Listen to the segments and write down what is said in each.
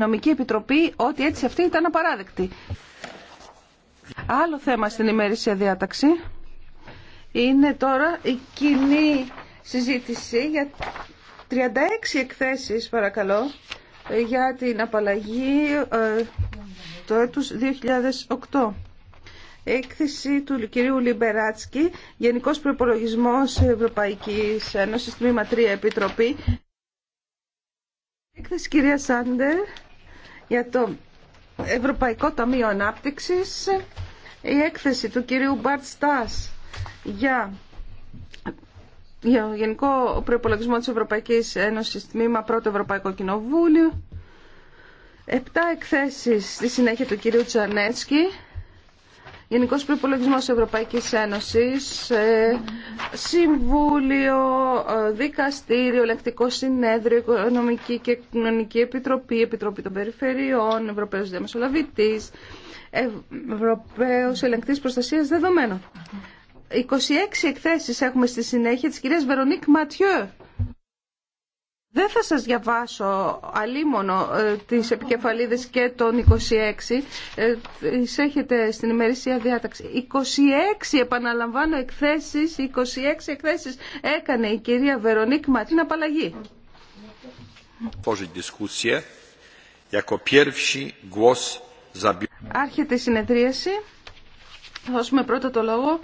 Νομική Επιτροπή ότι έτσι αυτή ήταν απαράδεκτη. Άλλο θέμα στην ημέρησια διάταξη είναι τώρα η κοινή συζήτηση για 36 εκθέσεις παρακαλώ για την απαλλαγή ε, το έτος 2008. Έκθεση του κυρίου Λιμπεράτσκι, Γενικός προπολογισμο Ευρωπαϊκής Ένωσης, τμήμα 3 Επιτροπή. Έκθεση κυρία Σάντερ, για το Ευρωπαϊκό Ταμείο Ανάπτυξης η έκθεση του κυρίου Μπαρτ Στάς για για Γενικό Προπολογισμό της Ευρωπαϊκής Ένωσης Τμήμα Πρώτο Ευρωπαϊκό Κοινοβούλιο. Επτά εκθέσεις στη συνέχεια του κυρίου Τσανέτσκι Γενικό Προπολογισμό Ευρωπαϊκή Ένωση, ε, Συμβούλιο, ε, Δικαστήριο, Ελεκτικό Συνέδριο, Οικονομική και Κοινωνική Επιτροπή, Επιτροπή των Περιφερειών, Ευρωπαίο Διαμεσολαβητή, Ευρωπαίο Ελεγκτή Προστασία Δεδομένων. 26 εκθέσεις έχουμε στη συνέχεια της κυρίας Βερονίκ Ματιού. Δεν θα σας διαβάσω αλίμονο ε, τις επικεφαλίδες και τον 26. Ε, τις έχετε στην ημερήσια διάταξη. 26, επαναλαμβάνω, εκθέσεις, 26 εκθέσεις έκανε η κυρία Βερονίκ Ματίνα απαλλαγή. Άρχεται η συνεδρίαση. Θα δώσουμε πρώτα το λόγο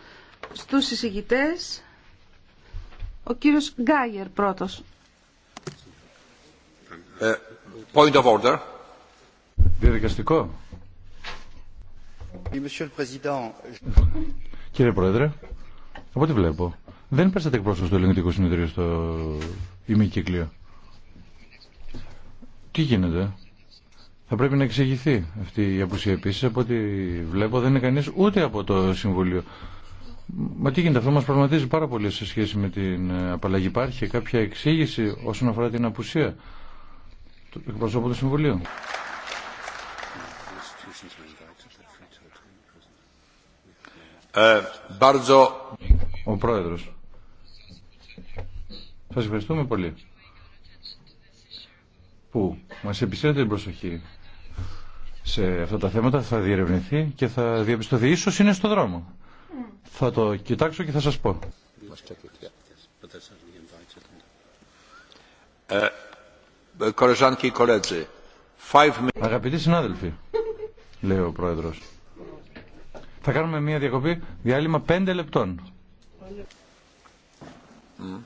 στους συζητητές. Ο κύριος Γκάγερ πρώτος. Ε, Διαδικαστικό. Κύριε Πρόεδρε, από ό,τι βλέπω, δεν πέσατε εκπρόσωπο του Ελληνικού Συνεδρίου στο ημικύκλιο. Τι γίνεται, θα πρέπει να εξηγηθεί αυτή η απουσία. Επίση, από ό,τι βλέπω, δεν είναι κανεί ούτε από το Συμβουλίο. Μα τι γίνεται, αυτό μα προβληματίζει πάρα πολύ σε σχέση με την απαλλαγή. Υπάρχει κάποια εξήγηση όσον αφορά την απουσία του εκπροσώπου του Συμβουλίου. Ε, Ο Πρόεδρος. Σας ευχαριστούμε πολύ που μας επιστρέφετε την προσοχή σε αυτά τα θέματα. Θα διερευνηθεί και θα διαπιστωθεί. Ίσως είναι στο δρόμο. Θα το κοιτάξω και θα σας πω. Ε, Αγαπητοί συνάδελφοι, λέει ο Πρόεδρος, θα κάνουμε μια διακοπή διάλειμμα πέντε λεπτών. Mm.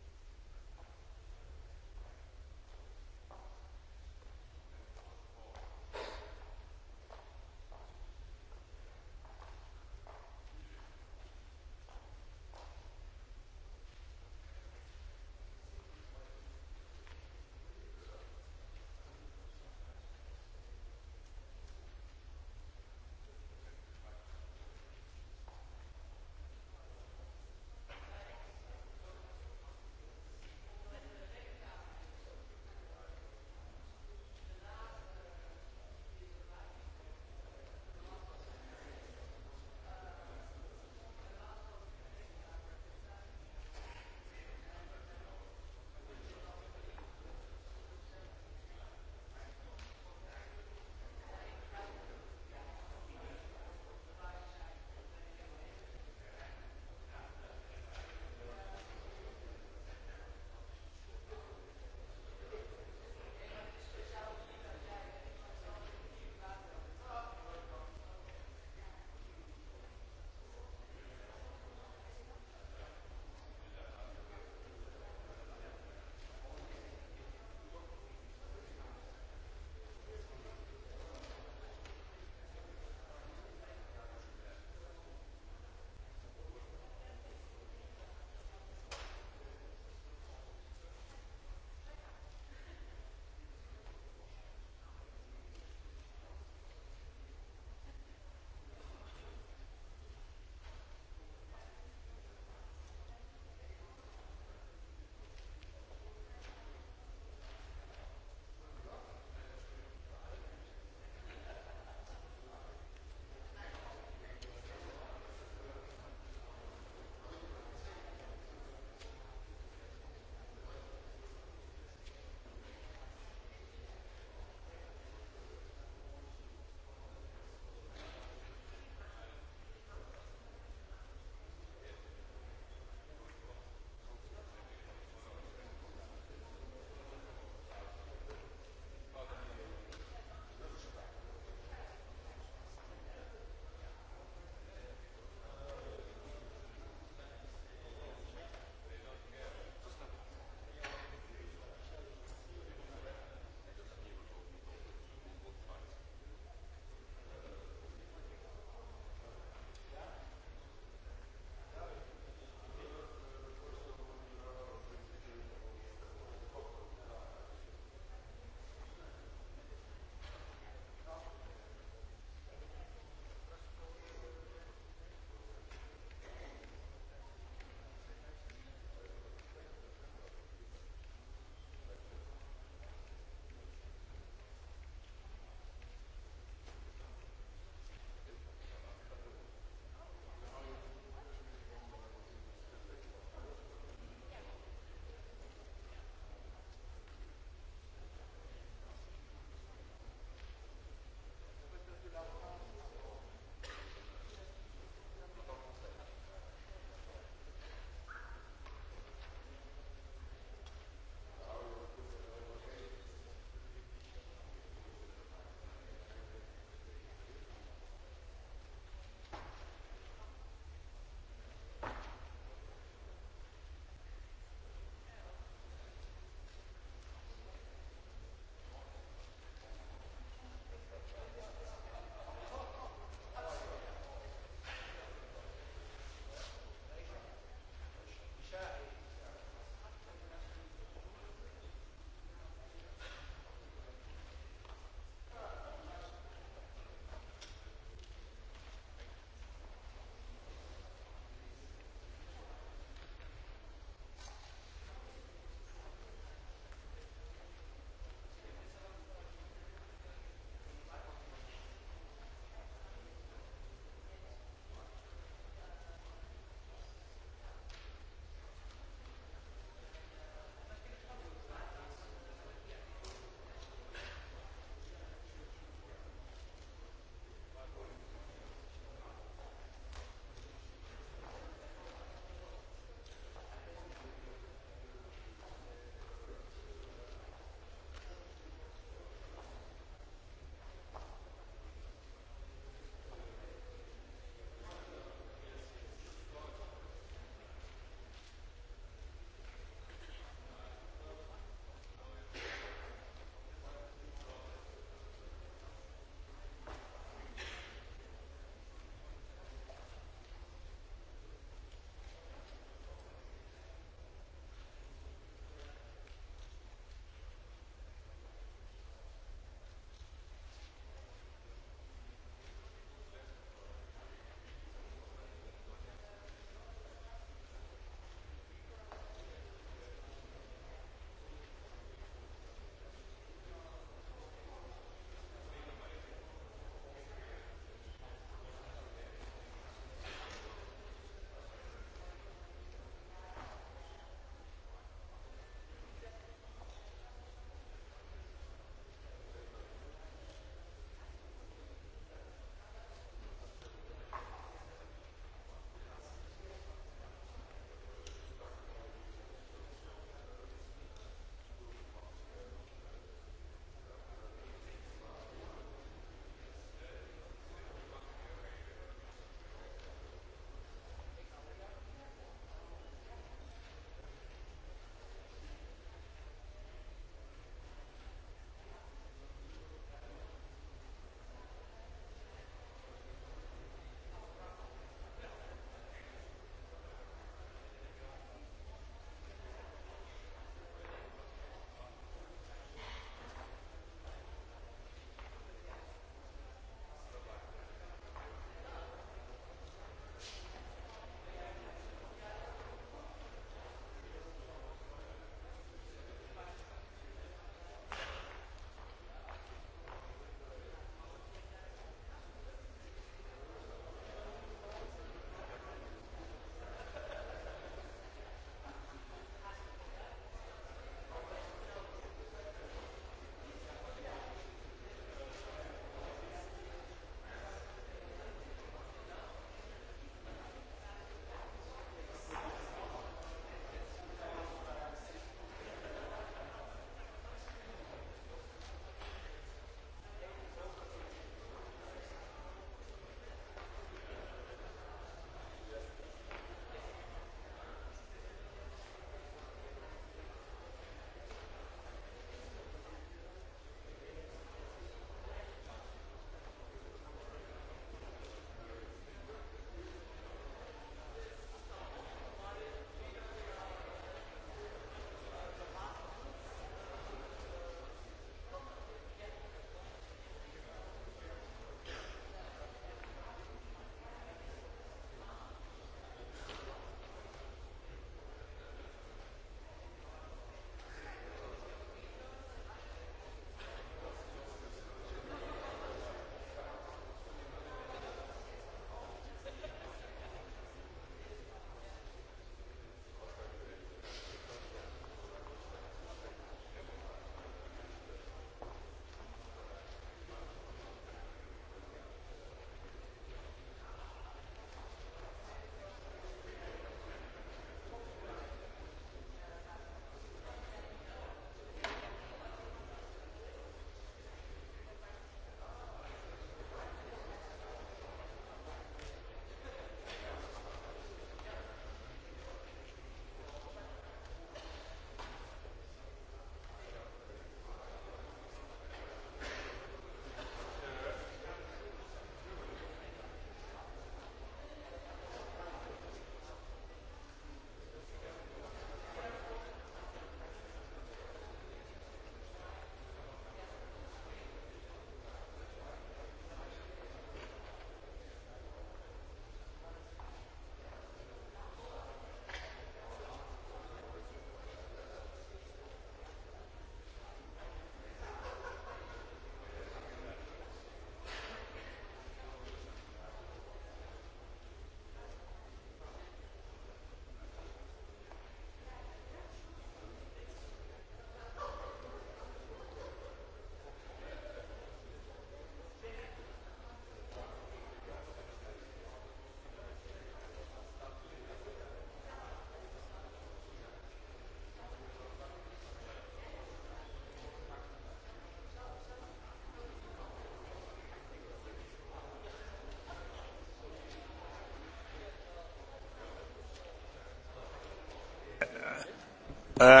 Ε,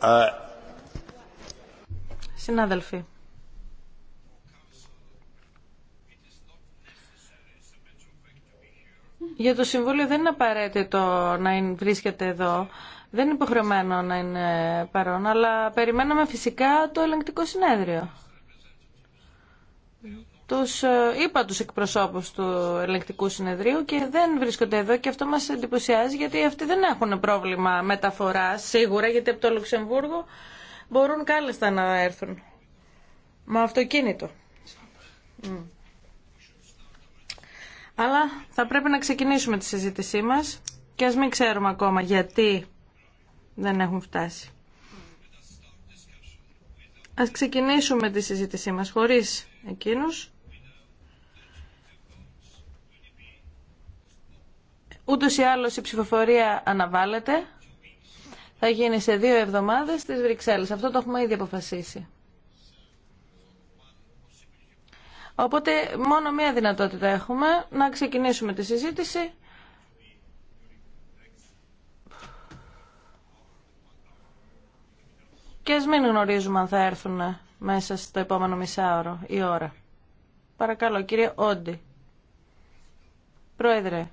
ε, Συνάδελφοι, για το Συμβούλιο δεν είναι απαραίτητο να βρίσκεται εδώ. Δεν είναι υποχρεωμένο να είναι παρόν, αλλά περιμέναμε φυσικά το ελεγκτικό συνέδριο. Ε, είπα τους εκπροσώπους του ελεγκτικού συνεδρίου και δεν βρίσκονται εδώ και αυτό μας εντυπωσιάζει γιατί αυτοί δεν έχουν πρόβλημα μεταφορά σίγουρα γιατί από το Λουξεμβούργο μπορούν κάλεστα να έρθουν με αυτοκίνητο. Αλλά θα πρέπει να ξεκινήσουμε τη συζήτησή μας και ας μην ξέρουμε ακόμα γιατί δεν έχουν φτάσει. Ας ξεκινήσουμε τη συζήτησή μας χωρίς εκείνους Ούτως ή άλλως η ψηφοφορία αναβάλλεται. Θα γίνει σε δύο εβδομάδες στις Βρυξέλλες. Αυτό το έχουμε ήδη αποφασίσει. Οπότε μόνο μία δυνατότητα έχουμε να ξεκινήσουμε τη συζήτηση. Και ας μην γνωρίζουμε αν θα έρθουν μέσα στο επόμενο μισάωρο η ώρα. Παρακαλώ κύριε Όντι. Πρόεδρε.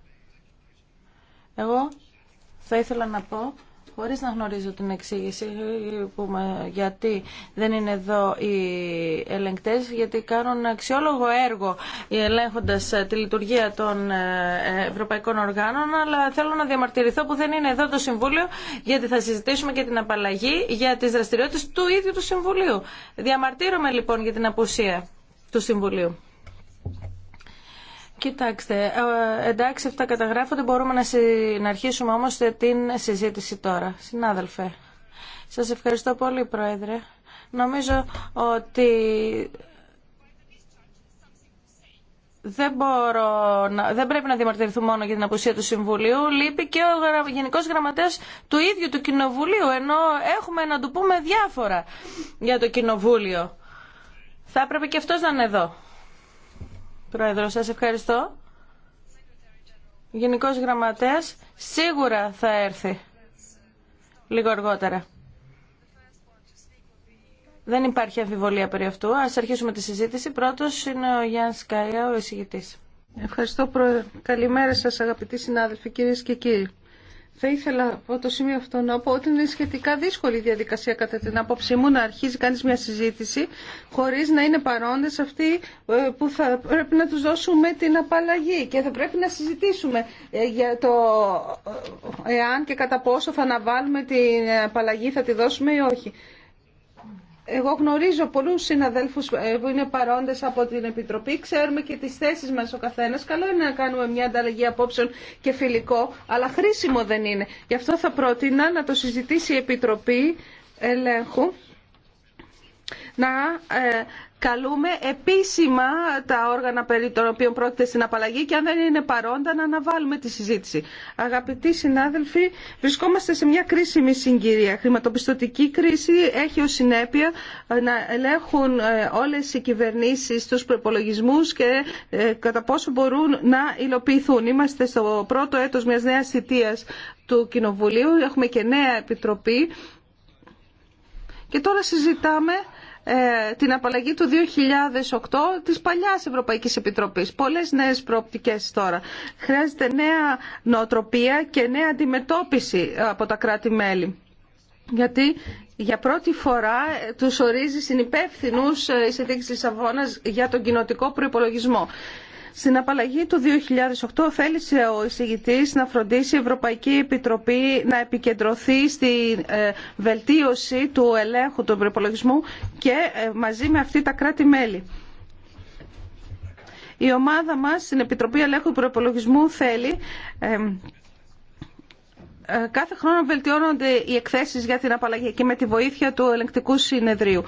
Εγώ θα ήθελα να πω χωρίς να γνωρίζω την εξήγηση γιατί δεν είναι εδώ οι ελεγκτές, γιατί κάνουν αξιόλογο έργο ελέγχοντας ε, τη λειτουργία των ε, ευρωπαϊκών οργάνων, αλλά θέλω να διαμαρτυρηθώ που δεν είναι εδώ το Συμβούλιο, γιατί θα συζητήσουμε και την απαλλαγή για τις δραστηριότητες του ίδιου του Συμβουλίου. Διαμαρτύρομαι λοιπόν για την απουσία του Συμβουλίου. Κοιτάξτε, ε, εντάξει αυτά καταγράφονται, μπορούμε να αρχίσουμε όμως την συζήτηση τώρα. Συνάδελφε, σας ευχαριστώ πολύ Πρόεδρε. Νομίζω ότι δεν, μπορώ να, δεν πρέπει να διαμαρτυρηθούν μόνο για την απουσία του Συμβουλίου. Λείπει και ο Γενικός Γραμματέας του ίδιου του Κοινοβουλίου, ενώ έχουμε να του πούμε διάφορα για το Κοινοβούλιο. Θα έπρεπε και αυτός να είναι εδώ. Πρόεδρο, σας ευχαριστώ. Γενικός Γραμματέας σίγουρα θα έρθει λίγο αργότερα. Δεν υπάρχει αμφιβολία περί αυτού. Ας αρχίσουμε τη συζήτηση. Πρώτος είναι ο Γιάννη Κάια, ο εισηγητής. Ευχαριστώ, Πρόεδρε. Καλημέρα σας, αγαπητοί συνάδελφοι, κυρίες και κύριοι. Θα ήθελα από το σημείο αυτό να πω ότι είναι σχετικά δύσκολη η διαδικασία κατά την άποψή μου να αρχίζει κανείς μια συζήτηση χωρίς να είναι παρόντες αυτοί ε, που θα πρέπει να τους δώσουμε την απαλλαγή και θα πρέπει να συζητήσουμε ε, για το ε, εάν και κατά πόσο θα αναβάλουμε την απαλλαγή, θα τη δώσουμε ή όχι. Εγώ γνωρίζω πολλούς συναδέλφους ε, που είναι παρόντες από την Επιτροπή. Ξέρουμε και τις θέσεις μας ο καθένας. Καλό είναι να κάνουμε μια ανταλλαγή απόψεων και φιλικό, αλλά χρήσιμο δεν είναι. Γι' αυτό θα πρότεινα να το συζητήσει η Επιτροπή Ελέγχου να ε, καλούμε επίσημα τα όργανα περί των οποίων πρόκειται στην απαλλαγή και αν δεν είναι παρόντα να αναβάλουμε τη συζήτηση. Αγαπητοί συνάδελφοι, βρισκόμαστε σε μια κρίσιμη συγκυρία. Χρηματοπιστωτική κρίση έχει ως συνέπεια ε, να ελέγχουν ε, όλες οι κυβερνήσεις τους προπολογισμού και κατά πόσο μπορούν να υλοποιηθούν. Είμαστε στο πρώτο έτος μιας νέας θητείας του Κοινοβουλίου, έχουμε και νέα επιτροπή και τώρα συζητάμε ε, την απαλλαγή του 2008 της παλιάς Ευρωπαϊκής Επιτροπής. Πολλές νέες προοπτικές τώρα. Χρειάζεται νέα νοοτροπία και νέα αντιμετώπιση από τα κράτη-μέλη. Γιατί για πρώτη φορά ε, τους ορίζει συνυπεύθυνους ε, η συνθήκη της για τον κοινοτικό προϋπολογισμό. Στην απαλλαγή του 2008 θέλησε ο εισηγητής να φροντίσει η Ευρωπαϊκή Επιτροπή να επικεντρωθεί στη ε, βελτίωση του ελέγχου του προπολογισμού και ε, μαζί με αυτή τα κράτη-μέλη. Η ομάδα μας στην Επιτροπή Ελέγχου Προπολογισμού θέλει ε, ε, κάθε χρόνο βελτιώνονται οι εκθέσεις για την απαλλαγή και με τη βοήθεια του ελεγκτικού συνεδρίου.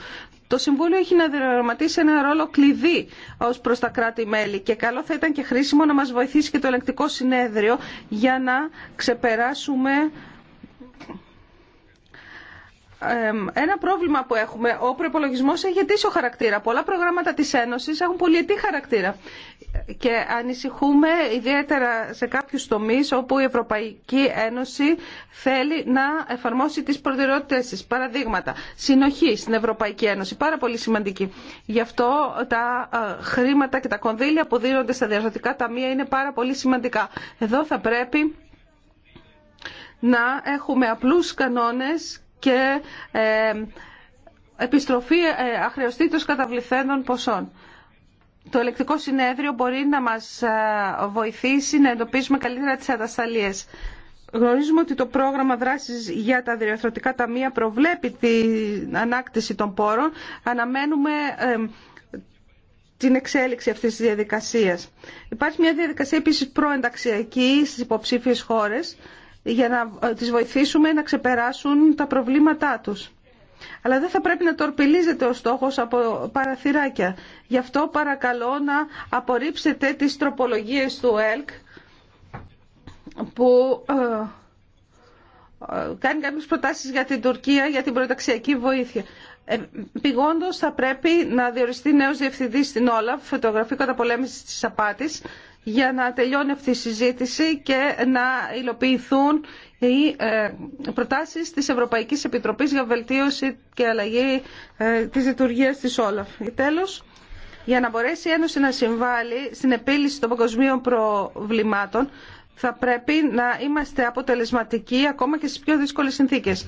Το Συμβούλιο έχει να διαδραματίσει ένα ρόλο κλειδί ω προ τα κράτη-μέλη και καλό θα ήταν και χρήσιμο να μα βοηθήσει και το ελεγκτικό συνέδριο για να ξεπεράσουμε ένα πρόβλημα που έχουμε. Ο προπολογισμό έχει ετήσιο χαρακτήρα. Πολλά προγράμματα τη Ένωση έχουν πολιετή χαρακτήρα και ανησυχούμε ιδιαίτερα σε κάποιους τομείς όπου η Ευρωπαϊκή Ένωση θέλει να εφαρμόσει τις προτεραιότητες της. Παραδείγματα, συνοχή στην Ευρωπαϊκή Ένωση, πάρα πολύ σημαντική. Γι' αυτό τα ε, χρήματα και τα κονδύλια που δίνονται στα διαρθρωτικά ταμεία είναι πάρα πολύ σημαντικά. Εδώ θα πρέπει να έχουμε απλούς κανόνες και ε, επιστροφή ε, αχρεωστήτως καταβληθέντων ποσών το ελεκτικό συνέδριο μπορεί να μας ε, βοηθήσει να εντοπίσουμε καλύτερα τις ατασταλίες. Γνωρίζουμε ότι το πρόγραμμα δράσης για τα διευθυντικά ταμεία προβλέπει την ανάκτηση των πόρων. Αναμένουμε την εξέλιξη αυτής της διαδικασίας. Υπάρχει μια διαδικασία επίσης προενταξιακή στις υποψήφιες χώρες για να ε, τις βοηθήσουμε να ξεπεράσουν τα προβλήματά τους. Αλλά δεν θα πρέπει να τορπιλίζεται ο στόχος από παραθυράκια. Γι' αυτό παρακαλώ να απορρίψετε τις τροπολογίες του ΕΛΚ που ε, ε, κάνει κάποιες προτάσεις για την Τουρκία, για την προταξιακή βοήθεια. Ε, θα πρέπει να διοριστεί νέος διευθυντής στην Όλαφ, φωτογραφή πολέμηση της απάτης, για να τελειώνει αυτή η συζήτηση και να υλοποιηθούν οι ε, προτάσεις της Ευρωπαϊκής Επιτροπής για βελτίωση και αλλαγή ε, της λειτουργίας της Όλαφ. Τέλος, για να μπορέσει η Ένωση να συμβάλλει στην επίλυση των παγκοσμίων προβλημάτων, θα πρέπει να είμαστε αποτελεσματικοί ακόμα και στις πιο δύσκολες συνθήκες.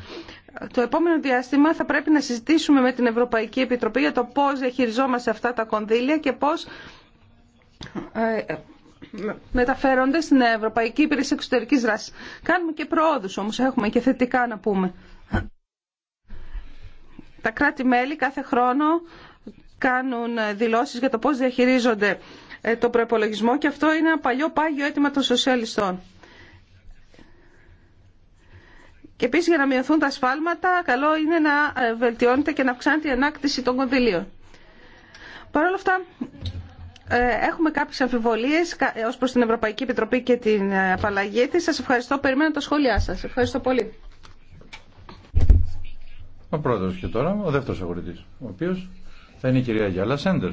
Το επόμενο διάστημα θα πρέπει να συζητήσουμε με την Ευρωπαϊκή Επιτροπή για το πώς διαχειριζόμαστε αυτά τα κονδύλια και πώς ε, μεταφέρονται στην Ευρωπαϊκή Υπηρεσία εξωτερική δράση. Κάνουμε και προόδου όμως, έχουμε και θετικά να πούμε. Τα κράτη-μέλη κάθε χρόνο κάνουν δηλώσεις για το πώς διαχειρίζονται ε, το προπολογισμό και αυτό είναι ένα παλιό πάγιο αίτημα των σοσιαλιστών. Και επίσης για να μειωθούν τα σφάλματα, καλό είναι να ε, βελτιώνεται και να αυξάνεται η ανάκτηση των κονδυλίων. Παρ' όλα αυτά, ε, έχουμε κάποιες αμφιβολίες ως προς την Ευρωπαϊκή Επιτροπή και την ε, απαλλαγή της. Σας ευχαριστώ. Περιμένω τα σχόλιά σας. Ευχαριστώ πολύ. Ο πρώτος και τώρα, ο δεύτερος αγορητής, ο οποίος θα είναι η κυρία Γιάλα Σέντερ.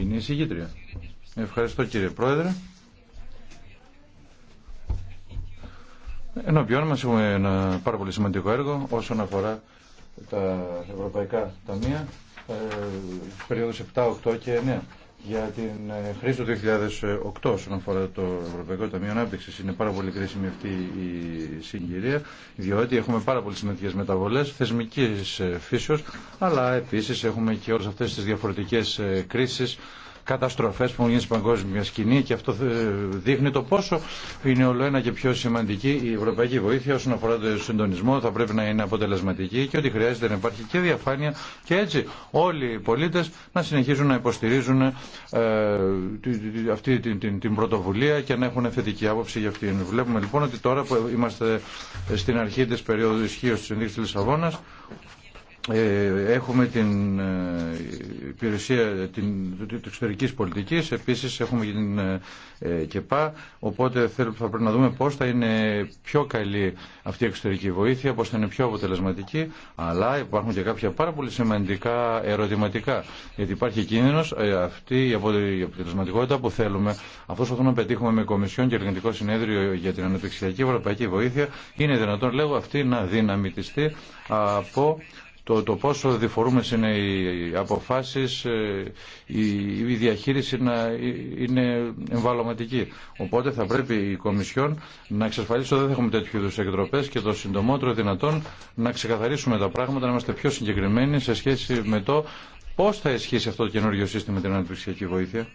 Είναι η συγκήτρια. Ευχαριστώ κύριε Πρόεδρε. Ενώπιόν μας έχουμε ένα πάρα πολύ σημαντικό έργο όσον αφορά τα ευρωπαϊκά ταμεία ε, περίοδος 7, 8 και 9 για την ε, χρήση του 2008 όσον αφορά το Ευρωπαϊκό Ταμείο Ανάπτυξη. Είναι πάρα πολύ κρίσιμη αυτή η συγκυρία, διότι έχουμε πάρα πολύ σημαντικέ μεταβολέ θεσμική ε, φύσεω, αλλά επίση έχουμε και όλε αυτέ τι διαφορετικέ κρίσει καταστροφές που έχουν γίνει στην παγκόσμια σκηνή και αυτό ε, δείχνει το πόσο είναι όλο ένα και πιο σημαντική η ευρωπαϊκή βοήθεια όσον αφορά το συντονισμό θα πρέπει να είναι αποτελεσματική και ότι χρειάζεται να υπάρχει και διαφάνεια και έτσι όλοι οι πολίτες να συνεχίζουν να υποστηρίζουν ε, αυτή την, πρωτοβουλία και να έχουν θετική άποψη για αυτήν. Βλέπουμε λοιπόν ότι τώρα που είμαστε στην αρχή της περίοδου ισχύω της συνδίκης της Λισαβόνας ε, έχουμε την ε, υπηρεσία την, της εξωτερικής πολιτικής, επίσης έχουμε και την ε, ΚΕΠΑ, οπότε θα πρέπει να δούμε πώς θα είναι πιο καλή αυτή η εξωτερική βοήθεια, πώς θα είναι πιο αποτελεσματική, αλλά υπάρχουν και κάποια πάρα πολύ σημαντικά ερωτηματικά, γιατί υπάρχει κίνδυνος αυτή η αποτελεσματικότητα που θέλουμε. Αυτό που να πετύχουμε με Κομισιόν και Ελληνικό Συνέδριο για την Αναπτυξιακή Ευρωπαϊκή Βοήθεια είναι δυνατόν, λέγω, αυτή να δυναμητιστεί από το, το πόσο διφορούμες είναι οι αποφάσεις, ε, η, η διαχείριση να ε, είναι εμβαλωματική. Οπότε θα πρέπει η Κομισιόν να εξασφαλίσει ότι δεν θα έχουμε τέτοιου είδους εκτροπές και το συντομότερο δυνατόν να ξεκαθαρίσουμε τα πράγματα, να είμαστε πιο συγκεκριμένοι σε σχέση με το πώς θα ισχύσει αυτό το καινούργιο σύστημα την αναπτυξιακή βοήθεια.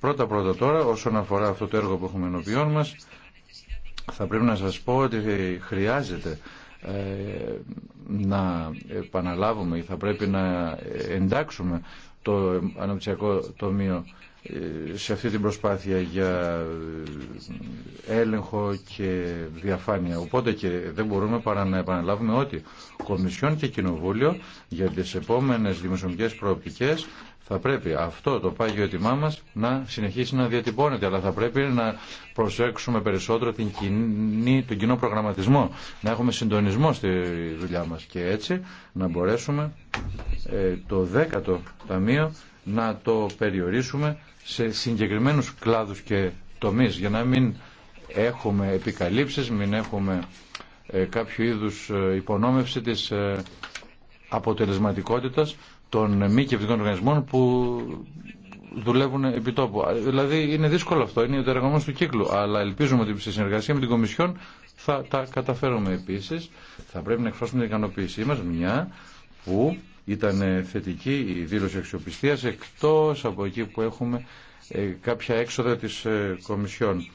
Πρώτα πρώτα τώρα όσον αφορά αυτό το έργο που έχουμε ενωπιών μας θα πρέπει να σας πω ότι χρειάζεται ε, να επαναλάβουμε ή θα πρέπει να εντάξουμε το αναπτυξιακό τομείο ε, σε αυτή την προσπάθεια για ε, έλεγχο και διαφάνεια. Οπότε και δεν μπορούμε παρά να επαναλάβουμε ότι Κομισιόν και Κοινοβούλιο για τις επόμενες δημοσιονομικές προοπτικές θα πρέπει αυτό το πάγιο έτοιμά μας να συνεχίσει να διατυπώνεται, αλλά θα πρέπει να προσέξουμε περισσότερο την κοινή, τον κοινό προγραμματισμό, να έχουμε συντονισμό στη δουλειά μας και έτσι να μπορέσουμε ε, το δέκατο ταμείο να το περιορίσουμε σε συγκεκριμένους κλάδους και τομείς για να μην έχουμε επικαλύψεις, μην έχουμε ε, κάποιο είδους ε, υπονόμευση της αποτελεσματικότητας των μη κυβερνητικών οργανισμών που δουλεύουν επί τόπου. Δηλαδή είναι δύσκολο αυτό, είναι ο τεραγωγό του κύκλου. Αλλά ελπίζουμε ότι σε συνεργασία με την Κομισιόν θα τα καταφέρουμε επίση. Θα πρέπει να εκφράσουμε την ικανοποίησή μα, μια που ήταν θετική η δήλωση αξιοπιστία εκτό από εκεί που έχουμε ε, κάποια έξοδα της ε, Κομισιόν.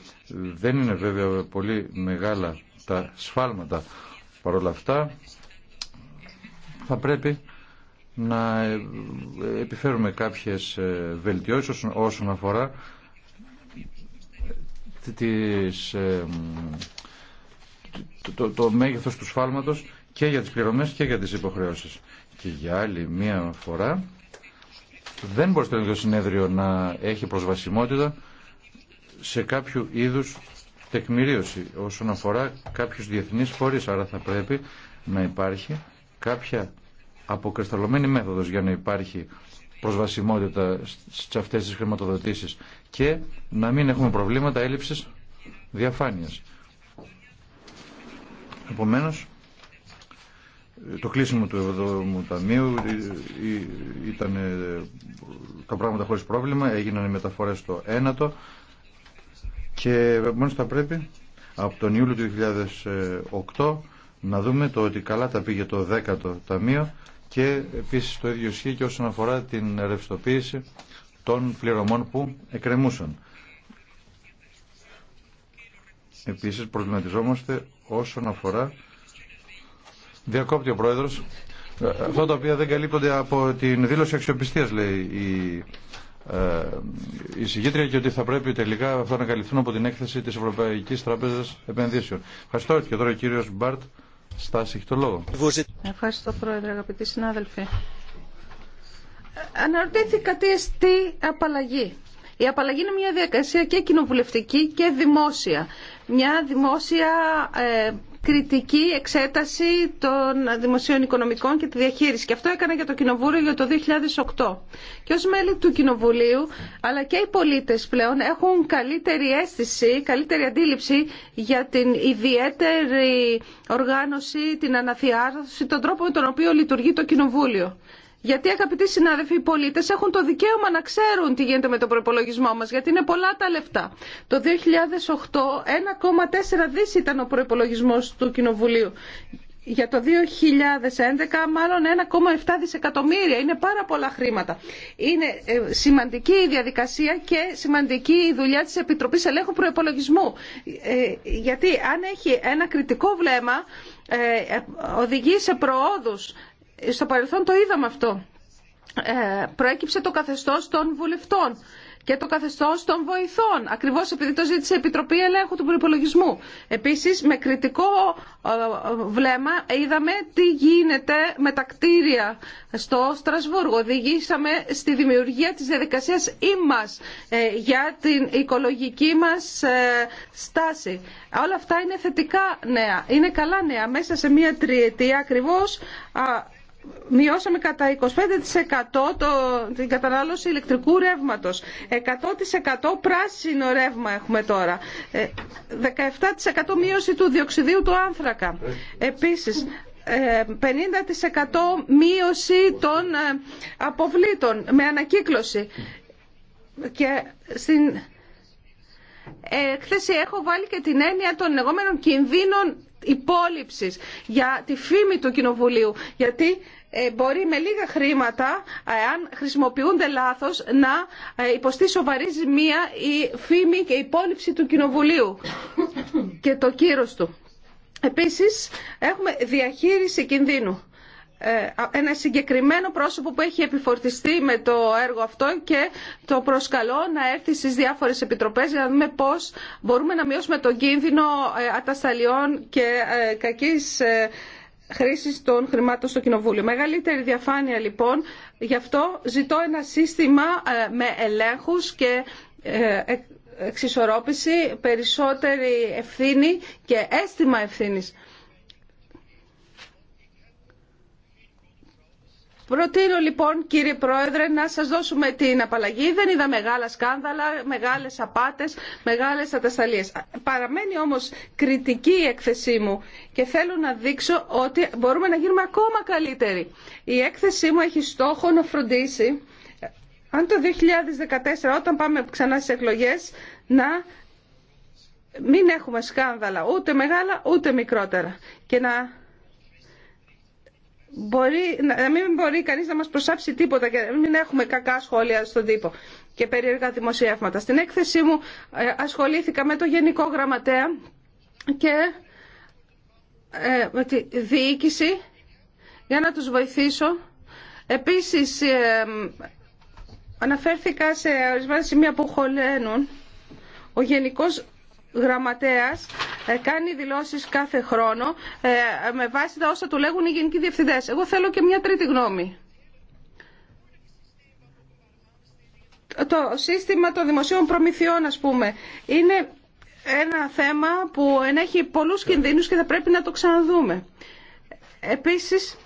Δεν είναι βέβαια πολύ μεγάλα τα σφάλματα. Παρ' όλα αυτά θα πρέπει να ε, ε, επιφέρουμε κάποιες ε, βελτιώσεις όσον, αφορά τις, το, το, το μέγεθος του σφάλματος και για τις πληρωμές και για τις υποχρεώσεις. Και για άλλη μία φορά δεν μπορεί το ίδιο συνέδριο να έχει προσβασιμότητα σε κάποιο είδους τεκμηρίωση όσον αφορά κάποιους διεθνείς φορείς. Άρα θα πρέπει να υπάρχει κάποια αποκρισταλωμένη μέθοδος για να υπάρχει προσβασιμότητα σε αυτές τις χρηματοδοτήσεις και να μην έχουμε προβλήματα έλλειψης διαφάνειας. Επομένως, το κλείσιμο του Εβδομού Ταμείου ε, ε, ήταν ε, τα πράγματα χωρίς πρόβλημα, έγιναν οι μεταφορές στο ένατο και μόνος θα πρέπει από τον Ιούλιο του 2008 να δούμε το ότι καλά τα πήγε το 10ο Ταμείο και επίσης το ίδιο ισχύει και όσον αφορά την ρευστοποίηση των πληρωμών που εκκρεμούσαν. Επίσης προβληματιζόμαστε όσον αφορά διακόπτει ο Πρόεδρος αυτά τα οποία δεν καλύπτονται από την δήλωση αξιοπιστίας λέει η, ε, η και ότι θα πρέπει τελικά αυτά να καλυφθούν από την έκθεση της Ευρωπαϊκής Τράπεζας Επενδύσεων. Ευχαριστώ και τώρα ο κύριος Μπάρτ Στάση, έχει το λόγο. Ευχαριστώ, Πρόεδρε, αγαπητοί συνάδελφοι. Αναρωτήθηκα τι εστί απαλλαγή. Η απαλλαγή είναι μια διακασία και κοινοβουλευτική και δημόσια. Μια δημόσια ε, κριτική εξέταση των δημοσίων οικονομικών και τη διαχείριση. Και αυτό έκανα για το Κοινοβούλιο για το 2008. Και ως μέλη του Κοινοβουλίου, αλλά και οι πολίτες πλέον έχουν καλύτερη αίσθηση, καλύτερη αντίληψη για την ιδιαίτερη οργάνωση, την αναθιάρθρωση, τον τρόπο με τον οποίο λειτουργεί το Κοινοβούλιο. Γιατί αγαπητοί συνάδελφοι, οι πολίτε έχουν το δικαίωμα να ξέρουν τι γίνεται με τον προπολογισμό μα, γιατί είναι πολλά τα λεφτά. Το 2008 1,4 δι ήταν ο προπολογισμό του Κοινοβουλίου. Για το 2011 μάλλον 1,7 δισεκατομμύρια. Είναι πάρα πολλά χρήματα. Είναι ε, σημαντική η διαδικασία και σημαντική η δουλειά της Επιτροπής Ελέγχου Προϋπολογισμού. Ε, γιατί αν έχει ένα κριτικό βλέμμα ε, οδηγεί σε προόδους στο παρελθόν το είδαμε αυτό. Ε, προέκυψε το καθεστώς των βουλευτών και το καθεστώς των βοηθών, ακριβώς επειδή το ζήτησε η Επιτροπή Ελέγχου του Προπολογισμού. Επίσης, με κριτικό ε, βλέμμα είδαμε τι γίνεται με τα κτίρια στο Στρασβούργο. Οδηγήσαμε στη δημιουργία της διαδικασίας ΙΜΑΣ ε, για την οικολογική μας ε, στάση. Όλα αυτά είναι θετικά νέα, είναι καλά νέα. Μέσα σε μία τριετία ακριβώς μειώσαμε κατά 25% το, την κατανάλωση ηλεκτρικού ρεύματος. 100% πράσινο ρεύμα έχουμε τώρα. 17% ε, μείωση του διοξιδίου του άνθρακα. Ε. Επίσης, 50% ε, μείωση των αποβλήτων με ανακύκλωση. Και στην έκθεση έχω βάλει και την έννοια των λεγόμενων κινδύνων υπόλοιψης για τη φήμη του Κοινοβουλίου. Γιατί ε, μπορεί με λίγα χρήματα, αν χρησιμοποιούνται λάθος, να ε, υποστεί σοβαρή ζημία η φήμη και η υπόλοιψη του Κοινοβουλίου και το κύρος του. Επίσης, έχουμε διαχείριση κινδύνου. Ε, ένα συγκεκριμένο πρόσωπο που έχει επιφορτιστεί με το έργο αυτό και το προσκαλώ να έρθει στις διάφορες επιτροπές για να δούμε πώς μπορούμε να μειώσουμε τον κίνδυνο ατασταλιών και κακής Χρήση των χρημάτων στο Κοινοβούλιο. Μεγαλύτερη διαφάνεια λοιπόν, γι' αυτό ζητώ ένα σύστημα ε, με ελέγχους και ε, εξισορρόπηση, περισσότερη ευθύνη και αίσθημα ευθύνης. Προτείνω λοιπόν κύριε Πρόεδρε να σας δώσουμε την απαλλαγή. Δεν είδα μεγάλα σκάνδαλα, μεγάλες απάτες, μεγάλες ατασταλίες. Παραμένει όμως κριτική η έκθεσή μου και θέλω να δείξω ότι μπορούμε να γίνουμε ακόμα καλύτεροι. Η έκθεσή μου έχει στόχο να φροντίσει αν το 2014 όταν πάμε ξανά στις εκλογές να μην έχουμε σκάνδαλα ούτε μεγάλα ούτε μικρότερα και να μπορεί, να μην μπορεί κανείς να μας προσάψει τίποτα και να μην έχουμε κακά σχόλια στον τύπο και περίεργα δημοσιεύματα. Στην έκθεσή μου ε, ασχολήθηκα με το Γενικό Γραμματέα και ε, με τη διοίκηση για να τους βοηθήσω. Επίσης ε, αναφέρθηκα σε ορισμένα σημεία που χωλένουν. Ο Γενικός γραμματέας ε, κάνει δηλώσεις κάθε χρόνο ε, με βάση τα όσα του λέγουν οι γενικοί διευθυντές. Εγώ θέλω και μια τρίτη γνώμη. Το σύστημα των δημοσίων προμηθειών, ας πούμε, είναι ένα θέμα που ενέχει πολλούς κινδύνους και θα πρέπει να το ξαναδούμε. Επίσης,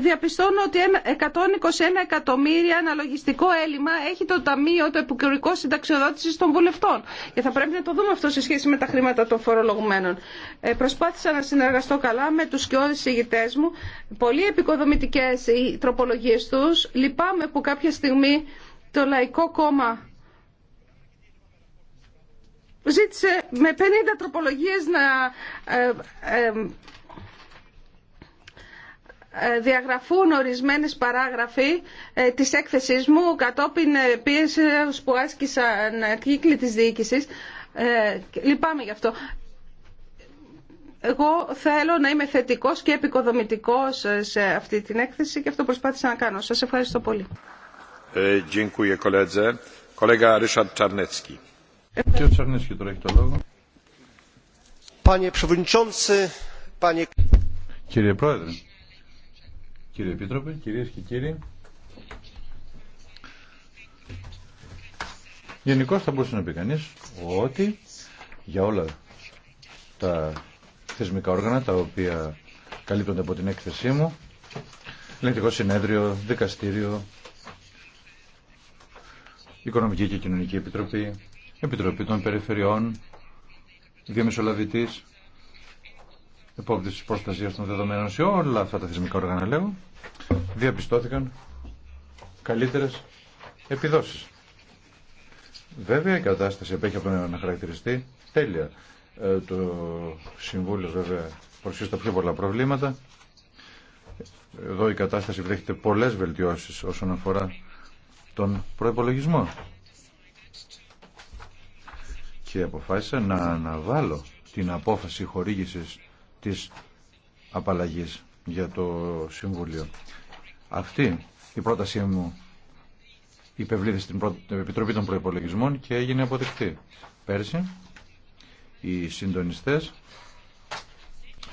διαπιστώνω ότι 121 εκατομμύρια αναλογιστικό έλλειμμα έχει το Ταμείο, το Επικουρικό Συνταξιοδότηση των Βουλευτών. Και θα πρέπει να το δούμε αυτό σε σχέση με τα χρήματα των φορολογουμένων. Ε, προσπάθησα να συνεργαστώ καλά με του κοιόδη ηγητέ μου. Πολύ επικοδομητικέ οι τροπολογίε του. Λυπάμαι που κάποια στιγμή το Λαϊκό Κόμμα ζήτησε με 50 τροπολογίες να ε, ε, ε, διαγραφούν ορισμένες παράγραφοι ε, της έκθεσής μου κατόπιν ε, πίεσης που άσκησαν κύκλοι της διοίκησης. Λυπάμαι γι' αυτό. Εγώ θέλω να είμαι θετικός και επικοδομητικός σε αυτή την έκθεση και αυτό προσπάθησα να κάνω. Σας ευχαριστώ πολύ. Κύριε Πρόεδρε, Κύριε Επίτροπε, κυρίες και κύριοι, γενικώ θα μπορούσε να πει κανεί ότι για όλα τα θεσμικά όργανα τα οποία καλύπτονται από την έκθεσή μου, ελεγκτικό συνέδριο, δικαστήριο, Οικονομική και Κοινωνική Επιτροπή, Επιτροπή των Περιφερειών, Διαμεσολαβητής, επόπτη προστασία των δεδομένων σε όλα αυτά τα θεσμικά όργανα, λέω, διαπιστώθηκαν καλύτερε επιδόσει. Βέβαια η κατάσταση επέχει από να χαρακτηριστεί τέλεια. Ε, το Συμβούλιο βέβαια προσφέρει τα πιο πολλά προβλήματα. Εδώ η κατάσταση δέχεται πολλές βελτιώσεις όσον αφορά τον προϋπολογισμό. Και αποφάσισα να αναβάλω την απόφαση χορήγησης της απαλλαγής για το Συμβούλιο. Αυτή η πρότασή μου υπευλήθη στην Επιτροπή των Προϋπολογισμών και έγινε αποδεκτή. Πέρσι οι συντονιστές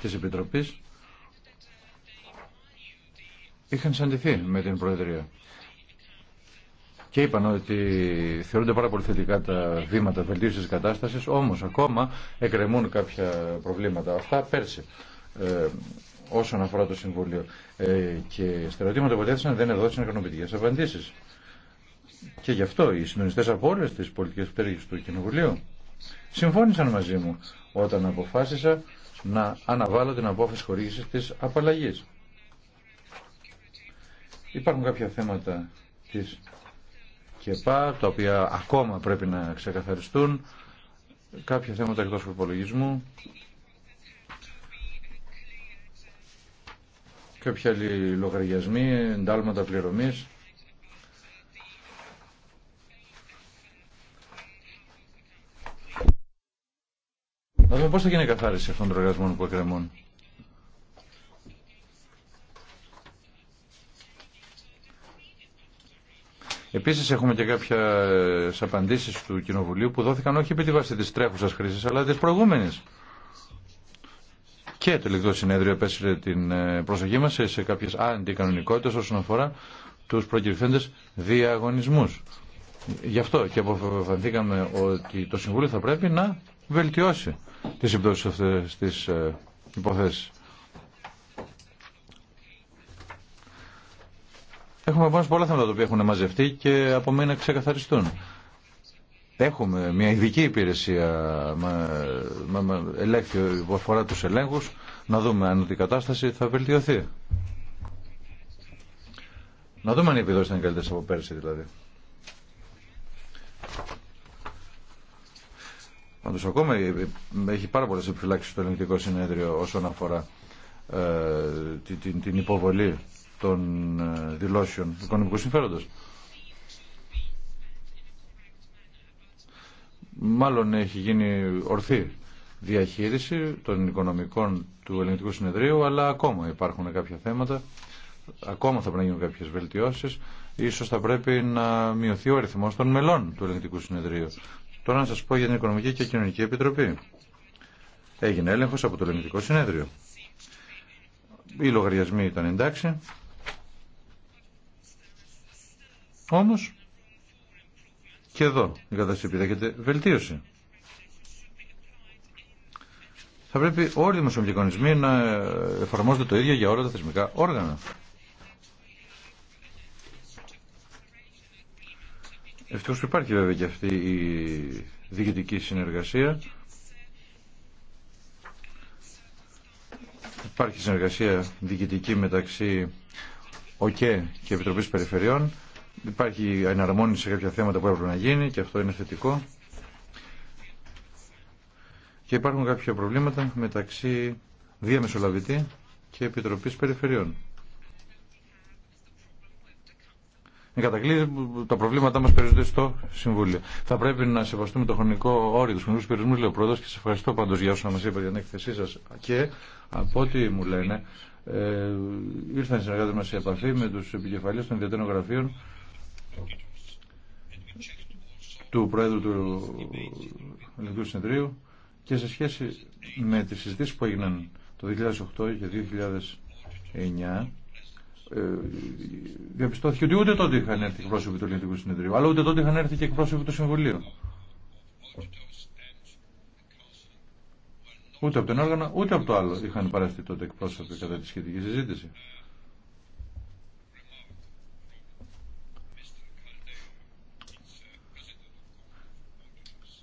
της Επιτροπής είχαν σαντηθεί με την Προεδρία και είπαν ότι θεωρούνται πάρα πολύ θετικά τα βήματα βελτίωση τη κατάσταση, όμω ακόμα εκκρεμούν κάποια προβλήματα. Αυτά πέρσι. Ε, όσον αφορά το Συμβούλιο. Ε, και στα ερωτήματα που έθεσαν δεν έδωσαν ικανοποιητικέ απαντήσει. Και γι' αυτό οι συντονιστέ από όλε τι πολιτικέ πτέρυγε του Κοινοβουλίου συμφώνησαν μαζί μου όταν αποφάσισα να αναβάλω την απόφαση χορήγηση τη απαλλαγή. Υπάρχουν κάποια θέματα τη και ΠΑ, τα οποία ακόμα πρέπει να ξεκαθαριστούν, κάποια θέματα εκτός προπολογισμού, κάποια άλλοι λογαριασμοί, εντάλματα πληρωμής. Να δούμε πώς θα γίνει η καθάριση αυτών των εργασμών που εκκρεμούν. Επίσης έχουμε και κάποιες απαντήσεις του Κοινοβουλίου που δόθηκαν όχι επί τη βάση της τρέχουσας χρήσης αλλά της προηγούμενης. Και το λεπτό συνέδριο επέστρεψε την ε, προσοχή μας σε κάποιες αντικανονικότητες όσον αφορά τους προκυρθέντες διαγωνισμούς. Γι' αυτό και αποφανθήκαμε ότι το Συμβούλιο θα πρέπει να βελτιώσει τις επιπτώσεις αυτές ε, υποθέσεις. Έχουμε πάνω πολλά θέματα που έχουν μαζευτεί και από μένα ξεκαθαριστούν. Έχουμε μια ειδική υπηρεσία ελέγχη που αφορά τους ελέγχους, να δούμε αν η κατάσταση θα βελτιωθεί. Να δούμε αν οι επιδόσεις ήταν καλύτερες από πέρσι δηλαδή. Πάντως ακόμα ε, ε, έχει πάρα πολλές επιφυλάξεις το ελληνικό συνέδριο όσον αφορά ε, την υποβολή των ε, δηλώσεων οικονομικού συμφέροντος. Μάλλον έχει γίνει ορθή διαχείριση των οικονομικών του Ελληνικού Συνεδρίου, αλλά ακόμα υπάρχουν κάποια θέματα, ακόμα θα πρέπει να γίνουν κάποιες βελτιώσεις, ίσως θα πρέπει να μειωθεί ο αριθμός των μελών του Ελληνικού Συνεδρίου. Τώρα να σας πω για την Οικονομική και Κοινωνική Επιτροπή. Έγινε έλεγχος από το Ελληνικό Συνέδριο. Οι λογαριασμοί ήταν εντάξει, όμως και εδώ η κατάσταση επιδέχεται βελτίωση. Θα πρέπει όλοι οι δημοσιογραφικοί να εφαρμόζονται το ίδιο για όλα τα θεσμικά όργανα. Ευτυχώς υπάρχει βέβαια και αυτή η διοικητική συνεργασία. Υπάρχει συνεργασία διοικητική μεταξύ ΟΚΕ και Επιτροπής Περιφερειών Υπάρχει εναρμόνιση σε κάποια θέματα που έπρεπε να γίνει και αυτό είναι θετικό. Και υπάρχουν κάποια προβλήματα μεταξύ διαμεσολαβητή και Επιτροπής Περιφερειών. Με κατακλείδη τα προβλήματά μα περιορίζονται στο Συμβούλιο. Θα πρέπει να σεβαστούμε το χρονικό όριο του χρονικού περιορισμού, λέει ο Πρόεδρο, και σα ευχαριστώ πάντω για όσα μα είπατε για την έκθεσή σα. Και από ό,τι μου λένε, ε, ήρθαν οι συνεργάτε μα σε επαφή με του επικεφαλεί των ιδιωτέρων γραφείων του Πρόεδρου του Ελληνικού Συνεδρίου και σε σχέση με τις συζητήσεις που έγιναν το 2008 και 2009 ε, διαπιστώθηκε ότι ούτε τότε είχαν έρθει εκπρόσωποι του Ελληνικού Συνεδρίου αλλά ούτε τότε είχαν έρθει και εκπρόσωποι του Συμβουλίου ούτε από τον όργανο ούτε από το άλλο είχαν παραστεί τότε εκπρόσωποι κατά τη σχετική συζήτηση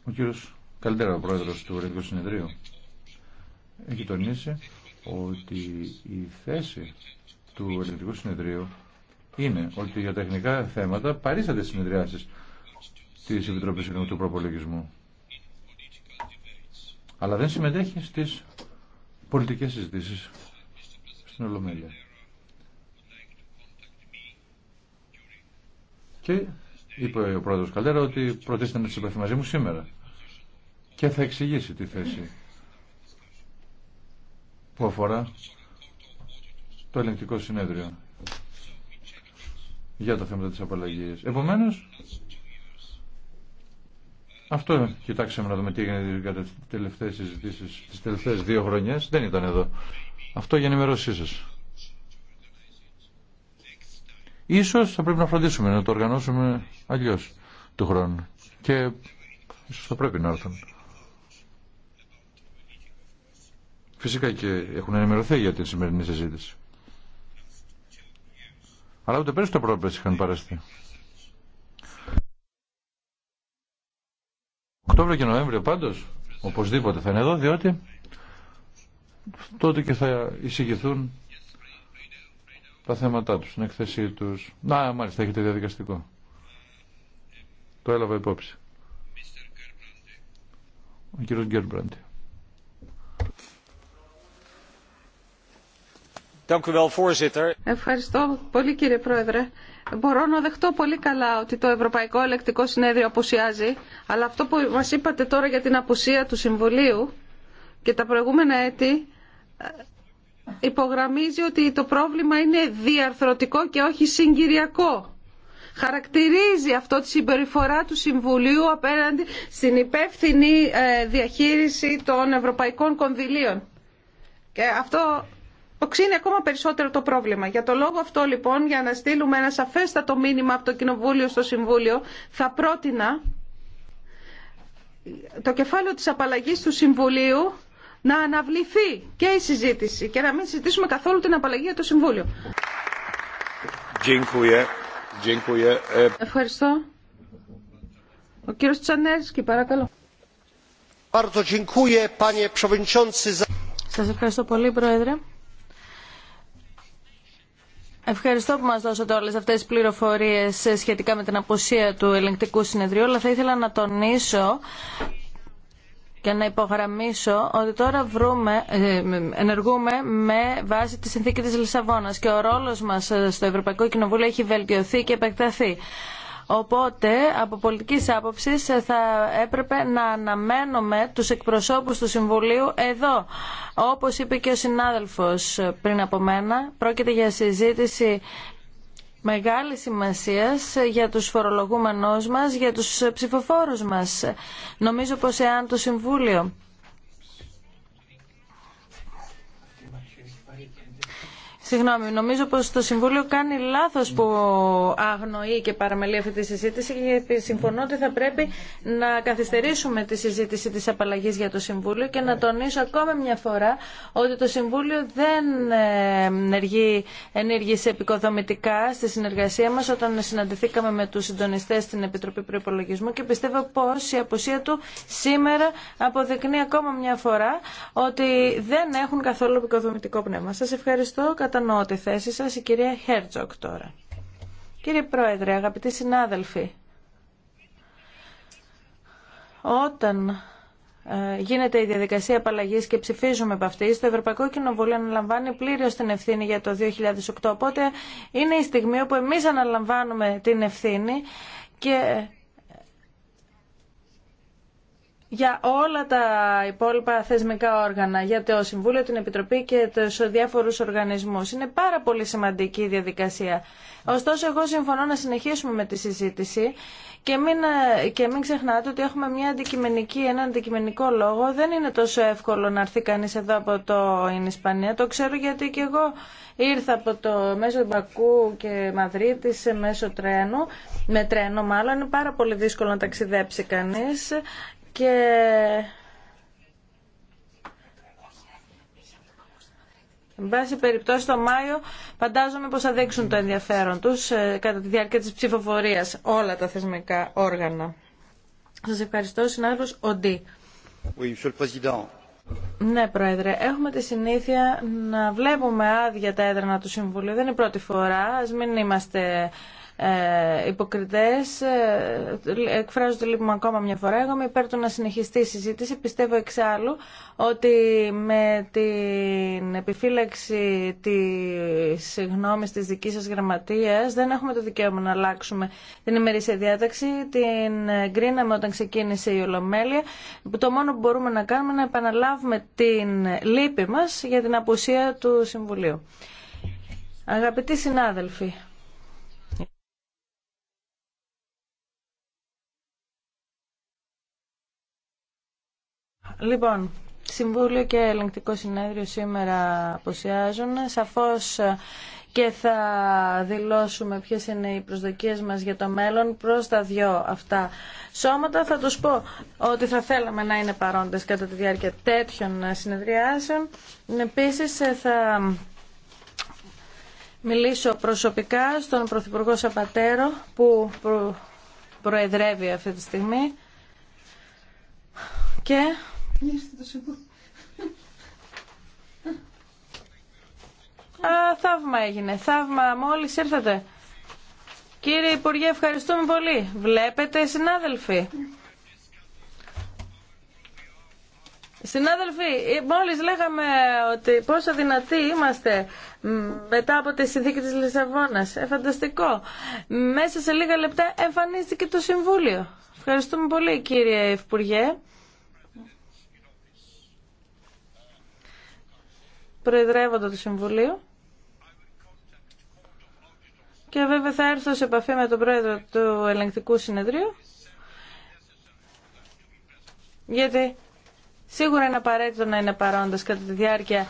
Ο κύριος Καλτέρα, ο πρόεδρος του Ελληνικού Συνεδρίου, έχει τονίσει ότι η θέση του Ελληνικού Συνεδρίου είναι ότι για τεχνικά θέματα παρήσατε συνεδριάσεις της Επιτροπής του Προπολογισμού. Αλλά δεν συμμετέχει στις πολιτικές συζητήσεις στην Ολομέλεια. Και είπε ο πρόεδρος Καλτέρα ότι προτίθεται να τις μαζί μου σήμερα και θα εξηγήσει τη θέση που αφορά το ελεγκτικό συνέδριο για τα θέματα της απαλλαγής. Επομένως, αυτό κοιτάξαμε να δούμε τι έγινε κατά τις τελευταίες συζητήσεις τις τελευταίες δύο χρονιές. Δεν ήταν εδώ. Αυτό για ενημερώσή σας. Ίσως θα πρέπει να φροντίσουμε να το οργανώσουμε αλλιώς του χρόνου. Και ίσως θα πρέπει να έρθουν. Φυσικά και έχουν ενημερωθεί για την σημερινή συζήτηση. Αλλά ούτε πέρυσι το πρόπες είχαν παραστεί. Οκτώβριο και Νοέμβριο πάντω, οπωσδήποτε θα είναι εδώ, διότι τότε και θα εισηγηθούν τα θέματα του. την εκθεσή τους. Να, μάλιστα, έχετε διαδικαστικό. Το έλαβα υπόψη. Ο κύριο Γκέρμπραντι. Ευχαριστώ πολύ κύριε Πρόεδρε. Μπορώ να δεχτώ πολύ καλά ότι το Ευρωπαϊκό Ελεκτικό Συνέδριο απουσιάζει, αλλά αυτό που μας είπατε τώρα για την απουσία του Συμβουλίου και τα προηγούμενα έτη ε, υπογραμμίζει ότι το πρόβλημα είναι διαρθρωτικό και όχι συγκυριακό. Χαρακτηρίζει αυτό τη συμπεριφορά του Συμβουλίου απέναντι στην υπεύθυνη ε, διαχείριση των ευρωπαϊκών κονδυλίων. Και αυτό οξύνει ακόμα περισσότερο το πρόβλημα. Για το λόγο αυτό λοιπόν, για να στείλουμε ένα σαφέστατο μήνυμα από το Κοινοβούλιο στο Συμβούλιο, θα πρότεινα το κεφάλαιο της απαλλαγής του Συμβουλίου να αναβληθεί και η συζήτηση και να μην συζητήσουμε καθόλου την απαλλαγή για το Συμβούλιο. Ε, ευχαριστώ. Ο κύριος Τσανέρσκι, παρακαλώ. Σας ευχαριστώ πολύ, Πρόεδρε. Ευχαριστώ που μας δώσατε όλες αυτές τις πληροφορίες σχετικά με την αποσία του ελεγκτικού συνεδρίου, αλλά θα ήθελα να τονίσω και να υπογραμμίσω ότι τώρα βρούμε, ε, ενεργούμε με βάση τη συνθήκη της Λισαβόνας και ο ρόλος μας στο Ευρωπαϊκό Κοινοβούλιο έχει βελτιωθεί και επεκταθεί. Οπότε, από πολιτική άποψη θα έπρεπε να αναμένουμε τους εκπροσώπους του Συμβουλίου εδώ. Όπως είπε και ο συνάδελφος πριν από μένα, πρόκειται για συζήτηση μεγάλη σημασία για τους φορολογούμενους μας, για τους ψηφοφόρους μας. Νομίζω πως εάν το Συμβούλιο Συγγνώμη, νομίζω πως το Συμβούλιο κάνει λάθος που αγνοεί και παραμελεί αυτή τη συζήτηση και συμφωνώ ότι θα πρέπει να καθυστερήσουμε τη συζήτηση της απαλλαγής για το Συμβούλιο και να τονίσω ακόμα μια φορά ότι το Συμβούλιο δεν ε, ενεργεί, ενέργησε επικοδομητικά στη συνεργασία μας όταν συναντηθήκαμε με τους συντονιστές στην Επιτροπή Προϋπολογισμού και πιστεύω πως η αποσία του σήμερα αποδεικνύει ακόμα μια φορά ότι δεν έχουν καθόλου επικοδομητικό πνεύμα. Σας ευχαριστώ κατανοώ τη θέση σας, η κυρία Χέρτζοκ τώρα. Κύριε Πρόεδρε, αγαπητοί συνάδελφοι, όταν ε, γίνεται η διαδικασία απαλλαγή και ψηφίζουμε από αυτή, το Ευρωπαϊκό Κοινοβούλιο αναλαμβάνει πλήρω την ευθύνη για το 2008. Οπότε είναι η στιγμή όπου εμεί αναλαμβάνουμε την ευθύνη και για όλα τα υπόλοιπα θεσμικά όργανα, για το Συμβούλιο, την Επιτροπή και τους διάφορους οργανισμούς. Είναι πάρα πολύ σημαντική η διαδικασία. Ωστόσο, εγώ συμφωνώ να συνεχίσουμε με τη συζήτηση και μην, και μην ξεχνάτε ότι έχουμε μια αντικειμενική, ένα αντικειμενικό λόγο. Δεν είναι τόσο εύκολο να έρθει κανείς εδώ από το Ιν Ισπανία. Το ξέρω γιατί και εγώ ήρθα από το μέσο Μπακού και σε μέσο τρένου, με τρένο μάλλον. Είναι πάρα πολύ δύσκολο να ταξιδέψει κανείς και Εν πάση περιπτώσει, το Μάιο φαντάζομαι πως θα δείξουν το ενδιαφέρον τους ε, κατά τη διάρκεια της ψηφοφορίας όλα τα θεσμικά όργανα. Σας ευχαριστώ, συνάδελφος Οντί. Oui, ναι, Πρόεδρε, έχουμε τη συνήθεια να βλέπουμε άδεια τα έδρανα του Συμβουλίου. Δεν είναι η πρώτη φορά, ας μην είμαστε ε, υποκριτές. Ε, Εκφράζω το λύπημα λοιπόν ακόμα μια φορά. Εγώ είμαι υπέρ του να συνεχιστεί η συζήτηση. Πιστεύω εξάλλου ότι με την επιφύλαξη της γνώμης της δικής σας γραμματείας δεν έχουμε το δικαίωμα να αλλάξουμε την ημερήσια διάταξη. Την γκρίναμε όταν ξεκίνησε η Ολομέλεια. Το μόνο που μπορούμε να κάνουμε είναι να επαναλάβουμε την λύπη μα για την απουσία του Συμβουλίου. Αγαπητοί συνάδελφοι, Λοιπόν, Συμβούλιο και Ελεγκτικό Συνέδριο σήμερα αποσιάζουν. Σαφώς ε, και θα δηλώσουμε ποιες είναι οι προσδοκίες μας για το μέλλον προς τα δυο αυτά σώματα. Θα τους πω ότι θα θέλαμε να είναι παρόντες κατά τη διάρκεια τέτοιων ε, συνεδριάσεων. Επίσης ε, θα μιλήσω προσωπικά στον Πρωθυπουργό Σαπατέρο που προεδρεύει αυτή τη στιγμή και Α, θαύμα έγινε. Θαύμα, μόλις ήρθατε. Κύριε Υπουργέ, ευχαριστούμε πολύ. Βλέπετε, συνάδελφοι. Συνάδελφοι, ε, μόλις λέγαμε ότι πόσο δυνατοί είμαστε μετά από τη συνθήκη της Λισαβόνας. Ε, φανταστικό. Μέσα σε λίγα λεπτά εμφανίστηκε το Συμβούλιο. Ευχαριστούμε πολύ κύριε Υπουργέ. προεδρεύοντα το Συμβουλίου και βέβαια θα έρθω σε επαφή με τον πρόεδρο του ελεγκτικού συνεδρίου γιατί σίγουρα είναι απαραίτητο να είναι παρόντες κατά τη διάρκεια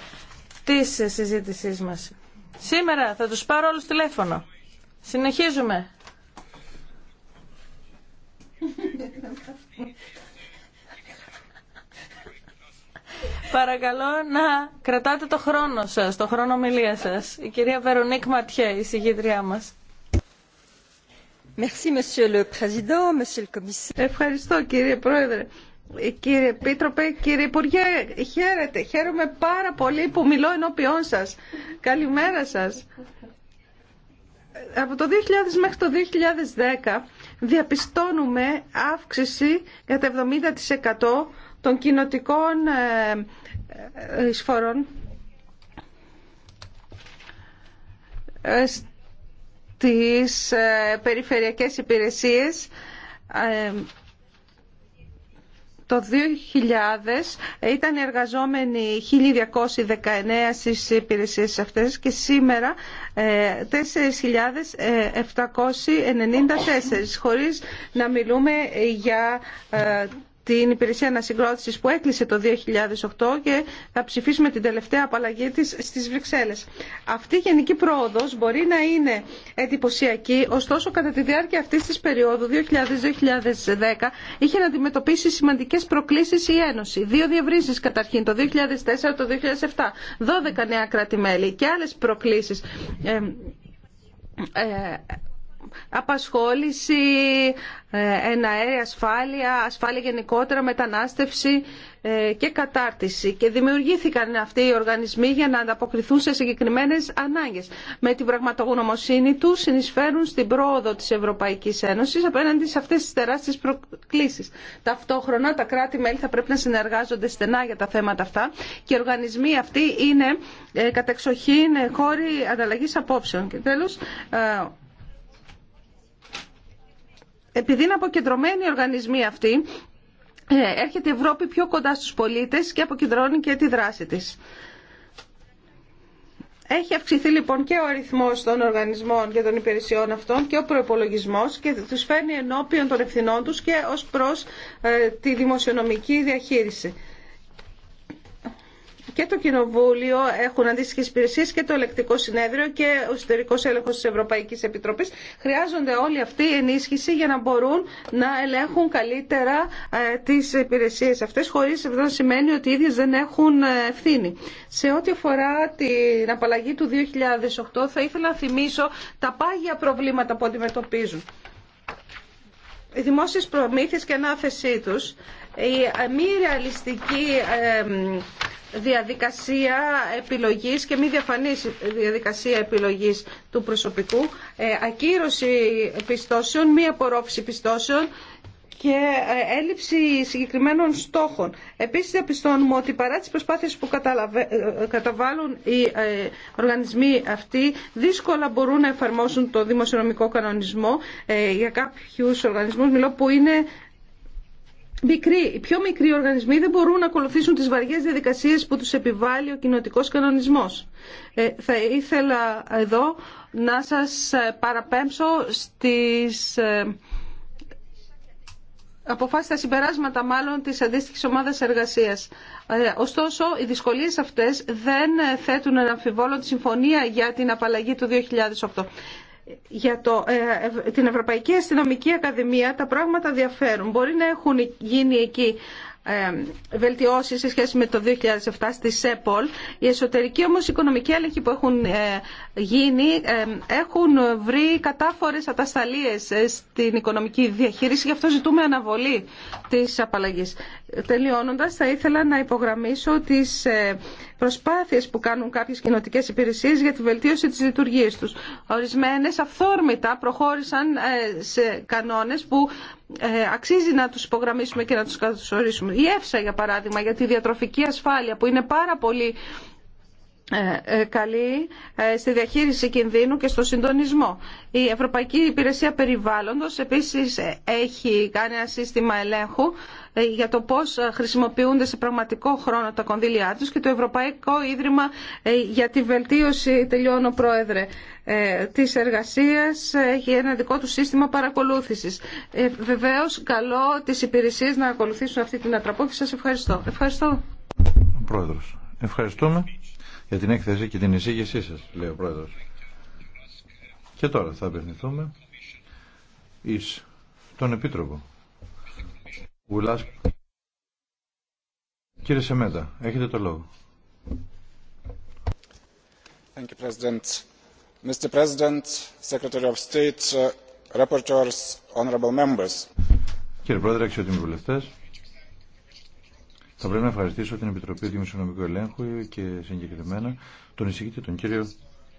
της συζήτησής μας. Σήμερα θα τους πάρω όλους τηλέφωνο. Συνεχίζουμε. Παρακαλώ να κρατάτε το χρόνο σας, το χρόνο ομιλία σας. Η κυρία Βερονίκ Ματιέ, η συγγήτριά μας. Ευχαριστώ κύριε Πρόεδρε. Κύριε Επίτροπε, κύριε Υπουργέ, χαίρετε. Χαίρομαι πάρα πολύ που μιλώ ενώπιόν σας. Καλημέρα σας. Από το 2000 μέχρι το 2010 διαπιστώνουμε αύξηση κατά 70% των κοινοτικών ε, ε, εισφορών ε, στις περιφερειακές υπηρεσίες το 2000 ήταν εργαζόμενοι 1.219 στις υπηρεσίες αυτές και σήμερα 4.794 χωρίς να μιλούμε για την υπηρεσία ανασυγκρότησης που έκλεισε το 2008 και θα ψηφίσουμε την τελευταία απαλλαγή της στις Βρυξέλλες. Αυτή η γενική πρόοδος μπορεί να είναι εντυπωσιακή, ωστόσο κατά τη διάρκεια αυτής της περίοδου 2000-2010 είχε να αντιμετωπίσει σημαντικές προκλήσεις η Ένωση. Δύο διευρύνσεις καταρχήν το 2004-2007, 12 νέα κράτη-μέλη και άλλες προκλήσεις. ε, ε απασχόληση, ε, εναέρια ασφάλεια, ασφάλεια γενικότερα, μετανάστευση ε, και κατάρτιση. Και δημιουργήθηκαν αυτοί οι οργανισμοί για να ανταποκριθούν σε συγκεκριμένε ανάγκε. Με την πραγματογνωμοσύνη του συνεισφέρουν στην πρόοδο τη Ευρωπαϊκή Ένωση απέναντι σε αυτέ τι τεράστιε προκλήσει. Ταυτόχρονα τα κράτη-μέλη θα πρέπει να συνεργάζονται στενά για τα θέματα αυτά και οι οργανισμοί αυτοί είναι ε, κατεξοχήν χώροι ανταλλαγή απόψεων. Και τέλο επειδή είναι αποκεντρωμένοι οι οργανισμοί αυτοί, ε, έρχεται η Ευρώπη πιο κοντά στους πολίτες και αποκεντρώνει και τη δράση της. Έχει αυξηθεί λοιπόν και ο αριθμό των οργανισμών και των υπηρεσιών αυτών και ο προπολογισμό και του φέρνει ενώπιον των ευθυνών του και ω προ ε, τη δημοσιονομική διαχείριση και το Κοινοβούλιο έχουν αντίστοιχε υπηρεσίε και το Ελεκτικό Συνέδριο και ο ιστορικό Έλεγχο τη Ευρωπαϊκή Επιτροπή. Χρειάζονται όλοι αυτοί η ενίσχυση για να μπορούν να ελέγχουν καλύτερα ε, τι υπηρεσίε αυτέ, χωρί αυτό να σημαίνει ότι οι ίδιε δεν έχουν ε, ευθύνη. Σε ό,τι αφορά την απαλλαγή του 2008, θα ήθελα να θυμίσω τα πάγια προβλήματα που αντιμετωπίζουν οι δημόσιες προμήθειες και ανάθεσή τους, η μη ρεαλιστική ε, διαδικασία επιλογής και μη διαφανής διαδικασία επιλογής του προσωπικού, ε, ακύρωση πιστώσεων, μη απορρόφηση πιστώσεων και ε, έλλειψη συγκεκριμένων στόχων. Επίσης διαπιστώνουμε ότι παρά τις προσπάθειες που ε, καταβάλουν οι οργανισμοί αυτοί δύσκολα μπορούν να εφαρμόσουν το δημοσιονομικό κανονισμό για κάποιους οργανισμούς που είναι μικροί, οι πιο μικροί οργανισμοί δεν μπορούν να ακολουθήσουν τις βαριές διαδικασίες που τους επιβάλλει ο κοινοτικός κανονισμός. Ε, θα ήθελα εδώ να σας ε, παραπέμψω στις ε, αποφάσεις τα συμπεράσματα μάλλον της αντίστοιχης ομάδας εργασίας. Ε, ωστόσο, οι δυσκολίες αυτές δεν ε, θέτουν ένα αμφιβόλο τη συμφωνία για την απαλλαγή του 2008 για το, ε, την Ευρωπαϊκή Αστυνομική Ακαδημία τα πράγματα διαφέρουν. Μπορεί να έχουν γίνει εκεί ε, βελτιώσει σε σχέση με το 2007 στη ΣΕΠΟΛ. Οι εσωτερικοί όμως οικονομικοί έλεγχοι που έχουν ε, γίνει ε, έχουν βρει κατάφορες ατασταλίες στην οικονομική διαχείριση, γι' αυτό ζητούμε αναβολή της απαλλαγή. Τελειώνοντας, θα ήθελα να υπογραμμίσω τις ε, προσπάθειες που κάνουν κάποιες κοινοτικές υπηρεσίες για τη βελτίωση της λειτουργίας τους. Ορισμένες αυθόρμητα προχώρησαν ε, σε κανόνες που ε, αξίζει να τους υπογραμμίσουμε και να τους καθορίσουμε. Η ΕΦΣΑ, για παράδειγμα, για τη διατροφική ασφάλεια, που είναι πάρα πολύ ε, ε, καλή ε, στη διαχείριση κινδύνου και στο συντονισμό. Η Ευρωπαϊκή Υπηρεσία Περιβάλλοντος επίσης έχει κάνει ένα σύστημα ελέγχου για το πώς χρησιμοποιούνται σε πραγματικό χρόνο τα κονδύλια τους και το Ευρωπαϊκό Ίδρυμα για τη βελτίωση, τελειώνω πρόεδρε, της εργασίας έχει ένα δικό του σύστημα παρακολούθησης. Βεβαίως καλώ τις υπηρεσίες να ακολουθήσουν αυτή την ατραπό και σας ευχαριστώ. Ευχαριστώ. Πρόεδρος, ευχαριστούμε για την έκθεση και την εισήγησή σας, λέει ο Πρόεδρος. Και τώρα θα απευθυνθούμε εις τον Επίτροπο. Γουλάς. Κύριε Σεμέτα, έχετε το λόγο. Thank you, President. Mr. President, Secretary of State, uh, Rapporteurs, Honorable Members. Κύριε Πρόεδρε, αξιότιμοι βουλευτές, θα πρέπει να ευχαριστήσω την Επιτροπή Δημοσιονομικού Ελέγχου και συγκεκριμένα τον εισηγητή, τον κύριο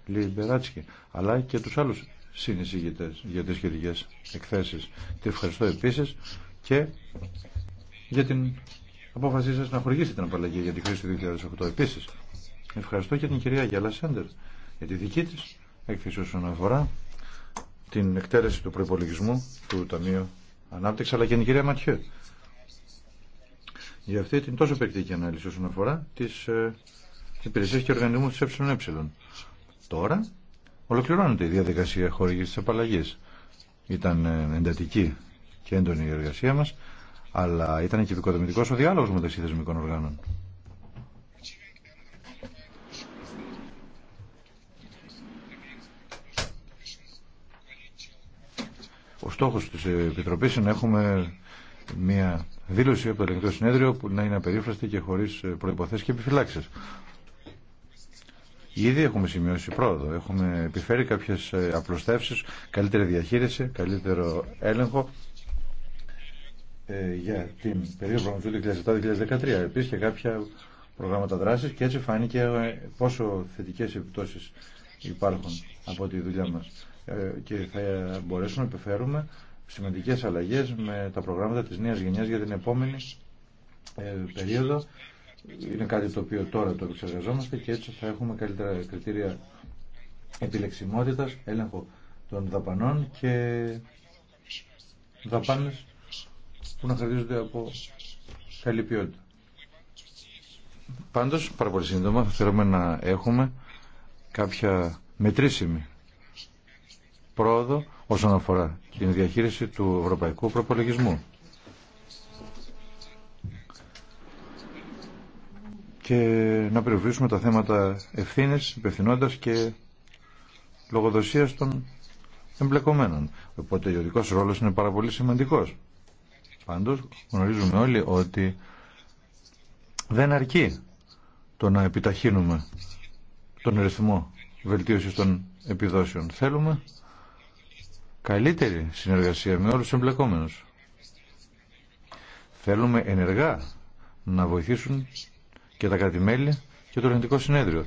Λιμπεράτσκι, αλλά και τους άλλους συνεισηγητές για τις σχετικές εκθέσεις. Τη ευχαριστώ επίσης και για την απόφασή σας να χορηγήσετε την απαλλαγή για την χρήση του 2008. Επίσης, ευχαριστώ και την κυρία Γιάλα Σέντερ για τη δική της έκθεση όσον αφορά την εκτέλεση του προπολογισμού του Ταμείου Ανάπτυξη, αλλά και την κυρία Ματιέ για αυτή την τόσο περιεκτική ανάλυση όσον αφορά τις ε, υπηρεσίες και οργανισμούς της ΕΕ. Τώρα ολοκληρώνεται η διαδικασία χορηγής της απαλλαγή. Ήταν ε, εντατική και έντονη η εργασία μας, αλλά ήταν και επικοδομητικός ο διάλογος μεταξύ θεσμικών οργάνων. Ο στόχος της Επιτροπής είναι να έχουμε μια δήλωση από το Ελληνικό Συνέδριο που να είναι απερίφραστη και χωρί ε, προποθέσει και επιφυλάξει. Ήδη έχουμε σημειώσει πρόοδο. Έχουμε επιφέρει κάποιε απλουστεύσει, καλύτερη διαχείριση, καλύτερο έλεγχο ε, για την περίοδο του 2007-2013. Επίση και κάποια προγράμματα δράση και έτσι φάνηκε ε, πόσο θετικέ επιπτώσει υπάρχουν από τη δουλειά μα. και θα μπορέσουμε να επιφέρουμε σημαντικές αλλαγές με τα προγράμματα της νέας γενιάς για την επόμενη ε, περίοδο. Είναι κάτι το οποίο τώρα το εξεργαζόμαστε και έτσι θα έχουμε καλύτερα κριτήρια επιλεξιμότητας, έλεγχο των δαπανών και δαπάνες που να χαρακτηρίζονται από καλή ποιότητα. Πάντως, πάρα πολύ σύντομα, θέλουμε να έχουμε κάποια μετρήσιμη πρόοδο όσον αφορά την διαχείριση του ευρωπαϊκού προπολογισμού. Και να περιορίσουμε τα θέματα ευθύνης, υπευθυνότητα και λογοδοσίας των εμπλεκομένων. Οπότε ο ειδικό ρόλος είναι πάρα πολύ σημαντικός. Πάντως γνωρίζουμε όλοι ότι δεν αρκεί το να επιταχύνουμε τον ρυθμό βελτίωσης των επιδόσεων. Θέλουμε καλύτερη συνεργασία με όλους τους εμπλεκόμενους. Θέλουμε ενεργά να βοηθήσουν και τα κρατημέλη και το Ελληνικό Συνέδριο.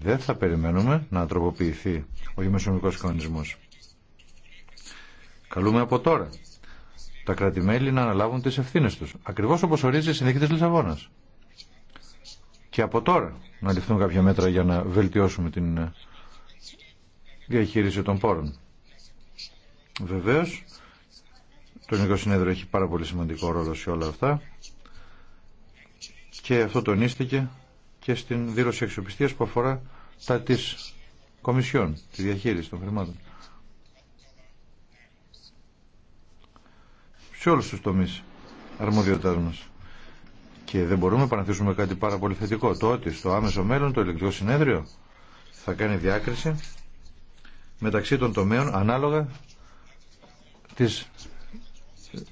Δεν θα περιμένουμε να τροποποιηθεί ο γεμεσονομικός κανονισμός. Καλούμε από τώρα τα κρατημέλη να αναλάβουν τις ευθύνες τους, ακριβώς όπως ορίζει η Συνθήκη της Λισαβόνας. Και από τώρα να ληφθούν κάποια μέτρα για να βελτιώσουμε την διαχείριση των πόρων. Βεβαίω. το Ελληνικό Συνέδριο έχει πάρα πολύ σημαντικό ρόλο σε όλα αυτά και αυτό τονίστηκε και στην δήλωση αξιοπιστία που αφορά τα της Κομισιόν, τη διαχείριση των χρημάτων. Σε όλου του τομεί αρμοδιότητάς μας. Και δεν μπορούμε να παρατήσουμε κάτι πάρα πολύ θετικό. Το ότι στο άμεσο μέλλον το Ελληνικό συνέδριο θα κάνει διάκριση μεταξύ των τομέων ανάλογα της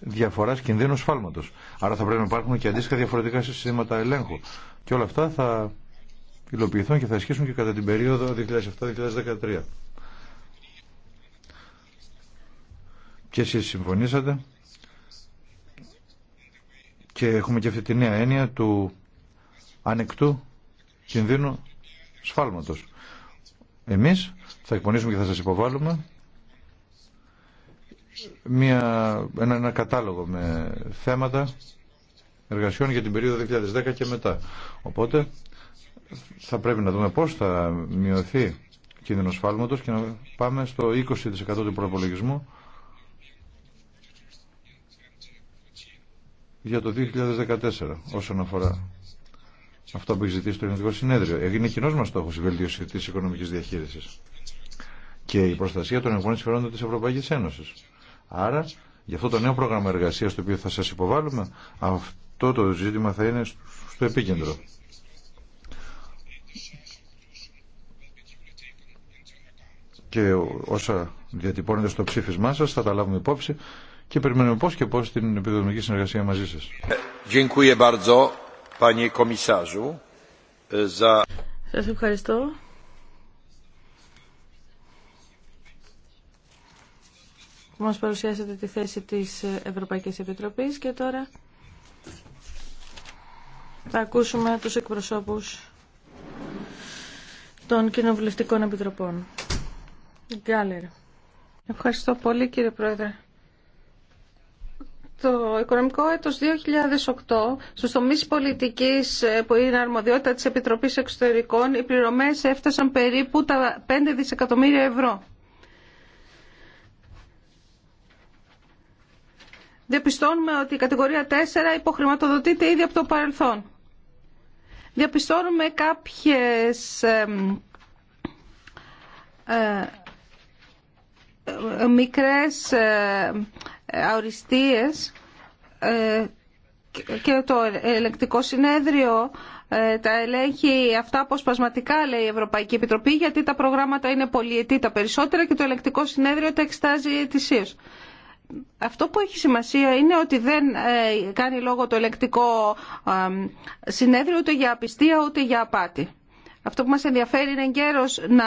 διαφοράς κινδύνου σφάλματος. Άρα θα πρέπει να υπάρχουν και αντίστοιχα διαφορετικά συστήματα ελέγχου. Και όλα αυτά θα υλοποιηθούν και θα ισχύσουν και κατά την περίοδο 2007-2013. Και εσείς συμφωνήσατε και έχουμε και αυτή τη νέα έννοια του ανεκτού κινδύνου σφάλματος. Εμείς θα εκπονήσουμε και θα σας υποβάλουμε μια, ένα, κατάλογο με θέματα εργασιών για την περίοδο 2010 και μετά. Οπότε θα πρέπει να δούμε πώς θα μειωθεί κίνδυνο φάλματος και να πάμε στο 20% του προπολογισμού για το 2014 όσον αφορά αυτό που έχει ζητήσει το Ελληνικό Συνέδριο. Έγινε κοινό μα στόχο η βελτίωση τη οικονομική διαχείριση και η προστασία των εγγόνων συμφερόντων τη Ευρωπαϊκή Ένωση. Άρα, για αυτό το νέο πρόγραμμα εργασίας το οποίο θα σας υποβάλουμε, αυτό το ζήτημα θα είναι στο επίκεντρο. Και όσα διατυπώνετε στο ψήφισμά σας θα τα λάβουμε υπόψη και περιμένουμε πώ και πώς την επιδομική συνεργασία μαζί σα. Σας ευχαριστώ. που μας παρουσιάσατε τη θέση της Ευρωπαϊκής Επιτροπής και τώρα θα ακούσουμε τους εκπροσώπους των Κοινοβουλευτικών Επιτροπών. Γκάλερ. Ευχαριστώ πολύ κύριε Πρόεδρε. Το οικονομικό έτος 2008, στους τομείς πολιτικής ε, που είναι αρμοδιότητα της Επιτροπής Εξωτερικών, οι πληρωμές έφτασαν περίπου τα 5 δισεκατομμύρια ευρώ. διαπιστώνουμε ότι η κατηγορία 4 υποχρηματοδοτείται ήδη από το παρελθόν. Διαπιστώνουμε κάποιες ε, ε, μικρές ε, αοριστείες ε, και το ελεκτικό συνέδριο ε, τα ελέγχει αυτά αποσπασματικά, λέει η Ευρωπαϊκή Επιτροπή, γιατί τα προγράμματα είναι πολυετή τα περισσότερα και το ελεκτικό συνέδριο τα εξτάζει ετησίως αυτό που έχει σημασία είναι ότι δεν ε, κάνει λόγο το ελεκτικό ε, συνέδριο ούτε για απιστία ούτε για απάτη. Αυτό που μας ενδιαφέρει είναι εγκαίρως να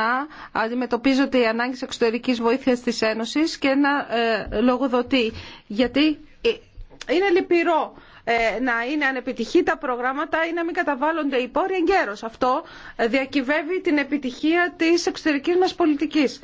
αντιμετωπίζονται οι ανάγκες εξωτερικής βοήθειας της Ένωσης και να ε, λογοδοτεί. Γιατί είναι λυπηρό να είναι ανεπιτυχή τα προγράμματα ή να μην καταβάλλονται οι πόροι εγκαίρως. Αυτό διακυβεύει την επιτυχία της εξωτερικής μας πολιτικής.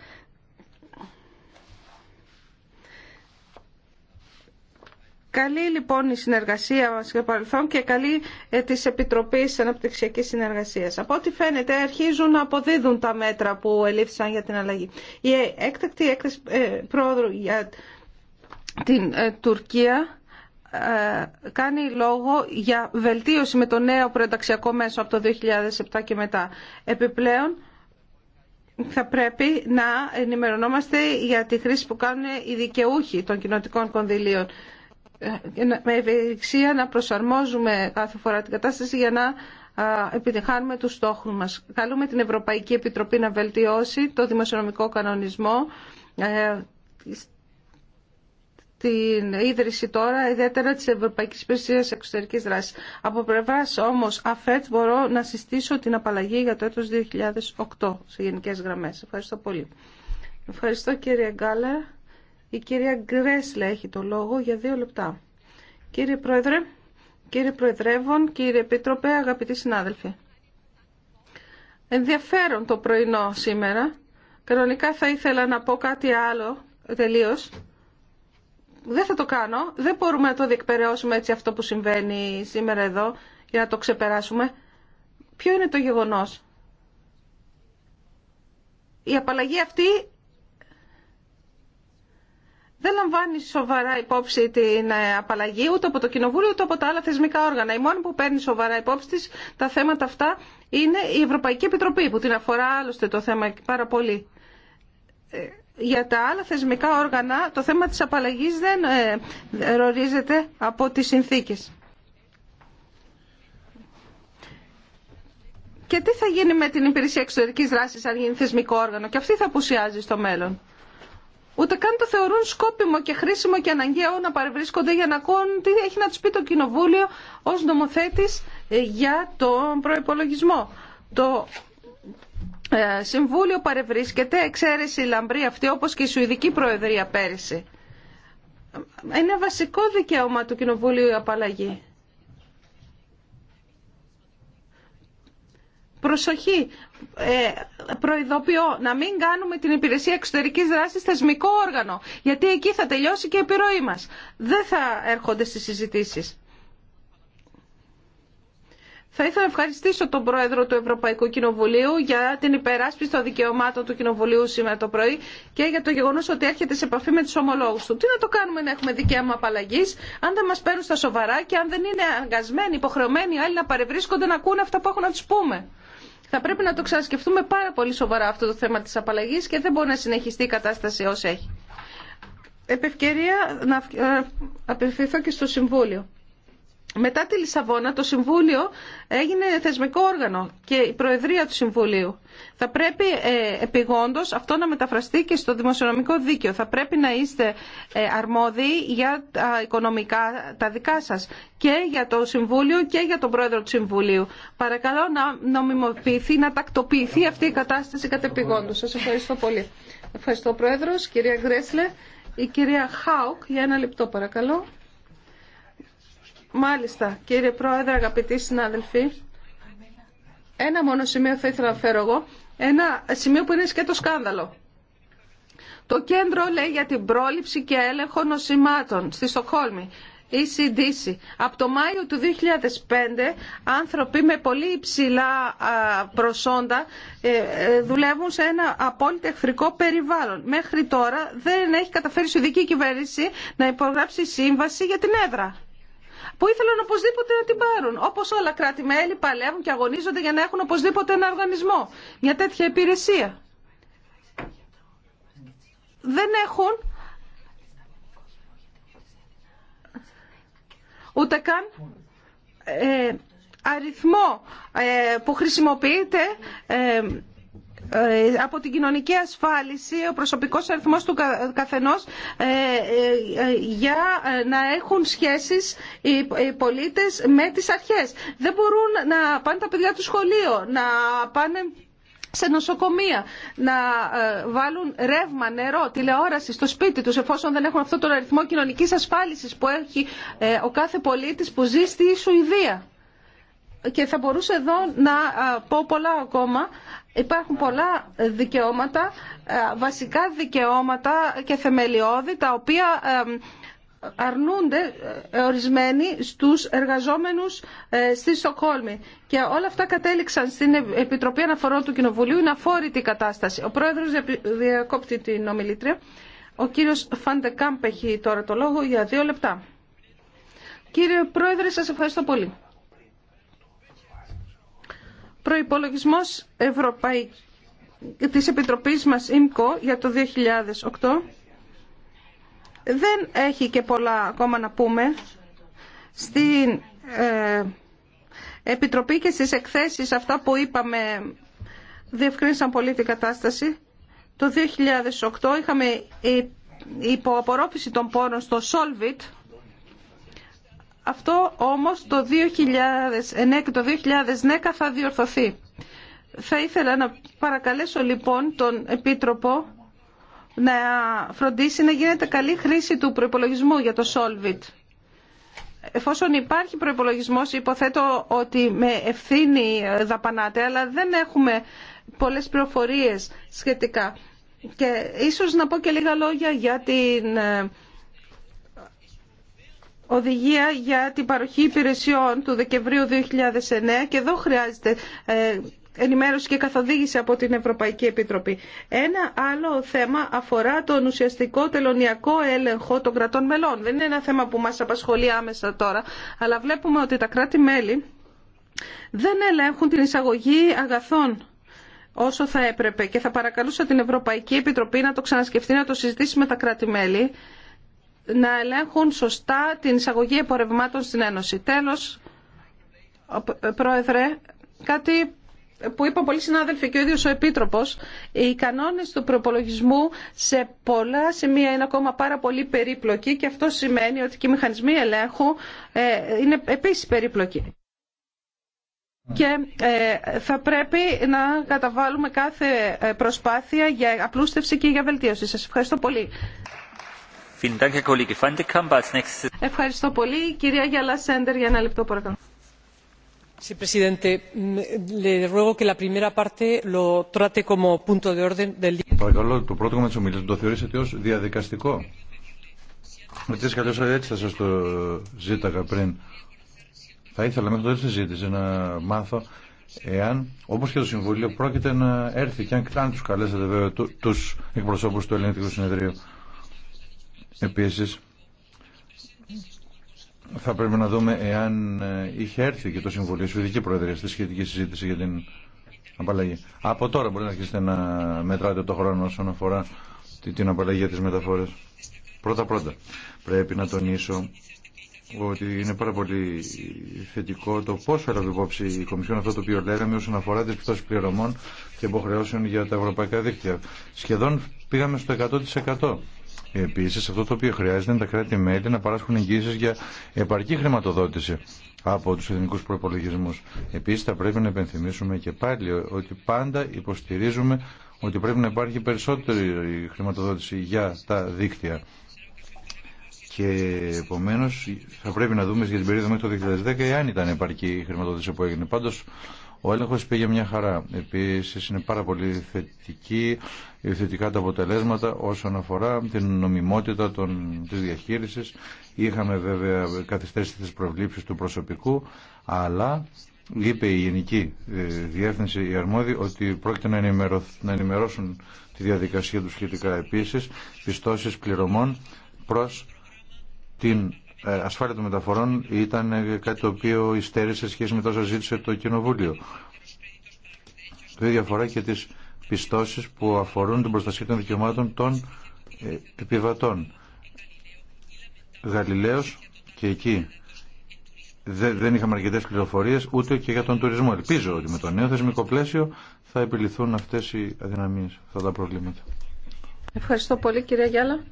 Καλή λοιπόν η συνεργασία μας και παρελθόν και καλή ε, της Επιτροπής Αναπτυξιακής Συνεργασίας. Από ό,τι φαίνεται αρχίζουν να αποδίδουν τα μέτρα που ελήφθησαν για την αλλαγή. Η ε, έκτακτη έκθεση ε, πρόοδου για την ε, Τουρκία κάνει λόγο για βελτίωση με το νέο προενταξιακό μέσο από το 2007 και μετά. Επιπλέον, θα πρέπει να ενημερωνόμαστε για τη χρήση που κάνουν οι δικαιούχοι των κοινοτικών κονδυλίων ε, με ευεξία να προσαρμόζουμε κάθε φορά την κατάσταση για να επιτυχάνουμε τους στόχους μας. Καλούμε την Ευρωπαϊκή Επιτροπή να βελτιώσει το δημοσιονομικό κανονισμό ε, την ίδρυση τώρα, ιδιαίτερα της Ευρωπαϊκής Υπηρεσίας Εξωτερικής Δράσης. Από πλευράς όμως ΑΦΕΤ μπορώ να συστήσω την απαλλαγή για το έτος 2008 σε γενικές γραμμές. Ευχαριστώ πολύ. Ευχαριστώ κύριε Γκάλερ. Η κυρία Γκρέσλα έχει το λόγο για δύο λεπτά. Κύριε Πρόεδρε, κύριε Προεδρεύον, κύριε Επίτροπε, αγαπητοί συνάδελφοι. Ενδιαφέρον το πρωινό σήμερα. Κανονικά θα ήθελα να πω κάτι άλλο τελείως. Δεν θα το κάνω. Δεν μπορούμε να το διεκπαιρεώσουμε έτσι αυτό που συμβαίνει σήμερα εδώ για να το ξεπεράσουμε. Ποιο είναι το γεγονός. Η απαλλαγή αυτή δεν λαμβάνει σοβαρά υπόψη την ε, απαλλαγή ούτε από το Κοινοβούλιο ούτε από τα άλλα θεσμικά όργανα. Η μόνη που παίρνει σοβαρά υπόψη της τα θέματα αυτά είναι η Ευρωπαϊκή Επιτροπή που την αφορά άλλωστε το θέμα πάρα πολύ. Ε, για τα άλλα θεσμικά όργανα το θέμα της απαλλαγής δεν ε, ρορίζεται από τις συνθήκες. Και τι θα γίνει με την υπηρεσία εξωτερικής δράσης αν γίνει θεσμικό όργανο και αυτή θα απουσιάζει στο μέλλον ούτε καν το θεωρούν σκόπιμο και χρήσιμο και αναγκαίο να παρευρίσκονται για να ακούν τι έχει να του πει το Κοινοβούλιο ως νομοθέτης ε, για τον προπολογισμό. Το ε, Συμβούλιο παρευρίσκεται, εξαίρεση λαμπρή αυτή όπως και η Σουηδική Προεδρία πέρυσι. Είναι βασικό δικαίωμα του Κοινοβουλίου η απαλλαγή. Προσοχή, ε, προειδοποιώ να μην κάνουμε την υπηρεσία εξωτερικής δράσης θεσμικό όργανο, γιατί εκεί θα τελειώσει και η επιρροή μας. Δεν θα έρχονται στις συζητήσεις. Θα ήθελα να ευχαριστήσω τον Πρόεδρο του Ευρωπαϊκού Κοινοβουλίου για την υπεράσπιση των δικαιωμάτων του Κοινοβουλίου σήμερα το πρωί και για το γεγονό ότι έρχεται σε επαφή με του ομολόγου του. Τι να το κάνουμε να έχουμε δικαίωμα απαλλαγή, αν δεν μα παίρνουν στα σοβαρά και αν δεν είναι αγκασμένοι, υποχρεωμένοι άλλοι να παρευρίσκονται να ακούνε αυτά που έχουν να του πούμε. Θα πρέπει να το ξανασκεφτούμε πάρα πολύ σοβαρά αυτό το θέμα της απαλλαγής και δεν μπορεί να συνεχιστεί η κατάσταση όσο έχει. Επευκαιρία να ε, απευθυνθώ και στο Συμβούλιο. Μετά τη Λισαβόνα το Συμβούλιο έγινε θεσμικό όργανο και η Προεδρία του Συμβουλίου. Θα πρέπει ε, επιγόντως αυτό να μεταφραστεί και στο δημοσιονομικό δίκαιο. Θα πρέπει να είστε ε, αρμόδιοι για τα οικονομικά τα δικά σας και για το Συμβούλιο και για τον Πρόεδρο του Συμβουλίου. Παρακαλώ να νομιμοποιηθεί, να τακτοποιηθεί αυτή η κατάσταση επιγόντως. Σας ευχαριστώ πολύ. Ευχαριστώ Πρόεδρος, κυρία Γκρέσλε. Η κυρία Χάουκ για ένα λεπτό παρακαλώ. Μάλιστα, κύριε Πρόεδρε, αγαπητοί συνάδελφοι, ένα μόνο σημείο θα ήθελα να φέρω εγώ, ένα σημείο που είναι σκέτο σκάνδαλο. Το κέντρο λέει για την πρόληψη και έλεγχο νοσημάτων στη Στοκχόλμη. ECDC. Από το Μάιο του 2005 άνθρωποι με πολύ υψηλά προσόντα ε, ε, δουλεύουν σε ένα απόλυτα εχθρικό περιβάλλον. Μέχρι τώρα δεν έχει καταφέρει η Σουηδική Κυβέρνηση να υπογράψει σύμβαση για την έδρα που ήθελαν οπωσδήποτε να την πάρουν. Όπω όλα κράτη-μέλη παλεύουν και αγωνίζονται για να έχουν οπωσδήποτε ένα οργανισμό, μια τέτοια υπηρεσία. Δεν έχουν ούτε καν ε, αριθμό ε, που χρησιμοποιείται ε, ε, από την κοινωνική ασφάλιση ο προσωπικός αριθμός του καθενός ε, ε, για να έχουν σχέσεις οι πολίτες με τις αρχές. Δεν μπορούν να πάνε τα παιδιά του σχολείο, να πάνε σε νοσοκομεία, να βάλουν ρεύμα, νερό, τηλεόραση στο σπίτι τους εφόσον δεν έχουν αυτόν τον αριθμό κοινωνικής ασφάλισης που έχει ο κάθε πολίτης που ζει στη Σουηδία και θα μπορούσε εδώ να πω πολλά ακόμα. Υπάρχουν πολλά δικαιώματα, βασικά δικαιώματα και θεμελιώδη, τα οποία αρνούνται ε, ορισμένοι στους εργαζόμενους ε, στη Στοκόλμη. Και όλα αυτά κατέληξαν στην Επιτροπή Αναφορών του Κοινοβουλίου Είναι αφόρητη κατάσταση. Ο πρόεδρος διακόπτει την ομιλήτρια. Ο κύριος Φαντεκάμπ έχει τώρα το λόγο για δύο λεπτά. Κύριε Πρόεδρε, σας ευχαριστώ πολύ. Προϋπολογισμός Ευρωπαϊ... της Επιτροπής μας ΙΜΚΟ για το 2008 δεν έχει και πολλά ακόμα να πούμε. Στην ε, Επιτροπή και στις εκθέσεις αυτά που είπαμε διευκρίνησαν πολύ την κατάσταση. Το 2008 είχαμε υπό απορρόφηση των πόρων στο Solvit, αυτό όμως το 2009 και το 2010 θα διορθωθεί. Θα ήθελα να παρακαλέσω λοιπόν τον Επίτροπο να φροντίσει να γίνεται καλή χρήση του προϋπολογισμού για το Solvit. Εφόσον υπάρχει προϋπολογισμός, υποθέτω ότι με ευθύνη ε, δαπανάτε, αλλά δεν έχουμε πολλές πληροφορίες σχετικά. Και ίσως να πω και λίγα λόγια για την ε, οδηγία για την παροχή υπηρεσιών του Δεκεμβρίου 2009 και εδώ χρειάζεται ε, ενημέρωση και καθοδήγηση από την Ευρωπαϊκή Επιτροπή. Ένα άλλο θέμα αφορά τον ουσιαστικό τελωνιακό έλεγχο των κρατών μελών. Δεν είναι ένα θέμα που μας απασχολεί άμεσα τώρα, αλλά βλέπουμε ότι τα κράτη-μέλη δεν ελέγχουν την εισαγωγή αγαθών όσο θα έπρεπε και θα παρακαλούσα την Ευρωπαϊκή Επιτροπή να το ξανασκεφτεί, να το συζητήσει με τα κράτη-μέλη να ελέγχουν σωστά την εισαγωγή επορευμάτων στην Ένωση. Τέλος, Πρόεδρε, κάτι που είπα πολλοί συνάδελφοι και ο ίδιος ο Επίτροπος, οι κανόνες του προπολογισμού σε πολλά σημεία είναι ακόμα πάρα πολύ περίπλοκοι και αυτό σημαίνει ότι και οι μηχανισμοί ελέγχου ε, είναι επίσης περίπλοκοι. Και ε, θα πρέπει να καταβάλουμε κάθε ε, προσπάθεια για απλούστευση και για βελτίωση. Σας ευχαριστώ πολύ. Ευχαριστώ πολύ. Κυρία Γιάλα Σέντερ, για ένα λεπτό παρακαλώ. Sí, presidente, mm, le ruego que la primera parte lo trate como punto de orden del día. Παρακαλώ, το πρώτο κομμάτι της ομιλίας το θεωρήσατε ως διαδικαστικό. τι καλώς έτσι θα σα το ζήταγα πριν. Θα ήθελα μέχρι το τέλος της να μάθω εάν, όπω και το Συμβούλιο, πρόκειται να έρθει και αν, αν του καλέσατε βέβαια του εκπροσωπού του Ελληνικού Συνεδρίου. Επίσης, θα πρέπει να δούμε εάν ε, είχε έρθει και το Συμβουλίο Σουηδική Προεδρία στη σχετική συζήτηση για την απαλλαγή. Από τώρα μπορείτε να αρχίσετε να μετράτε το χρόνο όσον αφορά την απαλλαγή για τις μεταφορές. Πρώτα-πρώτα, πρέπει να τονίσω ότι είναι πάρα πολύ θετικό το πόσο έλαβε υπόψη η Κομισιόν αυτό το οποίο λέγαμε όσον αφορά τις πτώσεις πληρωμών και υποχρεώσεων για τα ευρωπαϊκά δίκτυα. Σχεδόν πήγαμε στο 100%. Επίσης, αυτό το οποίο χρειάζεται είναι τα κράτη-μέλη να παράσχουν εγγύσεις για επαρκή χρηματοδότηση από τους εθνικούς προϋπολογισμούς. Επίσης, θα πρέπει να επενθυμίσουμε και πάλι ότι πάντα υποστηρίζουμε ότι πρέπει να υπάρχει περισσότερη χρηματοδότηση για τα δίκτυα. Και επομένω θα πρέπει να δούμε για την περίοδο μέχρι το 2010 εάν ήταν επαρκή η χρηματοδότηση που έγινε. Πάντως, ο έλεγχο πήγε μια χαρά. Επίση είναι πάρα πολύ θετική, θετικά τα αποτελέσματα όσον αφορά την νομιμότητα τη της Είχαμε βέβαια καθυστέρηση τη προβλήψη του προσωπικού, αλλά είπε η Γενική ε, Διεύθυνση η Αρμόδη ότι πρόκειται να, να ενημερώσουν τη διαδικασία του σχετικά επίση, πιστώσει πληρωμών προς την ε, ασφάλεια των μεταφορών ήταν ε, κάτι το οποίο υστέρησε σχέση με τόσο ζήτησε το Κοινοβούλιο. Το ίδιο αφορά και τις πιστώσεις που αφορούν την προστασία των δικαιωμάτων των ε, επιβατών. Γαλιλαίος και εκεί δεν είχαμε αρκετές πληροφορίες ούτε και για τον τουρισμό. Ελπίζω ότι με το νέο θεσμικό πλαίσιο θα επιληθούν αυτές οι αδυναμίες, αυτά τα προβλήματα. Ευχαριστώ πολύ κυρία Γιάλα.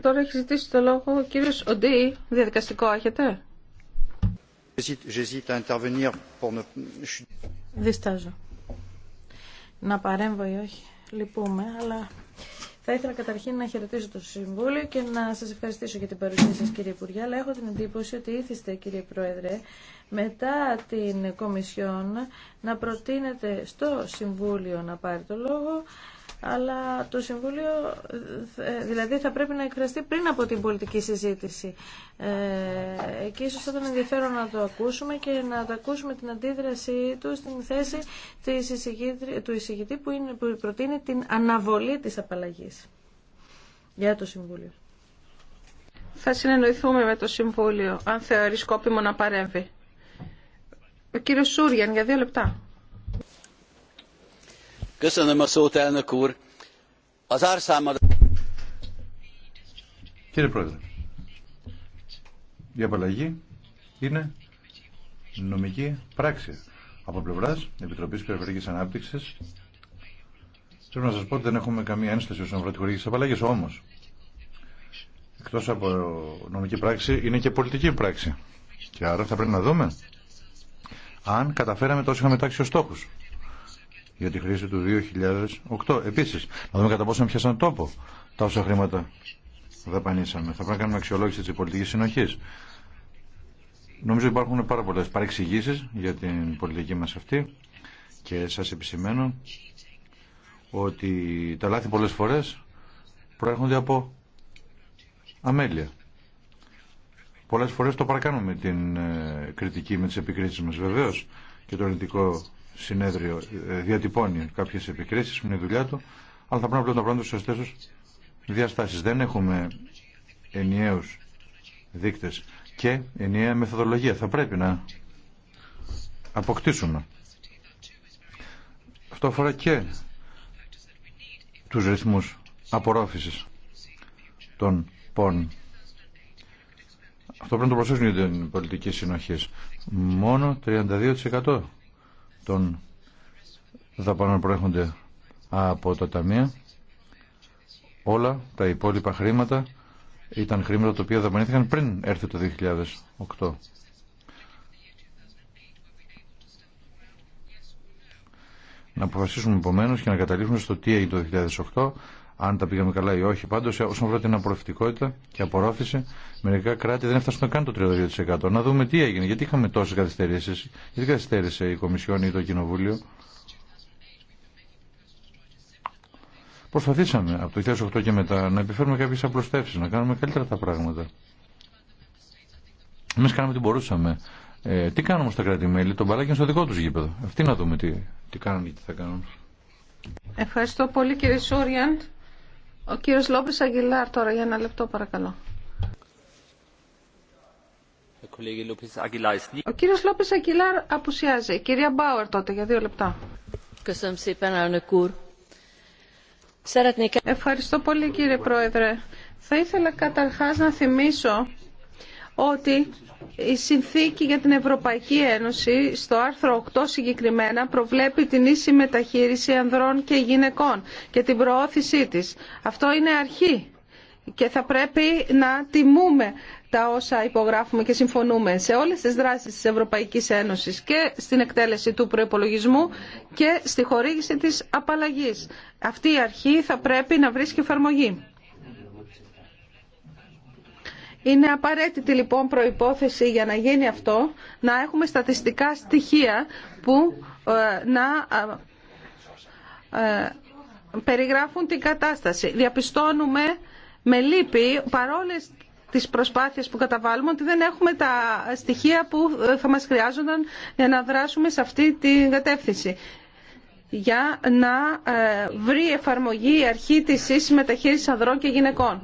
Τώρα έχει ζητήσει το λόγο ο κύριο Οντί. Διαδικαστικό έχετε. Διστάζω. Να παρέμβω ή όχι. Λυπούμε, αλλά θα ήθελα καταρχήν να χαιρετήσω το Συμβούλιο και να σας ευχαριστήσω για την παρουσία σας κύριε Υπουργέ, αλλά έχω την εντύπωση ότι ήθιστε κύριε Πρόεδρε μετά την Κομισιόν να προτείνετε στο Συμβούλιο να πάρει το λόγο αλλά το Συμβούλιο ε, δηλαδή θα πρέπει να εκφραστεί πριν από την πολιτική συζήτηση. Ε, και ίσως θα ήταν ενδιαφέρον να το ακούσουμε και να το ακούσουμε την αντίδρασή του στην θέση του εισηγητή που, είναι, προτείνει την αναβολή της απαλλαγής για το Συμβούλιο. Θα συνεννοηθούμε με το Συμβούλιο αν θεωρεί σκόπιμο να παρέμβει. Ο κύριος Σούριαν για δύο λεπτά. Κύριε Πρόεδρε, η απαλλαγή είναι νομική πράξη. Από πλευρά Επιτροπή Περιφερειακή Ανάπτυξη, Πρέπει να σα πω ότι δεν έχουμε καμία ένσταση όσον αφορά τη χορήγηση απαλλαγή. Όμω, εκτό από νομική πράξη, είναι και πολιτική πράξη. Και άρα θα πρέπει να δούμε αν καταφέραμε τόσο είχαμε τάξει ω στόχου για τη χρήση του 2008. Επίσης, να δούμε κατά πόσο πιάσαν τόπο τα όσα χρήματα δαπανίσαμε. Θα πρέπει να κάνουμε αξιολόγηση της πολιτική συνοχή. Νομίζω υπάρχουν πάρα πολλέ παρεξηγήσει για την πολιτική μας αυτή και σας επισημαίνω ότι τα λάθη πολλές φορές προέρχονται από αμέλεια. Πολλές φορές το παρακάνουμε την ε, κριτική με τις επικρίσεις μας βεβαίως και το ελληνικό συνέδριο ε, διατυπώνει κάποιες επικρίσεις με τη δουλειά του, αλλά θα πρέπει να βλέπουμε τα πράγματα στι σωστέ Δεν έχουμε ενιαίου δείκτες και ενιαία μεθοδολογία. Θα πρέπει να αποκτήσουμε. Αυτό αφορά και τους ρυθμούς απορρόφησης των πόν. Αυτό πρέπει να το προσέξουν για την πολιτική συνοχή. Μόνο 32% των δαπανών προέρχονται από τα ταμεία. Όλα τα υπόλοιπα χρήματα ήταν χρήματα τα οποία δαπανήθηκαν πριν έρθει το 2008. Να αποφασίσουμε επομένω και να καταλήξουμε στο τι έγινε το 2008 αν τα πήγαμε καλά ή όχι. Πάντω, ε, όσον αφορά την απορροφητικότητα και απορρόφηση, μερικά κράτη δεν έφτασαν καν το 32%. Να δούμε τι έγινε, γιατί είχαμε τόσε καθυστερήσει, γιατί καθυστέρησε η Κομισιόν ή το Κοινοβούλιο. Προσπαθήσαμε από το 2008 και μετά να επιφέρουμε κάποιε απλουστεύσει, να κάνουμε καλύτερα τα πράγματα. Εμεί κάναμε ό,τι μπορούσαμε. Ε, τι κάνουμε στα κράτη-μέλη, τον παράγει στο δικό του γήπεδο. Αυτοί να δούμε τι, τι κάνουν και τι θα κάνουν. Ευχαριστώ πολύ κύριε Σόριαντ. Ο κύριος Λόπης Αγγιλάρ τώρα για ένα λεπτό παρακαλώ. Ο κύριος Λόπης Αγγιλάρ απουσιάζει. Κυρία Μπάουερ τότε για δύο λεπτά. Ευχαριστώ πολύ κύριε Πρόεδρε. Θα ήθελα καταρχάς να θυμίσω ότι η συνθήκη για την Ευρωπαϊκή Ένωση στο άρθρο 8 συγκεκριμένα προβλέπει την ίση μεταχείριση ανδρών και γυναικών και την προώθησή της. Αυτό είναι αρχή και θα πρέπει να τιμούμε τα όσα υπογράφουμε και συμφωνούμε σε όλες τις δράσεις της Ευρωπαϊκής Ένωσης και στην εκτέλεση του προϋπολογισμού και στη χορήγηση της απαλλαγής. Αυτή η αρχή θα πρέπει να βρίσκει εφαρμογή. Είναι απαραίτητη λοιπόν προϋπόθεση για να γίνει αυτό να έχουμε στατιστικά στοιχεία που ε, να ε, ε, περιγράφουν την κατάσταση. Διαπιστώνουμε με λύπη παρόλες τις προσπάθειες που καταβάλουμε ότι δεν έχουμε τα στοιχεία που θα μας χρειάζονταν για να δράσουμε σε αυτή την κατεύθυνση για να ε, βρει εφαρμογή η αρχή της ίσης μεταχείρισης ανδρών και γυναικών.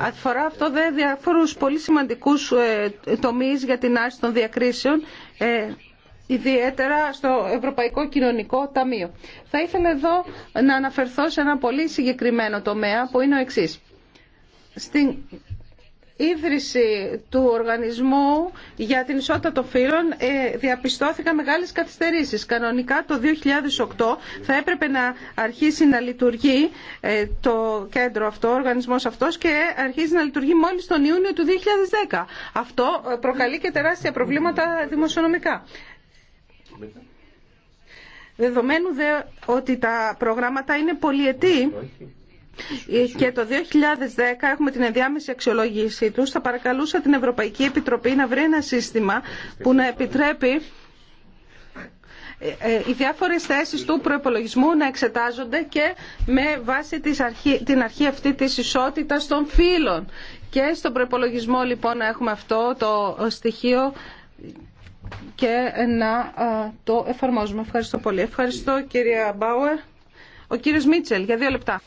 Αφορά αυτό δε διάφορους πολύ σημαντικούς ε, τομείς για την άρση των διακρίσεων, ε, ιδιαίτερα στο Ευρωπαϊκό Κοινωνικό Ταμείο. Θα ήθελα εδώ να αναφερθώ σε ένα πολύ συγκεκριμένο τομέα που είναι ο εξής. Στην ίδρυση του Οργανισμού για την Ισότητα των Φύλων ε, διαπιστώθηκαν μεγάλες καθυστερήσεις. Κανονικά το 2008 θα έπρεπε να αρχίσει να λειτουργεί ε, το κέντρο αυτό, ο οργανισμός αυτός και αρχίζει να λειτουργεί μόλις τον Ιούνιο του 2010. Αυτό ε, προκαλεί και τεράστια προβλήματα δημοσιονομικά. Δεδομένου δε ότι τα προγράμματα είναι πολυετή, και το 2010 έχουμε την ενδιάμεση αξιολόγησή του, Θα παρακαλούσα την Ευρωπαϊκή Επιτροπή να βρει ένα σύστημα που να επιτρέπει ε, ε, οι διάφορες θέσεις του προϋπολογισμού να εξετάζονται και με βάση την αρχή αυτή της ισότητας των φύλων. Και στον προϋπολογισμό λοιπόν να έχουμε αυτό το στοιχείο και να το εφαρμόζουμε. Ευχαριστώ πολύ. Ευχαριστώ κυρία Μπάουερ. Ο κύριος Μίτσελ για δύο λεπτά.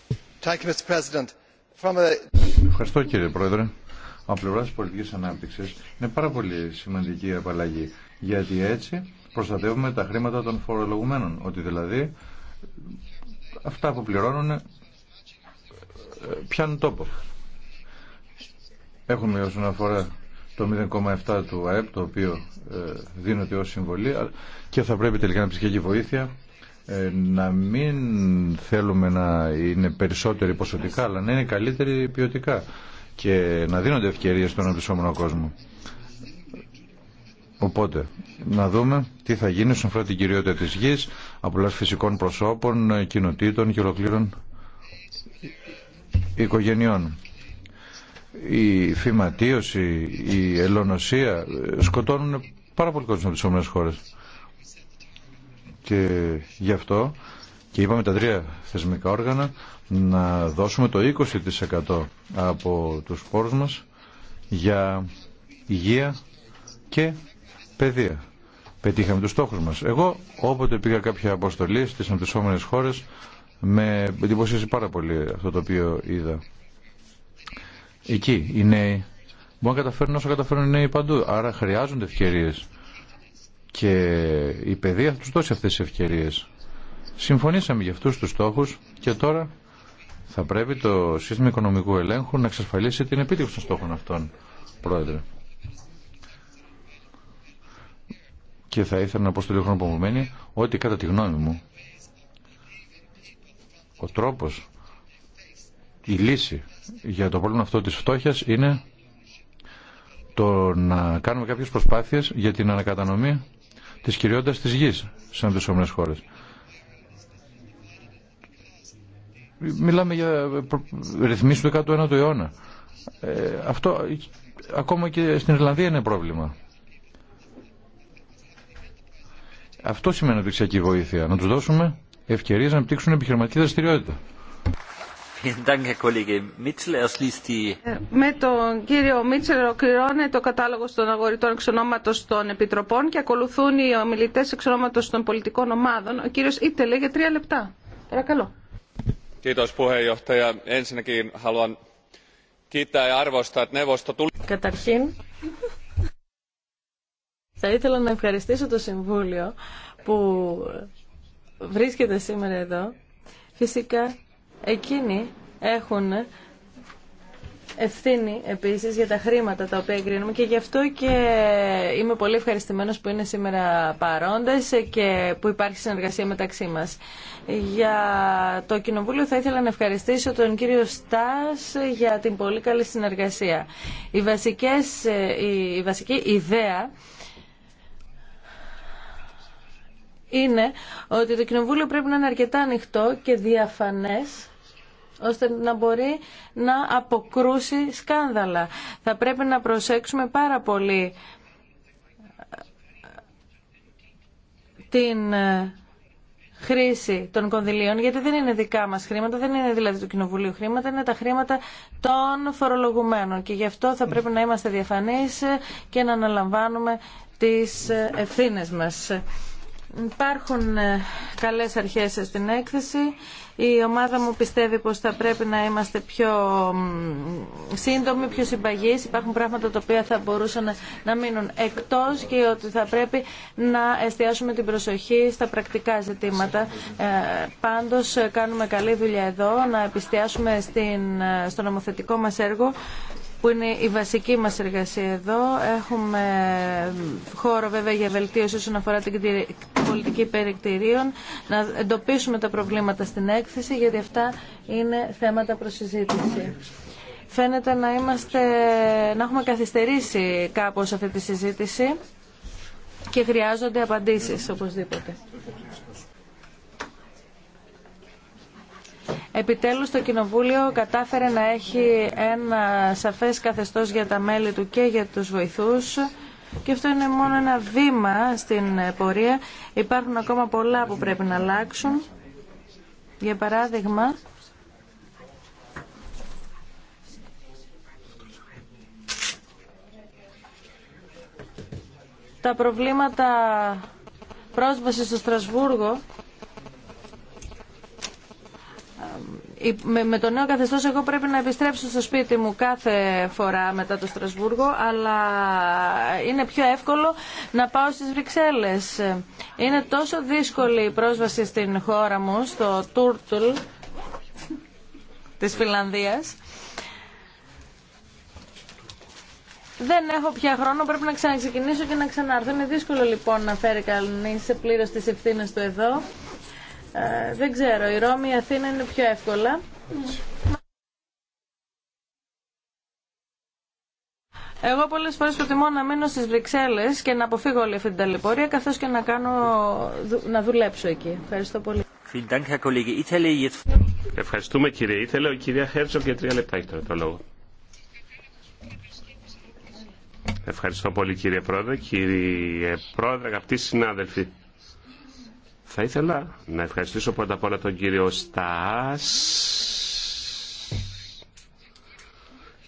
Ευχαριστώ κύριε Πρόεδρε. Από πλευρά τη πολιτική ανάπτυξη είναι πάρα πολύ σημαντική η απαλλαγή. Γιατί έτσι προστατεύουμε τα χρήματα των φορολογουμένων. Ότι δηλαδή αυτά που πληρώνουν ε, πιάνουν τόπο. Έχουμε όσον αφορά το 0,7 του ΑΕΠ, το οποίο ε, δίνεται ως συμβολή και θα πρέπει τελικά να ψυχιακή βοήθεια ε, να μην θέλουμε να είναι περισσότεροι ποσοτικά, αλλά να είναι καλύτεροι ποιοτικά και να δίνονται ευκαιρίες στον αναπτυσσόμενο κόσμο. Οπότε, να δούμε τι θα γίνει στον φράτη την κυριότητα της γης, από φυσικών προσώπων, κοινοτήτων και ολοκλήρων οικογενειών. Η φυματίωση, η ελωνοσία σκοτώνουν πάρα πολύ κόσμο στις χώρες και γι' αυτό και είπαμε τα τρία θεσμικά όργανα να δώσουμε το 20% από τους πόρους μας για υγεία και παιδεία. Πετύχαμε τους στόχους μας. Εγώ όποτε πήγα κάποια αποστολή στις αντισώμενες χώρες με εντυπωσίασε πάρα πολύ αυτό το οποίο είδα. Εκεί οι νέοι μπορούν να καταφέρουν όσο καταφέρουν οι νέοι παντού. Άρα χρειάζονται ευκαιρίες και η παιδεία θα τους δώσει αυτές τις ευκαιρίες. Συμφωνήσαμε για αυτούς τους στόχους και τώρα θα πρέπει το σύστημα οικονομικού ελέγχου να εξασφαλίσει την επίτευξη των στόχων αυτών, Πρόεδρε. Και θα ήθελα να πω στο λίγο χρόνο ότι κατά τη γνώμη μου ο τρόπος, η λύση για το πρόβλημα αυτό της φτώχειας είναι το να κάνουμε κάποιες προσπάθειες για την ανακατανομή της κυριότητας της γης σε τις χώρες. Μιλάμε για ρυθμίσεις του 19ου αιώνα. Ε, αυτό ακόμα και στην Ιρλανδία είναι πρόβλημα. Αυτό σημαίνει αναπτυξιακή βοήθεια. Να τους δώσουμε ευκαιρίες να πτύξουν επιχειρηματική δραστηριότητα. Ε, με τον κύριο Μίτσελ ολοκληρώνεται το κατάλογο των αγορητών εξ των Επιτροπών και ακολουθούν οι ομιλητέ εξ των πολιτικών ομάδων. Ο κύριος Ήτελε για τρία λεπτά. Παρακαλώ. Καταρχήν, θα ήθελα να ευχαριστήσω το Συμβούλιο που βρίσκεται σήμερα εδώ. Φυσικά Εκείνοι έχουν ευθύνη επίσης για τα χρήματα τα οποία εγκρίνουμε και γι' αυτό και είμαι πολύ ευχαριστημένος που είναι σήμερα παρόντες και που υπάρχει συνεργασία μεταξύ μας. Για το Κοινοβούλιο θα ήθελα να ευχαριστήσω τον κύριο Στάς για την πολύ καλή συνεργασία. Η, βασικές, η, βασική ιδέα είναι ότι το Κοινοβούλιο πρέπει να είναι αρκετά ανοιχτό και διαφανές ώστε να μπορεί να αποκρούσει σκάνδαλα. Θα πρέπει να προσέξουμε πάρα πολύ ε, την ε, χρήση των κονδυλίων, γιατί δεν είναι δικά μας χρήματα, δεν είναι δηλαδή του Κοινοβουλίου χρήματα, είναι τα χρήματα των φορολογουμένων και γι' αυτό θα πρέπει να είμαστε διαφανείς και να αναλαμβάνουμε τις ε, ευθύνες μας. Υπάρχουν ε, καλές αρχές στην έκθεση. Η ομάδα μου πιστεύει πως θα πρέπει να είμαστε πιο σύντομοι, πιο συμπαγείς. Υπάρχουν πράγματα τα οποία θα μπορούσαν να μείνουν εκτός και ότι θα πρέπει να εστιάσουμε την προσοχή στα πρακτικά ζητήματα. Ε, πάντως κάνουμε καλή δουλειά εδώ, να επιστιάσουμε στην, ε, στο νομοθετικό μας έργο που είναι η βασική μας εργασία εδώ. Έχουμε χώρο βέβαια για βελτίωση όσον αφορά την πολιτική περικτηρίων, να εντοπίσουμε τα προβλήματα στην έκθεση, γιατί αυτά είναι θέματα προσυζήτηση. Φαίνεται να, είμαστε, να έχουμε καθυστερήσει κάπως αυτή τη συζήτηση και χρειάζονται απαντήσεις οπωσδήποτε. Επιτέλους το Κοινοβούλιο κατάφερε να έχει ένα σαφές καθεστώς για τα μέλη του και για τους βοηθούς και αυτό είναι μόνο ένα βήμα στην πορεία. Υπάρχουν ακόμα πολλά που πρέπει να αλλάξουν. Για παράδειγμα, τα προβλήματα πρόσβασης στο Στρασβούργο με το νέο καθεστώ εγώ πρέπει να επιστρέψω στο σπίτι μου κάθε φορά μετά το Στρασβούργο αλλά είναι πιο εύκολο να πάω στις Βρυξέλλες. Είναι τόσο δύσκολη η πρόσβαση στην χώρα μου, στο Τούρτουλ της Φιλανδίας. Δεν έχω πια χρόνο, πρέπει να ξαναξεκινήσω και να ξανάρθω. Είναι δύσκολο λοιπόν να φέρει κανεί σε πλήρω τι ευθύνε του εδώ. Ε, δεν ξέρω, η Ρώμη, η Αθήνα είναι πιο εύκολα. Εγώ πολλέ φορέ προτιμώ να μείνω στι Βρυξέλλε και να αποφύγω όλη αυτή την ταλαιπωρία, καθώ και να, κάνω, να δουλέψω εκεί. Ευχαριστώ πολύ. Ευχαριστούμε κύριε Ήθελε. Ο κυρία Χέρτσο για τρία λεπτά έχει το λόγο. Ευχαριστώ πολύ κύριε Πρόεδρε. Κύριε Πρόεδρε, αγαπητοί συνάδελφοι. Θα ήθελα να ευχαριστήσω πρώτα απ' όλα τον κύριο Στάς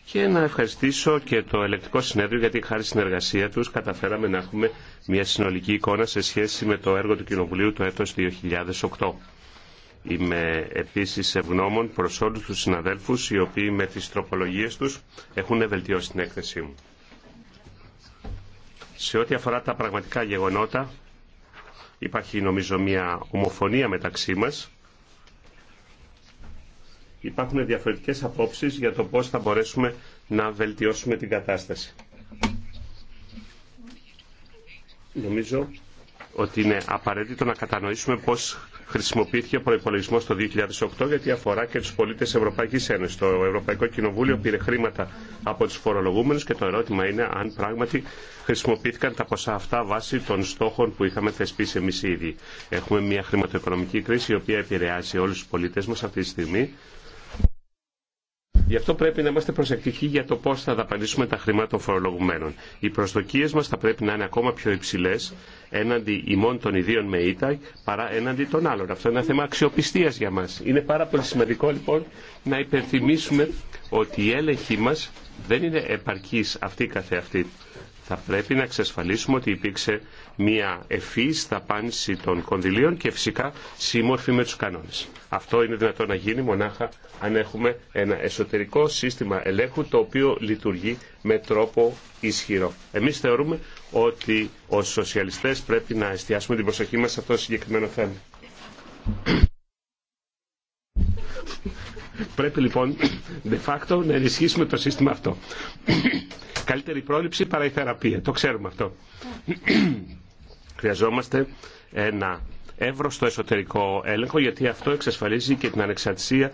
και να ευχαριστήσω και το ελεκτικό συνέδριο γιατί χάρη στην εργασία τους καταφέραμε να έχουμε μια συνολική εικόνα σε σχέση με το έργο του Κοινοβουλίου το έτος 2008. Είμαι επίσης ευγνώμων προς όλους τους συναδέλφους οι οποίοι με τις τροπολογίες τους έχουν βελτιώσει την έκθεσή μου. Σε ό,τι αφορά τα πραγματικά γεγονότα, Υπάρχει νομίζω μια ομοφωνία μεταξύ μας. Υπάρχουν διαφορετικές απόψεις για το πώς θα μπορέσουμε να βελτιώσουμε την κατάσταση. Νομίζω ότι είναι απαραίτητο να κατανοήσουμε πώς χρησιμοποιήθηκε ο προπολογισμό το 2008 γιατί αφορά και του πολίτε Ευρωπαϊκή Ένωση. Το Ευρωπαϊκό Κοινοβούλιο πήρε χρήματα από του φορολογούμενου και το ερώτημα είναι αν πράγματι χρησιμοποιήθηκαν τα ποσά αυτά βάσει των στόχων που είχαμε θεσπίσει εμεί ήδη. Έχουμε μια χρηματοοικονομική κρίση η οποία επηρεάζει όλου του πολίτε μα αυτή τη στιγμή. Γι' αυτό πρέπει να είμαστε προσεκτικοί για το πώ θα δαπανίσουμε τα χρήματα των φορολογουμένων. Οι προσδοκίε μα θα πρέπει να είναι ακόμα πιο υψηλέ έναντι ημών των ιδίων με ήττα παρά έναντι των άλλων. Αυτό είναι ένα θέμα αξιοπιστία για μα. Είναι πάρα πολύ σημαντικό λοιπόν να υπενθυμίσουμε ότι η έλεγχή μα δεν είναι επαρκή αυτή καθεαυτή. Θα πρέπει να εξασφαλίσουμε ότι υπήρξε μια στα δαπάνηση των κονδυλίων και φυσικά σύμμορφη με τους κανόνε. Αυτό είναι δυνατό να γίνει μονάχα αν έχουμε ένα εσωτερικό σύστημα ελέγχου το οποίο λειτουργεί με τρόπο ισχυρό. Εμείς θεωρούμε ότι ως σοσιαλιστές πρέπει να εστιάσουμε την προσοχή μας σε αυτό το συγκεκριμένο θέμα. Πρέπει λοιπόν, de facto, να ενισχύσουμε το σύστημα αυτό. Καλύτερη πρόληψη παρά η θεραπεία. Το ξέρουμε αυτό. Χρειαζόμαστε ένα στο εσωτερικό έλεγχο γιατί αυτό εξασφαλίζει και την ανεξαρτησία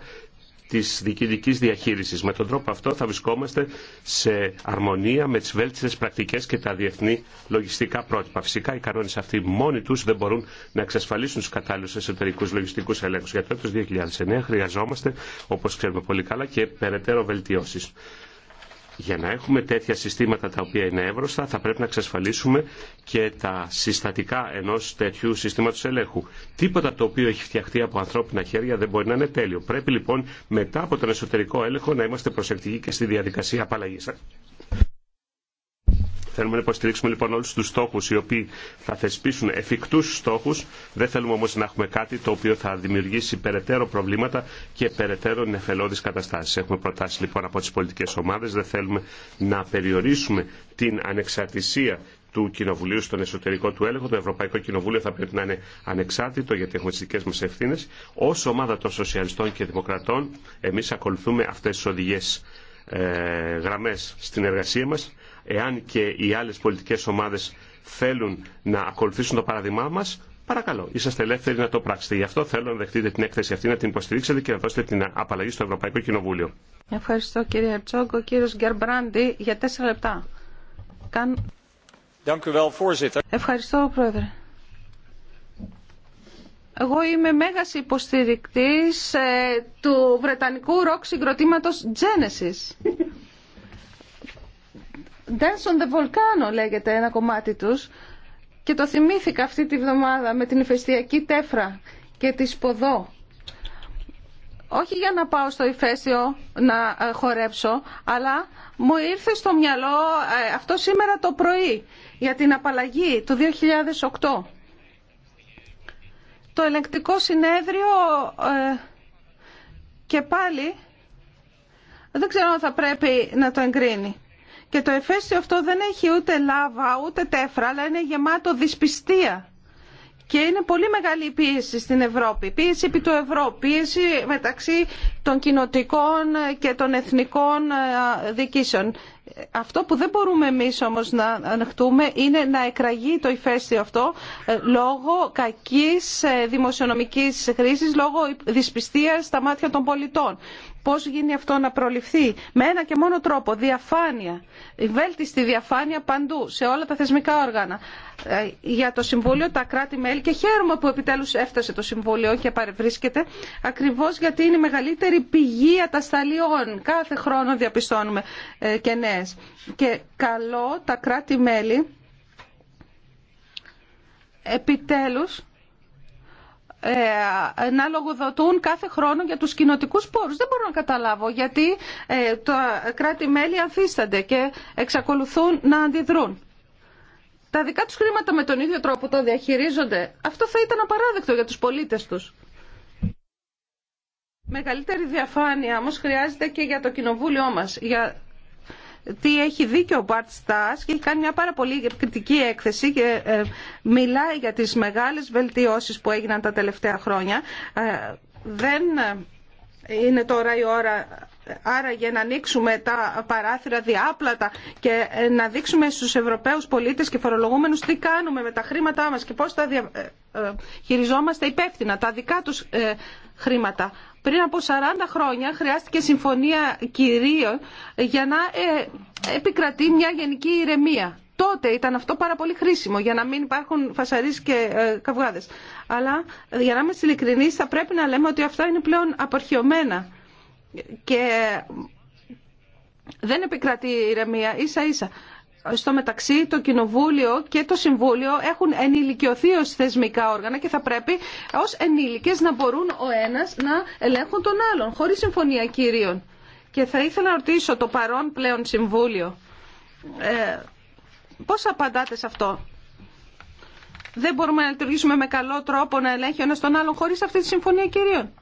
της διοικητική διαχείρισης. Με τον τρόπο αυτό θα βρισκόμαστε σε αρμονία με τις βέλτιστες πρακτικές και τα διεθνή λογιστικά πρότυπα. Φυσικά οι κανόνε αυτοί μόνοι του δεν μπορούν να εξασφαλίσουν του κατάλληλου εσωτερικούς λογιστικού ελέγχους. Για το 2009 χρειαζόμαστε, όπω ξέρουμε πολύ καλά, και περαιτέρω βελτιώσει. Για να έχουμε τέτοια συστήματα τα οποία είναι εύρωστα θα πρέπει να εξασφαλίσουμε και τα συστατικά ενός τέτοιου συστήματος ελέγχου. Τίποτα το οποίο έχει φτιαχτεί από ανθρώπινα χέρια δεν μπορεί να είναι τέλειο. Πρέπει λοιπόν μετά από τον εσωτερικό έλεγχο να είμαστε προσεκτικοί και στη διαδικασία απαλλαγή. Θέλουμε να υποστηρίξουμε λοιπόν όλου του στόχου οι οποίοι θα θεσπίσουν εφικτού στόχου. Δεν θέλουμε όμω να έχουμε κάτι το οποίο θα δημιουργήσει περαιτέρω προβλήματα και περαιτέρω νεφελώδει καταστάσει. Έχουμε προτάσει λοιπόν από τι πολιτικέ ομάδε. Δεν θέλουμε να περιορίσουμε την ανεξαρτησία του Κοινοβουλίου στον εσωτερικό του έλεγχο. Το Ευρωπαϊκό Κοινοβούλιο θα πρέπει να είναι ανεξάρτητο γιατί έχουμε τι δικέ μα ευθύνε. Ω ομάδα των Σοσιαλιστών και Δημοκρατών εμεί ακολουθούμε αυτέ τι οδηγίε γραμμέ στην εργασία μα Εάν και οι άλλες πολιτικές ομάδες θέλουν να ακολουθήσουν το παράδειγμά μας, παρακαλώ, είσαστε ελεύθεροι να το πράξετε. Γι' αυτό θέλω να δεχτείτε την έκθεση αυτή, να την υποστηρίξετε και να δώσετε την απαλλαγή στο Ευρωπαϊκό Κοινοβούλιο. Ευχαριστώ κύριε Τσόγκο, Κύριος Γκερμπράντι για τέσσερα λεπτά. Καν... Ευχαριστώ πρόεδρε. Εγώ είμαι μέγας υποστηρικτής ε, του βρετανικού ροκ συγκροτήματος Genesis. Dance on the Volcano λέγεται ένα κομμάτι τους και το θυμήθηκα αυτή τη βδομάδα με την ηφαιστειακή τέφρα και τη σποδό. Όχι για να πάω στο ηφαίστειο να ε, χορέψω, αλλά μου ήρθε στο μυαλό ε, αυτό σήμερα το πρωί για την απαλλαγή του 2008. Το ελεγκτικό συνέδριο ε, και πάλι δεν ξέρω αν θα πρέπει να το εγκρίνει. Και το εφέσιο αυτό δεν έχει ούτε λάβα, ούτε τέφρα, αλλά είναι γεμάτο δυσπιστία. Και είναι πολύ μεγάλη η πίεση στην Ευρώπη. Πίεση επί του ευρώ, πίεση μεταξύ των κοινοτικών και των εθνικών ε, διοικήσεων. Αυτό που δεν μπορούμε εμείς όμως να ανεχτούμε είναι να εκραγεί το ηφαίστειο αυτό ε, λόγω κακής ε, δημοσιονομικής χρήσης, λόγω δυσπιστίας στα μάτια των πολιτών. Πώς γίνει αυτό να προληφθεί με ένα και μόνο τρόπο, διαφάνεια, βέλτιστη διαφάνεια παντού, σε όλα τα θεσμικά όργανα. Ε, για το Συμβούλιο, τα κράτη-μέλη και χαίρομαι που επιτέλους έφτασε το Συμβούλιο και παρευρίσκεται, ακριβώς γιατί είναι η μεγαλύτερη πηγή ατασταλιών. Κάθε χρόνο διαπιστώνουμε ε, και νέες. Και καλό τα κράτη-μέλη επιτέλους ε, να λογοδοτούν κάθε χρόνο για τους κοινοτικούς πόρους. Δεν μπορώ να καταλάβω γιατί ε, τα κράτη-μέλη ανθίστανται και εξακολουθούν να αντιδρούν. Τα δικά τους χρήματα με τον ίδιο τρόπο τα διαχειρίζονται. Αυτό θα ήταν απαράδεκτο για τους πολίτες τους. Μεγαλύτερη διαφάνεια όμως χρειάζεται και για το κοινοβούλιο μας, τι έχει δίκιο ο Μπαρτ Στάς και έχει κάνει μια πάρα πολύ κριτική έκθεση και ε, μιλάει για τις μεγάλες βελτιώσεις που έγιναν τα τελευταία χρόνια. Ε, δεν ε, είναι τώρα η ώρα Άρα για να ανοίξουμε τα παράθυρα διάπλατα και ε, να δείξουμε στους Ευρωπαίους πολίτες και φορολογούμενους τι κάνουμε με τα χρήματά μας και πώς τα δια... Ε, ε, χειριζόμαστε υπεύθυνα, τα δικά τους χρήματα. Πριν από 40 χρόνια χρειάστηκε συμφωνία κυρίων για να επικρατεί μια γενική ηρεμία. Τότε ήταν αυτό πάρα πολύ χρήσιμο για να μην υπάρχουν φασαρίες και καυγάδες. Αλλά για να είμαστε ειλικρινείς θα πρέπει να λέμε ότι αυτά είναι πλέον απαρχιωμένα και δεν επικρατεί η ηρεμία ίσα ίσα. Στο μεταξύ το Κοινοβούλιο και το Συμβούλιο έχουν ενηλικιωθεί ως θεσμικά όργανα και θα πρέπει ως ενήλικες να μπορούν ο ένας να ελέγχουν τον άλλον, χωρίς συμφωνία κυρίων. Και θα ήθελα να ρωτήσω το παρόν πλέον Συμβούλιο. Ε, πώς απαντάτε σε αυτό. Δεν μπορούμε να λειτουργήσουμε με καλό τρόπο να ελέγχει ο ένας τον άλλον χωρίς αυτή τη συμφωνία κυρίων.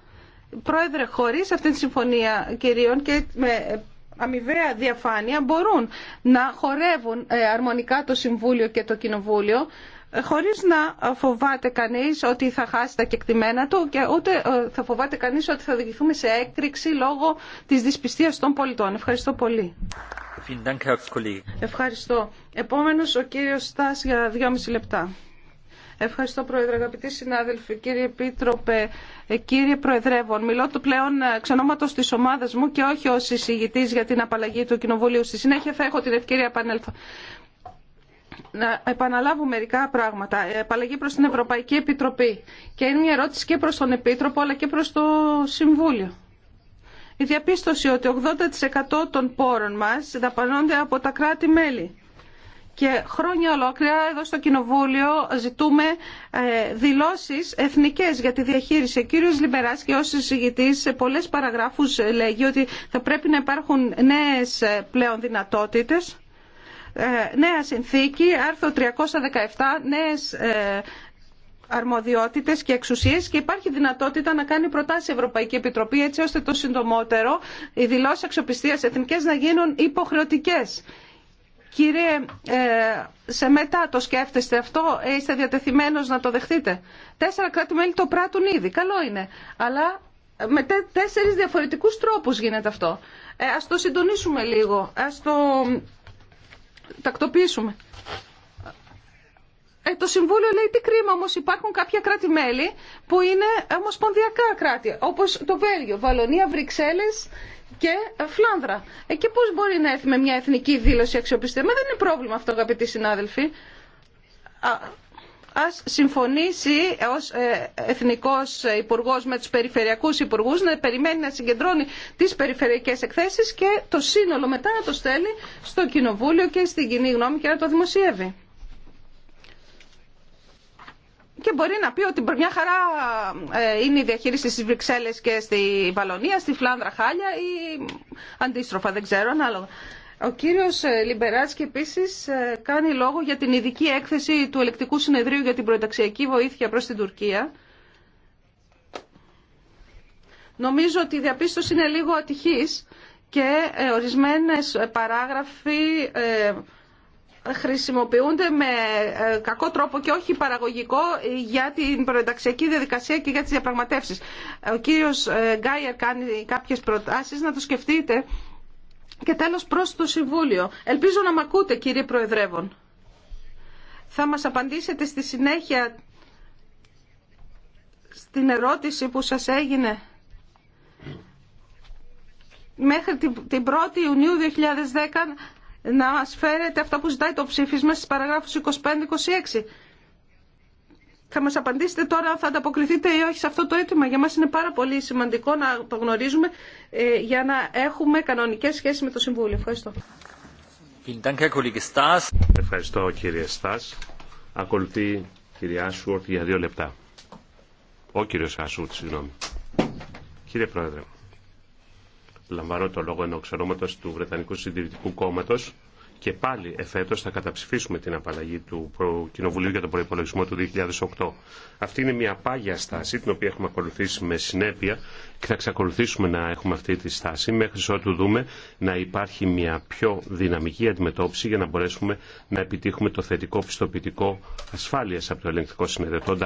Πρόεδρε, χωρίς αυτή τη συμφωνία κυρίων και με αμοιβαία διαφάνεια μπορούν να χορεύουν ε, αρμονικά το Συμβούλιο και το Κοινοβούλιο ε, χωρίς να φοβάται κανείς ότι θα χάσει τα κεκτημένα του και ούτε ε, θα φοβάται κανείς ότι θα διηγηθούμε σε έκρηξη λόγω της δυσπιστίας των πολιτών. Ευχαριστώ πολύ. Ευχαριστώ. Επόμενος ο κύριος Στάς για δυόμιση λεπτά. Ευχαριστώ, Πρόεδρε, αγαπητοί συνάδελφοι, κύριε Επίτροπε, κύριε Προεδρεύον. Μιλώ το πλέον ε, ξενώματο τη ομάδα μου και όχι ω εισηγητή για την απαλλαγή του Κοινοβουλίου. Στη συνέχεια θα έχω την ευκαιρία επανέλθω. Να επαναλάβω μερικά πράγματα. Επαλλαγή προ την Ευρωπαϊκή Επιτροπή. Και είναι μια ερώτηση και προ τον Επίτροπο αλλά και προ το Συμβούλιο. Η διαπίστωση ότι 80% των πόρων μας δαπανώνται από τα κράτη-μέλη και χρόνια ολόκληρα εδώ στο Κοινοβούλιο ζητούμε ε, δηλώσεις εθνικές για τη διαχείριση. Ο κύριος Λιμπεράς και όσοι συζητητής σε πολλές παραγράφους λέγει ότι θα πρέπει να υπάρχουν νέες ε, πλέον δυνατότητες, ε, νέα συνθήκη, άρθρο 317, νέες αρμοδιότητες και εξουσίες και υπάρχει δυνατότητα να κάνει προτάσει η Ευρωπαϊκή Επιτροπή έτσι ώστε το συντομότερο οι δηλώσεις αξιοπιστίας εθνικές να γίνουν υποχρεωτικές Κύριε, ε, σε μετά το σκέφτεστε αυτό, ε, είστε διατεθειμένος να το δεχτείτε. Τέσσερα κράτη-μέλη το πράττουν ήδη, καλό είναι. Αλλά ε, με τέσσερις διαφορετικούς τρόπους γίνεται αυτό. Ε, ας το συντονίσουμε λίγο, ας το τακτοποιήσουμε. το Συμβούλιο λέει τι κρίμα όμως υπάρχουν κάποια κράτη-μέλη που είναι ομοσπονδιακά κράτη, όπως το Βέλγιο, Βαλονία, Βρυξέλλες και ε, Φλάνδρα. Ε, και πώς μπορεί να έρθει με μια εθνική δήλωση αξιοπιστία. Μα δεν είναι πρόβλημα αυτό αγαπητοί συνάδελφοι. Α, ας συμφωνήσει ως ε, εθνικός υπουργός με τους περιφερειακούς υπουργούς να περιμένει να συγκεντρώνει τις περιφερειακές εκθέσεις και το σύνολο μετά να το στέλνει στο κοινοβούλιο και στην κοινή γνώμη και να το δημοσιεύει και μπορεί να πει ότι μια χαρά ε, είναι η διαχείριση στις Βρυξέλλες και στη Βαλονία, στη Φλάνδρα Χάλια ή αντίστροφα, δεν ξέρω, ανάλογα. Ο κύριος ε, Λιμπεράτσκι επίσης ε, κάνει λόγο για την ειδική έκθεση του Ελεκτικού Συνεδρίου για την Προεταξιακή Βοήθεια προς την Τουρκία. Νομίζω ότι η διαπίστωση είναι λίγο ατυχής και ορισμένες παράγραφοι χρησιμοποιούνται με ε, κακό τρόπο και όχι παραγωγικό για την προενταξιακή διαδικασία και για τις διαπραγματεύσεις. Ο κύριος ε, Γκάιερ κάνει κάποιες προτάσεις, να το σκεφτείτε. Και τέλος προς το Συμβούλιο. Ελπίζω να μ' ακούτε κύριε Προεδρεύον. Θα μας απαντήσετε στη συνέχεια στην ερώτηση που σας έγινε μέχρι την 1η Ιουνίου 2010 να φέρετε αυτά που ζητάει το ψήφισμα στις παραγράφους 25-26. Θα μας απαντήσετε τώρα αν θα ανταποκριθείτε ή όχι σε αυτό το αίτημα. Για μας είναι πάρα πολύ σημαντικό να το γνωρίζουμε ε, για να έχουμε κανονικές σχέσεις με το Συμβούλιο. Ευχαριστώ. Ευχαριστώ κύριε Στάς. Ακολουθεί κυρία Άσουρτ για δύο λεπτά. Ο κύριος Άσουορτ, συγγνώμη. Κύριε Πρόεδρε λαμβάνω το λόγο ενώ του Βρετανικού Συντηρητικού Κόμματο και πάλι εφέτο θα καταψηφίσουμε την απαλλαγή του Κοινοβουλίου για τον προπολογισμό του 2008. Αυτή είναι μια πάγια στάση την οποία έχουμε ακολουθήσει με συνέπεια και θα ξεκολουθήσουμε να έχουμε αυτή τη στάση μέχρι ότου δούμε να υπάρχει μια πιο δυναμική αντιμετώπιση για να μπορέσουμε να επιτύχουμε το θετικό πιστοποιητικό ασφάλεια από το ελεγκτικό συνεδριό,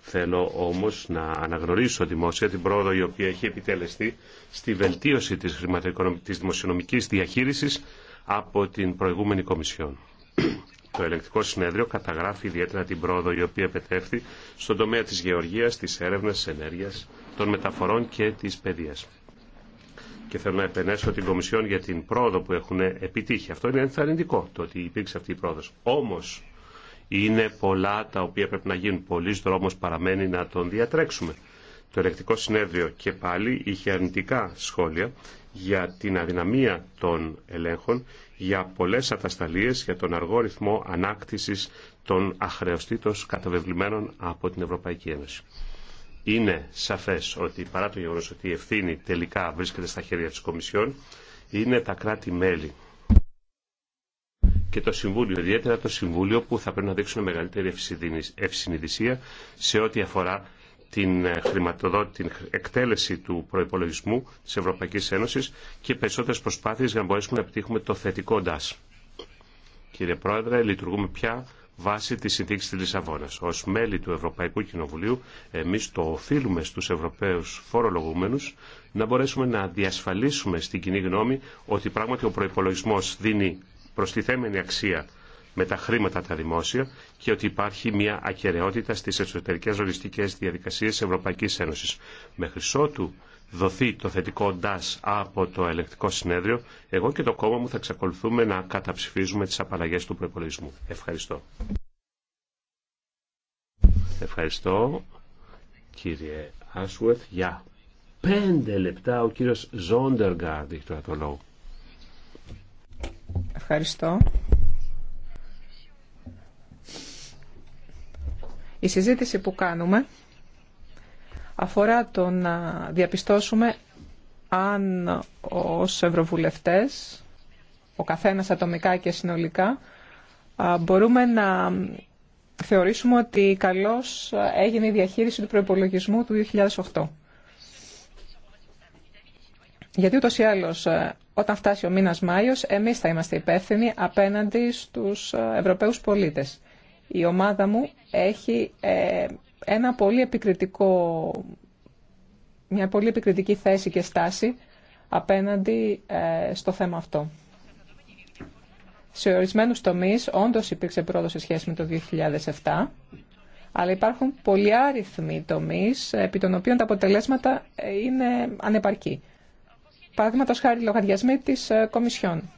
Θέλω όμως να αναγνωρίσω δημόσια την πρόοδο η οποία έχει επιτελεστεί στη βελτίωση της, χρηματοοικονομικής δημοσιονομικής διαχείρισης από την προηγούμενη Κομισιόν. Το Ελεκτικό συνέδριο καταγράφει ιδιαίτερα την πρόοδο η οποία επετεύχθη στον τομέα της γεωργίας, της έρευνας, της ενέργειας, των μεταφορών και της παιδείας. Και θέλω να επενέσω την Κομισιόν για την πρόοδο που έχουν επιτύχει. Αυτό είναι ενθαρρυντικό το ότι υπήρξε αυτή η πρόοδο. Όμως, είναι πολλά τα οποία πρέπει να γίνουν. Πολλοί δρόμος παραμένει να τον διατρέξουμε. Το ελεκτικό συνέδριο και πάλι είχε αρνητικά σχόλια για την αδυναμία των ελέγχων, για πολλές ατασταλίες, για τον αργό ρυθμό ανάκτησης των αχρεωστήτως καταβεβλημένων από την Ευρωπαϊκή Ένωση. Είναι σαφές ότι παρά το γεγονός ότι η ευθύνη τελικά βρίσκεται στα χέρια της Κομισιόν, είναι τα κράτη-μέλη και το Συμβούλιο, ιδιαίτερα το Συμβούλιο που θα πρέπει να δείξουν μεγαλύτερη ευσυνειδησία σε ό,τι αφορά την, ε, την εκτέλεση του προϋπολογισμού της Ευρωπαϊκής Ένωσης και περισσότερες προσπάθειες για να μπορέσουμε να επιτύχουμε το θετικό ΝΤΑΣ. Κύριε Πρόεδρε, λειτουργούμε πια βάσει τη συνθήκη τη Λισαβόνα. Ω μέλη του Ευρωπαϊκού Κοινοβουλίου, εμεί το οφείλουμε στου Ευρωπαίους φορολογούμενου να μπορέσουμε να διασφαλίσουμε στην κοινή γνώμη ότι πράγματι ο προπολογισμό δίνει προστιθέμενη αξία με τα χρήματα τα δημόσια και ότι υπάρχει μια ακαιρεότητα στις εσωτερικές οριστικές διαδικασίες Ευρωπαϊκής Ένωσης. Μέχρι ότου δοθεί το θετικό DAS από το ελεκτικό συνέδριο, εγώ και το κόμμα μου θα εξακολουθούμε να καταψηφίζουμε τις απαλλαγές του προπολογισμού. Ευχαριστώ. Ευχαριστώ κύριε Άσουεθ για πέντε λεπτά ο κύριος Ζόντεργαρντ έχει το λόγο. Ευχαριστώ. Η συζήτηση που κάνουμε αφορά το να διαπιστώσουμε αν ως ευρωβουλευτές, ο καθένας ατομικά και συνολικά, μπορούμε να θεωρήσουμε ότι καλώς έγινε η διαχείριση του προϋπολογισμού του 2008. Γιατί ούτως ή άλλως όταν φτάσει ο μήνας Μάιος, εμείς θα είμαστε υπεύθυνοι απέναντι στους ε, Ευρωπαίους πολίτες. Η ομάδα μου έχει ε, ένα πολύ επικριτικό, μια πολύ επικριτική θέση και στάση απέναντι ε, στο θέμα αυτό. Σε ορισμένου τομεί όντως υπήρξε πρόοδο σε σχέση με το 2007, αλλά υπάρχουν πολλοί άριθμοι τομεί επί των οποίων τα αποτελέσματα είναι ανεπαρκή. Παραδείγματο χάρη λογαριασμοί τη ε, Κομισιόν.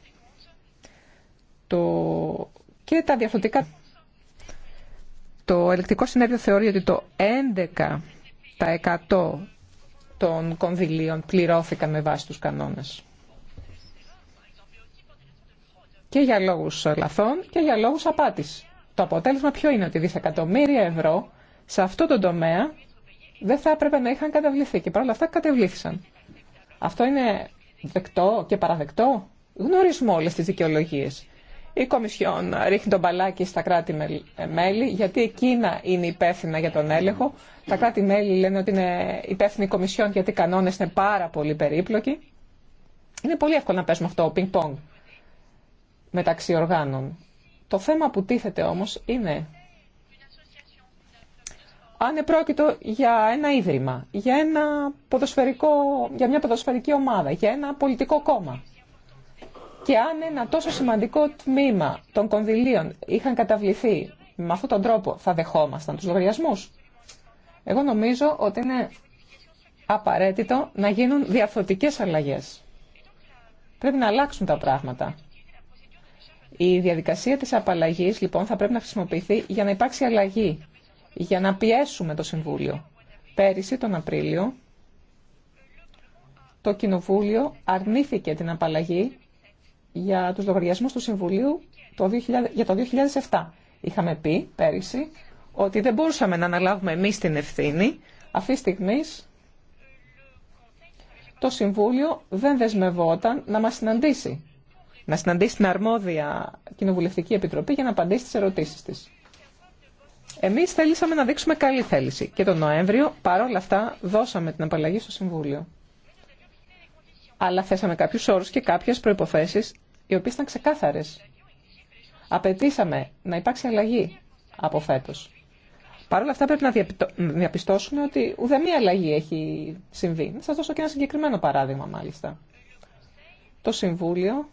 Το... Και τα διαφορετικά. Το ελεκτικό συνέδριο θεωρεί ότι το 11% των κονδυλίων πληρώθηκαν με βάση τους κανόνες. Και για λόγους λαθών και για λόγους απάτης. Το αποτέλεσμα ποιο είναι ότι δισεκατομμύρια ευρώ σε αυτό το τομέα δεν θα έπρεπε να είχαν καταβληθεί και παρόλα αυτά κατεβλήθησαν. Αυτό είναι δεκτό και παραδεκτό. Γνωρίζουμε όλες τις δικαιολογίε. Η Κομισιόν ρίχνει τον μπαλάκι στα κράτη-μέλη, γιατί εκείνα είναι υπεύθυνα για τον έλεγχο. Τα κράτη-μέλη λένε ότι είναι υπεύθυνη η Κομισιόν, γιατί οι κανόνες είναι πάρα πολύ περίπλοκοι. Είναι πολύ εύκολο να παίζουμε αυτό, πινκ-πονγκ, μεταξύ οργάνων. Το θέμα που τίθεται όμως είναι αν επρόκειτο για ένα ίδρυμα, για, ένα ποδοσφαιρικό, για μια ποδοσφαιρική ομάδα, για ένα πολιτικό κόμμα. Και αν ένα τόσο σημαντικό τμήμα των κονδυλίων είχαν καταβληθεί με αυτόν τον τρόπο, θα δεχόμασταν τους λογαριασμούς. Εγώ νομίζω ότι είναι απαραίτητο να γίνουν διαφορετικές αλλαγές. Πρέπει να αλλάξουν τα πράγματα. Η διαδικασία της απαλλαγής λοιπόν θα πρέπει να χρησιμοποιηθεί για να υπάρξει αλλαγή για να πιέσουμε το Συμβούλιο. Πέρυσι τον Απρίλιο το Κοινοβούλιο αρνήθηκε την απαλλαγή για τους λογαριασμούς του Συμβουλίου το για το 2007. Είχαμε πει πέρυσι ότι δεν μπορούσαμε να αναλάβουμε εμείς την ευθύνη. Αυτή τη στιγμή το Συμβούλιο δεν δεσμευόταν να μας συναντήσει. Να συναντήσει την αρμόδια Κοινοβουλευτική Επιτροπή για να απαντήσει τις ερωτήσεις της. Εμείς θέλησαμε να δείξουμε καλή θέληση και τον Νοέμβριο παρόλα αυτά δώσαμε την απαλλαγή στο Συμβούλιο. Αλλά θέσαμε κάποιους όρους και κάποιες προποθέσει οι οποίες ήταν ξεκάθαρες. Απαιτήσαμε να υπάρξει αλλαγή από φέτο. Παρ' αυτά πρέπει να διαπιστώσουμε ότι ουδέμια αλλαγή έχει συμβεί. Να σας δώσω και ένα συγκεκριμένο παράδειγμα μάλιστα. Το Συμβούλιο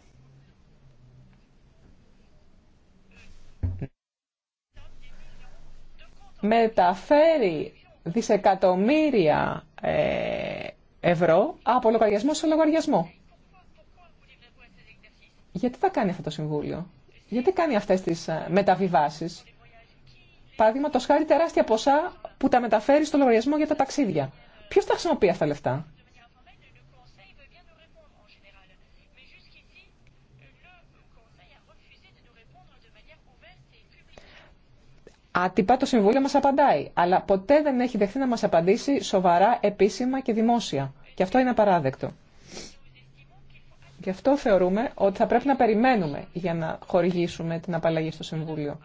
μεταφέρει δισεκατομμύρια ε, ευρώ από λογαριασμό σε λογαριασμό. Γιατί θα κάνει αυτό το Συμβούλιο, γιατί κάνει αυτές τις ε, μεταβιβάσεις. Παραδείγματο χάρη τεράστια ποσά που τα μεταφέρει στο λογαριασμό για τα ταξίδια. Ποιο τα χρησιμοποιεί αυτά τα λεφτά. Άτυπα το Συμβούλιο μας απαντάει, αλλά ποτέ δεν έχει δεχθεί να μας απαντήσει σοβαρά, επίσημα και δημόσια. Και αυτό είναι απαράδεκτο. Γι' αυτό θεωρούμε ότι θα πρέπει να περιμένουμε για να χορηγήσουμε την απαλλαγή στο Συμβούλιο.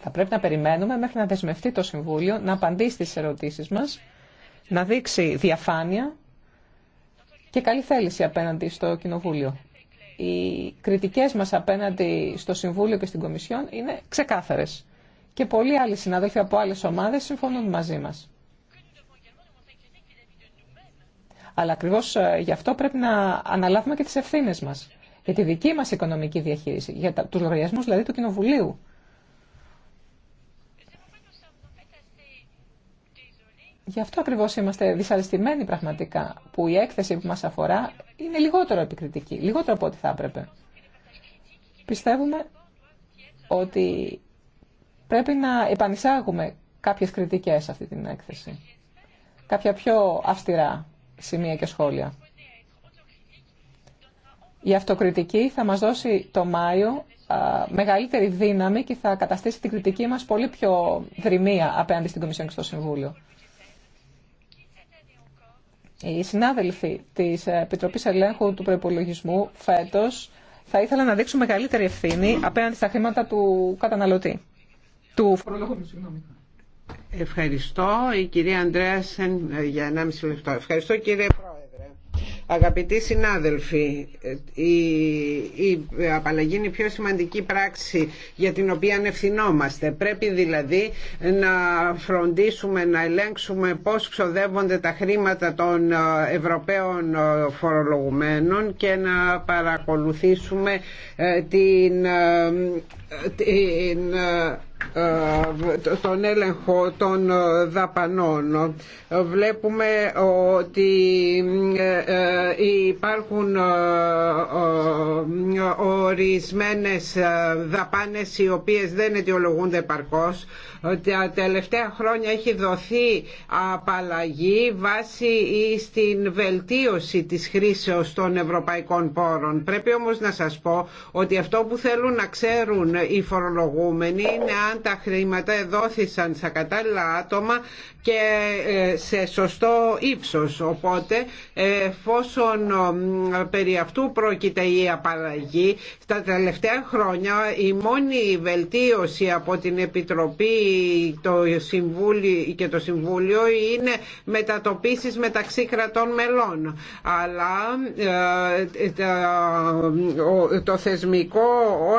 Θα πρέπει να περιμένουμε μέχρι να δεσμευτεί το Συμβούλιο, να απαντήσει στις ερωτήσεις μας, να δείξει διαφάνεια και καλή θέληση απέναντι στο Κοινοβούλιο. Οι κριτικές μας απέναντι στο Συμβούλιο και στην Κομισιόν είναι ξεκάθαρες και πολλοί άλλοι συνάδελφοι από άλλες ομάδες συμφωνούν μαζί μας. Αλλά ακριβώ ε, γι' αυτό πρέπει να αναλάβουμε και τις ευθύνες μας για τη δική μας οικονομική διαχείριση, για τους λογαριασμού δηλαδή του Κοινοβουλίου. Γι' αυτό ακριβώ είμαστε δυσαρεστημένοι πραγματικά που η έκθεση που μα αφορά είναι λιγότερο επικριτική, λιγότερο από ό,τι θα έπρεπε. Πιστεύουμε ότι πρέπει να επανεισάγουμε κάποιες κριτικές σε αυτή την έκθεση. Κάποια πιο αυστηρά σημεία και σχόλια. Η αυτοκριτική θα μας δώσει το Μάιο μεγαλύτερη δύναμη και θα καταστήσει την κριτική μας πολύ πιο δρυμία απέναντι στην Κομισιόν και στο Συμβούλιο. Οι συνάδελφοι της Επιτροπής Ελέγχου του Προϋπολογισμού φέτος θα ήθελα να δείξουν μεγαλύτερη ευθύνη απέναντι στα χρήματα του καταναλωτή του Ευχαριστώ η κυρία Αντρέασεν ε, για 1,5 λεπτό. Ευχαριστώ κύριε Πρόεδρε. Αγαπητοί συνάδελφοι, ε, η, η απαλλαγή είναι η πιο σημαντική πράξη για την οποία ανευθυνόμαστε. Πρέπει δηλαδή να φροντίσουμε, να ελέγξουμε πώς ξοδεύονται τα χρήματα των ε, Ευρωπαίων φορολογουμένων και να παρακολουθήσουμε την, την ε, τον έλεγχο των ε, δαπανών. Βλέπουμε ότι ε, υπάρχουν ορισμένες δαπάνες οι οποίες δεν αιτιολογούνται επαρκώς τα τελευταία χρόνια έχει δοθεί απαλλαγή βάσει στην βελτίωση της χρήσεως των ευρωπαϊκών πόρων. Πρέπει όμως να σας πω ότι αυτό που θέλουν να ξέρουν οι φορολογούμενοι είναι αν τα χρήματα δόθησαν στα κατάλληλα άτομα και ε, σε σωστό ύψος. Οπότε, εφόσον περί αυτού πρόκειται η απαλλαγή, στα τελευταία χρόνια η μόνη βελτίωση από την Επιτροπή το Συμβούλιο και το Συμβούλιο είναι μετατοπίσεις μεταξύ κρατών μελών αλλά ε, το θεσμικό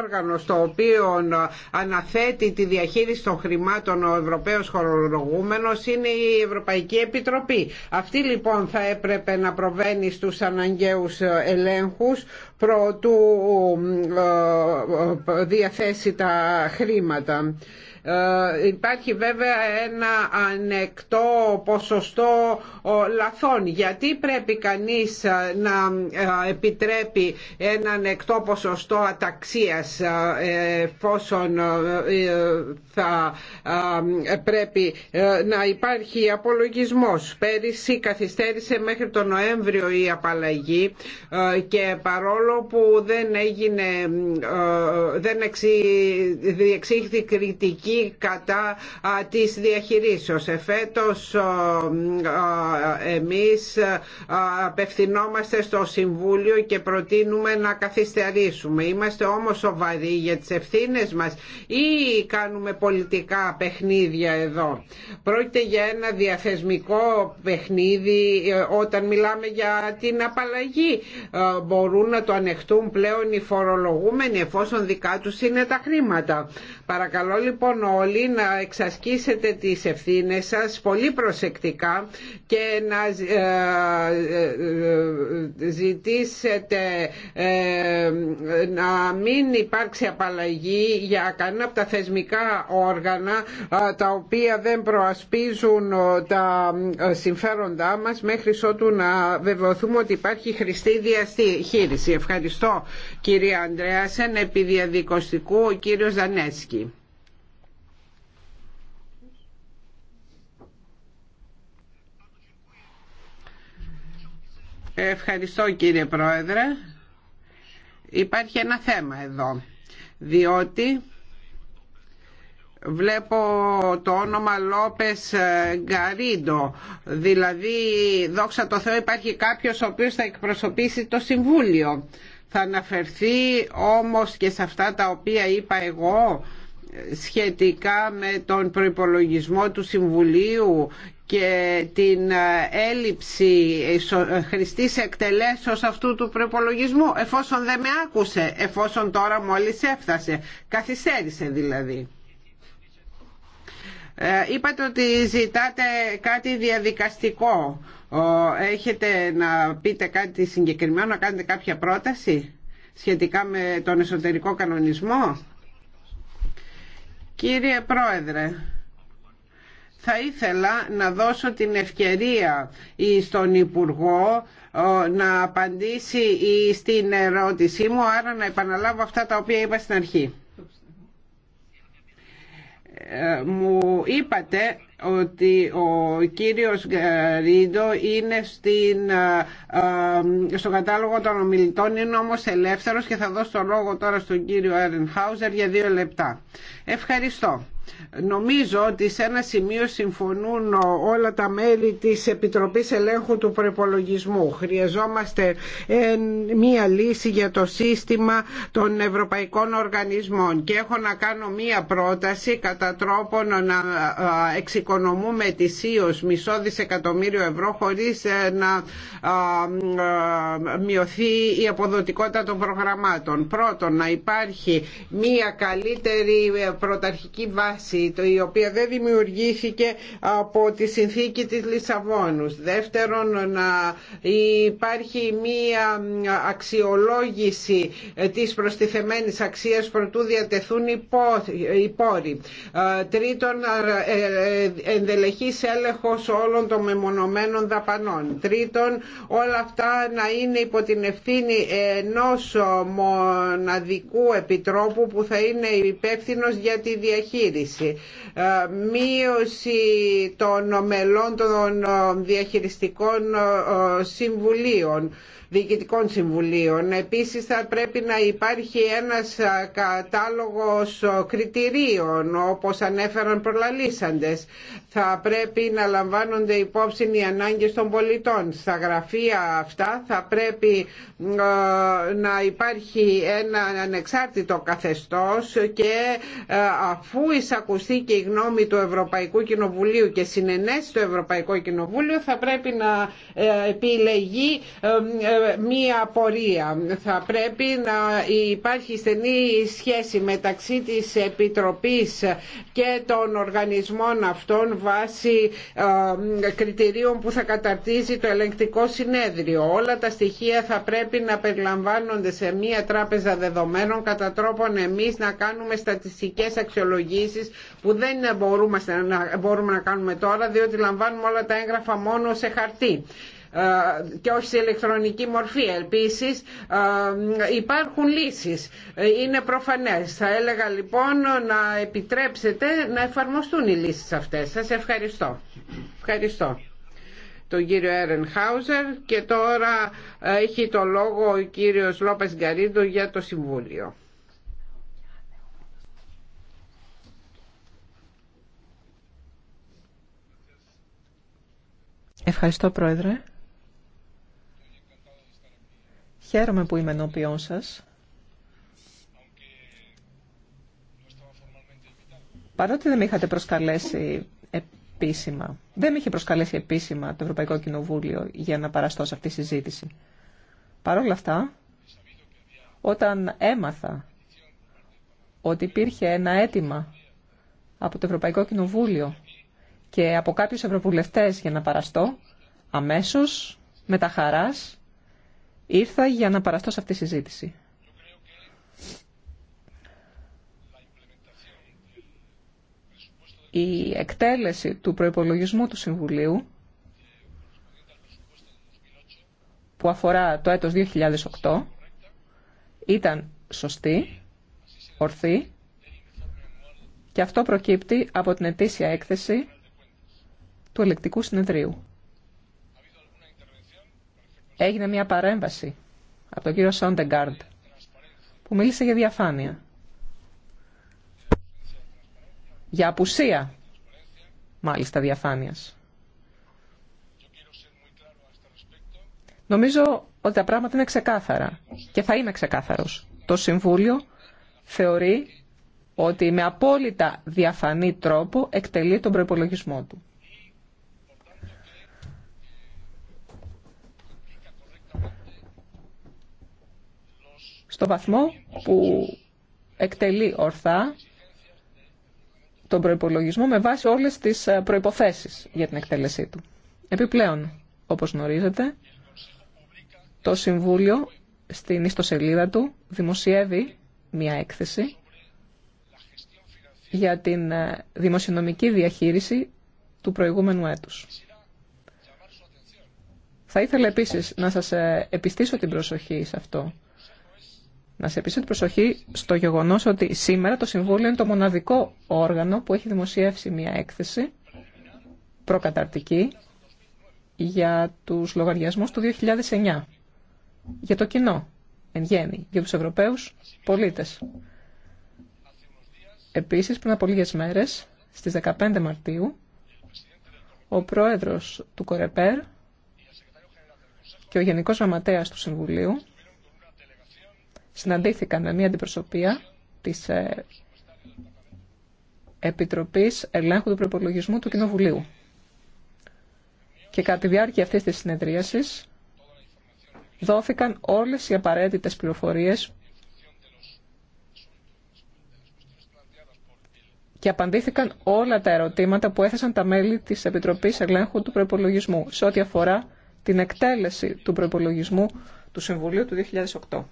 όργανο στο οποίο αναθέτει τη διαχείριση των χρημάτων ο Ευρωπαίος Χορολογούμενος είναι η Ευρωπαϊκή Επιτροπή. Αυτή λοιπόν θα έπρεπε να προβαίνει στους αναγκαίους ελέγχους προτού ε, ε, διαθέσει τα χρήματα. Ε, υπάρχει βέβαια ένα ανεκτό ποσοστό λαθών. Γιατί πρέπει κανείς να επιτρέπει ένα ανεκτό ποσοστό αταξίας εφόσον θα πρέπει να υπάρχει απολογισμός. Πέρυσι καθυστέρησε μέχρι τον Νοέμβριο η απαλλαγή και παρόλο που δεν έγινε, ε, δεν διεξήχθη κριτική κατά της διαχειρήσεως. Εφέτος ε, ε, εμείς απευθυνόμαστε στο Συμβούλιο και προτείνουμε να καθυστερήσουμε. Είμαστε όμως σοβαροί για τις ευθύνες μας ή κάνουμε πολιτικά παιχνίδια εδώ. Πρόκειται για ένα διαθεσμικό παιχνίδι όταν μιλάμε για την απαλλαγή. Μπορούν να το ανεχτούν πλέον οι φορολογούμενοι εφόσον δικά τους είναι τα χρήματα. Παρακαλώ λοιπόν όλοι να εξασκήσετε τις ευθύνες σας πολύ προσεκτικά και να ε, ε, ζητήσετε ε, να μην υπάρξει απαλλαγή για κανένα από τα θεσμικά όργανα τα οποία δεν προασπίζουν τα συμφέροντά μας μέχρι ότου να βεβαιωθούμε ότι υπάρχει χρηστή διαχείριση. Ευχαριστώ κύριε Ανδρέασεν επί διαδικοστικού ο κύριος Δανέσκη. Ευχαριστώ κύριε Πρόεδρε. Υπάρχει ένα θέμα εδώ, διότι βλέπω το όνομα Λόπες ε, Γκαρίντο δηλαδή δόξα το Θεώ υπάρχει κάποιος ο οποίος θα εκπροσωπήσει το Συμβούλιο θα αναφερθεί όμως και σε αυτά τα οποία είπα εγώ ε, σχετικά με τον προϋπολογισμό του Συμβουλίου και την ε, έλλειψη ε, χρηστής εκτελέσεως αυτού του προπολογισμού εφόσον δεν με άκουσε, εφόσον τώρα μόλις έφτασε, καθυστέρησε δηλαδή. Ε, είπατε ότι ζητάτε κάτι διαδικαστικό. Έχετε να πείτε κάτι συγκεκριμένο, να κάνετε κάποια πρόταση σχετικά με τον εσωτερικό κανονισμό. Κύριε Πρόεδρε, θα ήθελα να δώσω την ευκαιρία στον Υπουργό να απαντήσει στην ερώτησή μου, άρα να επαναλάβω αυτά τα οποία είπα στην αρχή. Ε, μου είπατε ότι ο κύριος Γκαρίντο είναι στην, ε, ε, στο κατάλογο των ομιλητών, είναι όμως ελεύθερος και θα δώσω το λόγο τώρα στον κύριο Έρενχάουζερ για δύο λεπτά. Ευχαριστώ. Νομίζω ότι σε ένα σημείο συμφωνούν όλα τα μέλη της Επιτροπής Ελέγχου του Προπολογισμού. Χρειαζόμαστε ε, μία λύση για το σύστημα των ευρωπαϊκών οργανισμών και έχω να κάνω μία πρόταση κατά τρόπο να ε, εξοικονομούμε ετησίως μισό δισεκατομμύριο ευρώ χωρίς ε, να μειωθεί η αποδοτικότητα των προγραμμάτων. Πρώτον, να υπάρχει μία καλύτερη πρωταρχική βάση βάση η οποία δεν δημιουργήθηκε από τη συνθήκη της Λισαβόνου. Δεύτερον, να υπάρχει μία αξιολόγηση της προστιθεμένης αξίας προτού διατεθούν οι πόροι. Ε, τρίτον, ε, ε, ενδελεχής έλεγχος όλων των μεμονωμένων δαπανών. Τρίτον, όλα αυτά να είναι υπό την ευθύνη ενός μοναδικού επιτρόπου που θα είναι υπεύθυνο για τη διαχείριση Μίωση ε, μείωση των μελών των διαχειριστικών ε, συμβουλίων, διοικητικών συμβουλίων. Επίσης θα πρέπει να υπάρχει ένας κατάλογος κριτηρίων όπως ανέφεραν προλαλήσαντες. Θα πρέπει να λαμβάνονται υπόψη οι ανάγκες των πολιτών. Στα γραφεία αυτά θα πρέπει να υπάρχει ένα ανεξάρτητο καθεστώς και αφού εισακουστεί και η γνώμη του Ευρωπαϊκού Κοινοβουλίου και συνενέσει το Ευρωπαϊκό Κοινοβούλιο θα πρέπει να ε, επιλεγεί ε, μία πορεία. Θα πρέπει να υπάρχει στενή σχέση μεταξύ της Επιτροπής και των οργανισμών αυτών βάσει ε, κριτηρίων που θα καταρτίζει το ελεγκτικό συνέδριο. Όλα τα στοιχεία θα πρέπει να περιλαμβάνονται σε μία τράπεζα δεδομένων κατά τρόπον εμείς να κάνουμε στατιστικές αξιολογήσεις που δεν μπορούμε να κάνουμε τώρα διότι λαμβάνουμε όλα τα έγγραφα μόνο σε χαρτί. Ε, και όχι σε ηλεκτρονική μορφή. Επίσης ε, υπάρχουν λύσεις. Ε, είναι προφανές. Θα έλεγα λοιπόν να επιτρέψετε να εφαρμοστούν οι λύσεις αυτές. Σας ευχαριστώ. Ευχαριστώ τον κύριο Χάουζερ και τώρα έχει το λόγο ο κύριος Λόπες Γκαρίντο για το Συμβούλιο. Ευχαριστώ Πρόεδρε. Χαίρομαι που είμαι ενώπιόν σα. Παρότι δεν με είχατε προσκαλέσει επίσημα, δεν είχε προσκαλέσει επίσημα το Ευρωπαϊκό Κοινοβούλιο για να παραστώ σε αυτή τη συζήτηση. Παρ' όλα αυτά, όταν έμαθα ότι υπήρχε ένα αίτημα από το Ευρωπαϊκό Κοινοβούλιο και από κάποιους ευρωβουλευτές για να παραστώ, αμέσως, με τα χαράς, Ήρθα για να παραστώ σε αυτή τη συζήτηση. Η εκτέλεση του προϋπολογισμού του Συμβουλίου που αφορά το έτος 2008 ήταν σωστή, ορθή και αυτό προκύπτει από την ετήσια έκθεση του ελεκτικού συνεδρίου έγινε μια παρέμβαση από τον κύριο Σόντεγκάρντ που μίλησε για διαφάνεια. Για απουσία, μάλιστα, διαφάνειας. Νομίζω ότι τα πράγματα είναι ξεκάθαρα και θα είμαι ξεκάθαρος. Το Συμβούλιο θεωρεί ότι με απόλυτα διαφανή τρόπο εκτελεί τον προϋπολογισμό του. στο βαθμό που εκτελεί ορθά τον προϋπολογισμό με βάση όλες τις ε, προϋποθέσεις για την εκτέλεσή του. Επιπλέον, όπως γνωρίζετε, το Συμβούλιο στην ιστοσελίδα του δημοσιεύει μια έκθεση για την ε, δημοσιονομική διαχείριση του προηγούμενου έτους. Θα ήθελα επίσης να σας ε, επιστήσω την προσοχή σε αυτό. Να σε επίσης την προσοχή στο γεγονός ότι σήμερα το Συμβούλιο είναι το μοναδικό όργανο που έχει δημοσιεύσει μια έκθεση προκαταρτική για τους λογαριασμούς του 2009, για το κοινό εν γέννη, για τους Ευρωπαίους πολίτες. Επίσης, πριν από λίγες μέρες, στις 15 Μαρτίου, ο πρόεδρος του Κορεπέρ και ο Γενικός Γραμματέας του Συμβουλίου συναντήθηκαν με μια αντιπροσωπεία της ε, Επιτροπής Ελέγχου του Προπολογισμού του Κοινοβουλίου. Και κατά τη διάρκεια αυτής της συνεδρίασης δόθηκαν όλες οι απαραίτητες πληροφορίες και απαντήθηκαν όλα τα ερωτήματα που έθεσαν τα μέλη της Επιτροπής Ελέγχου του Προπολογισμού σε ό,τι αφορά την εκτέλεση του προπολογισμού του Συμβουλίου του 2008.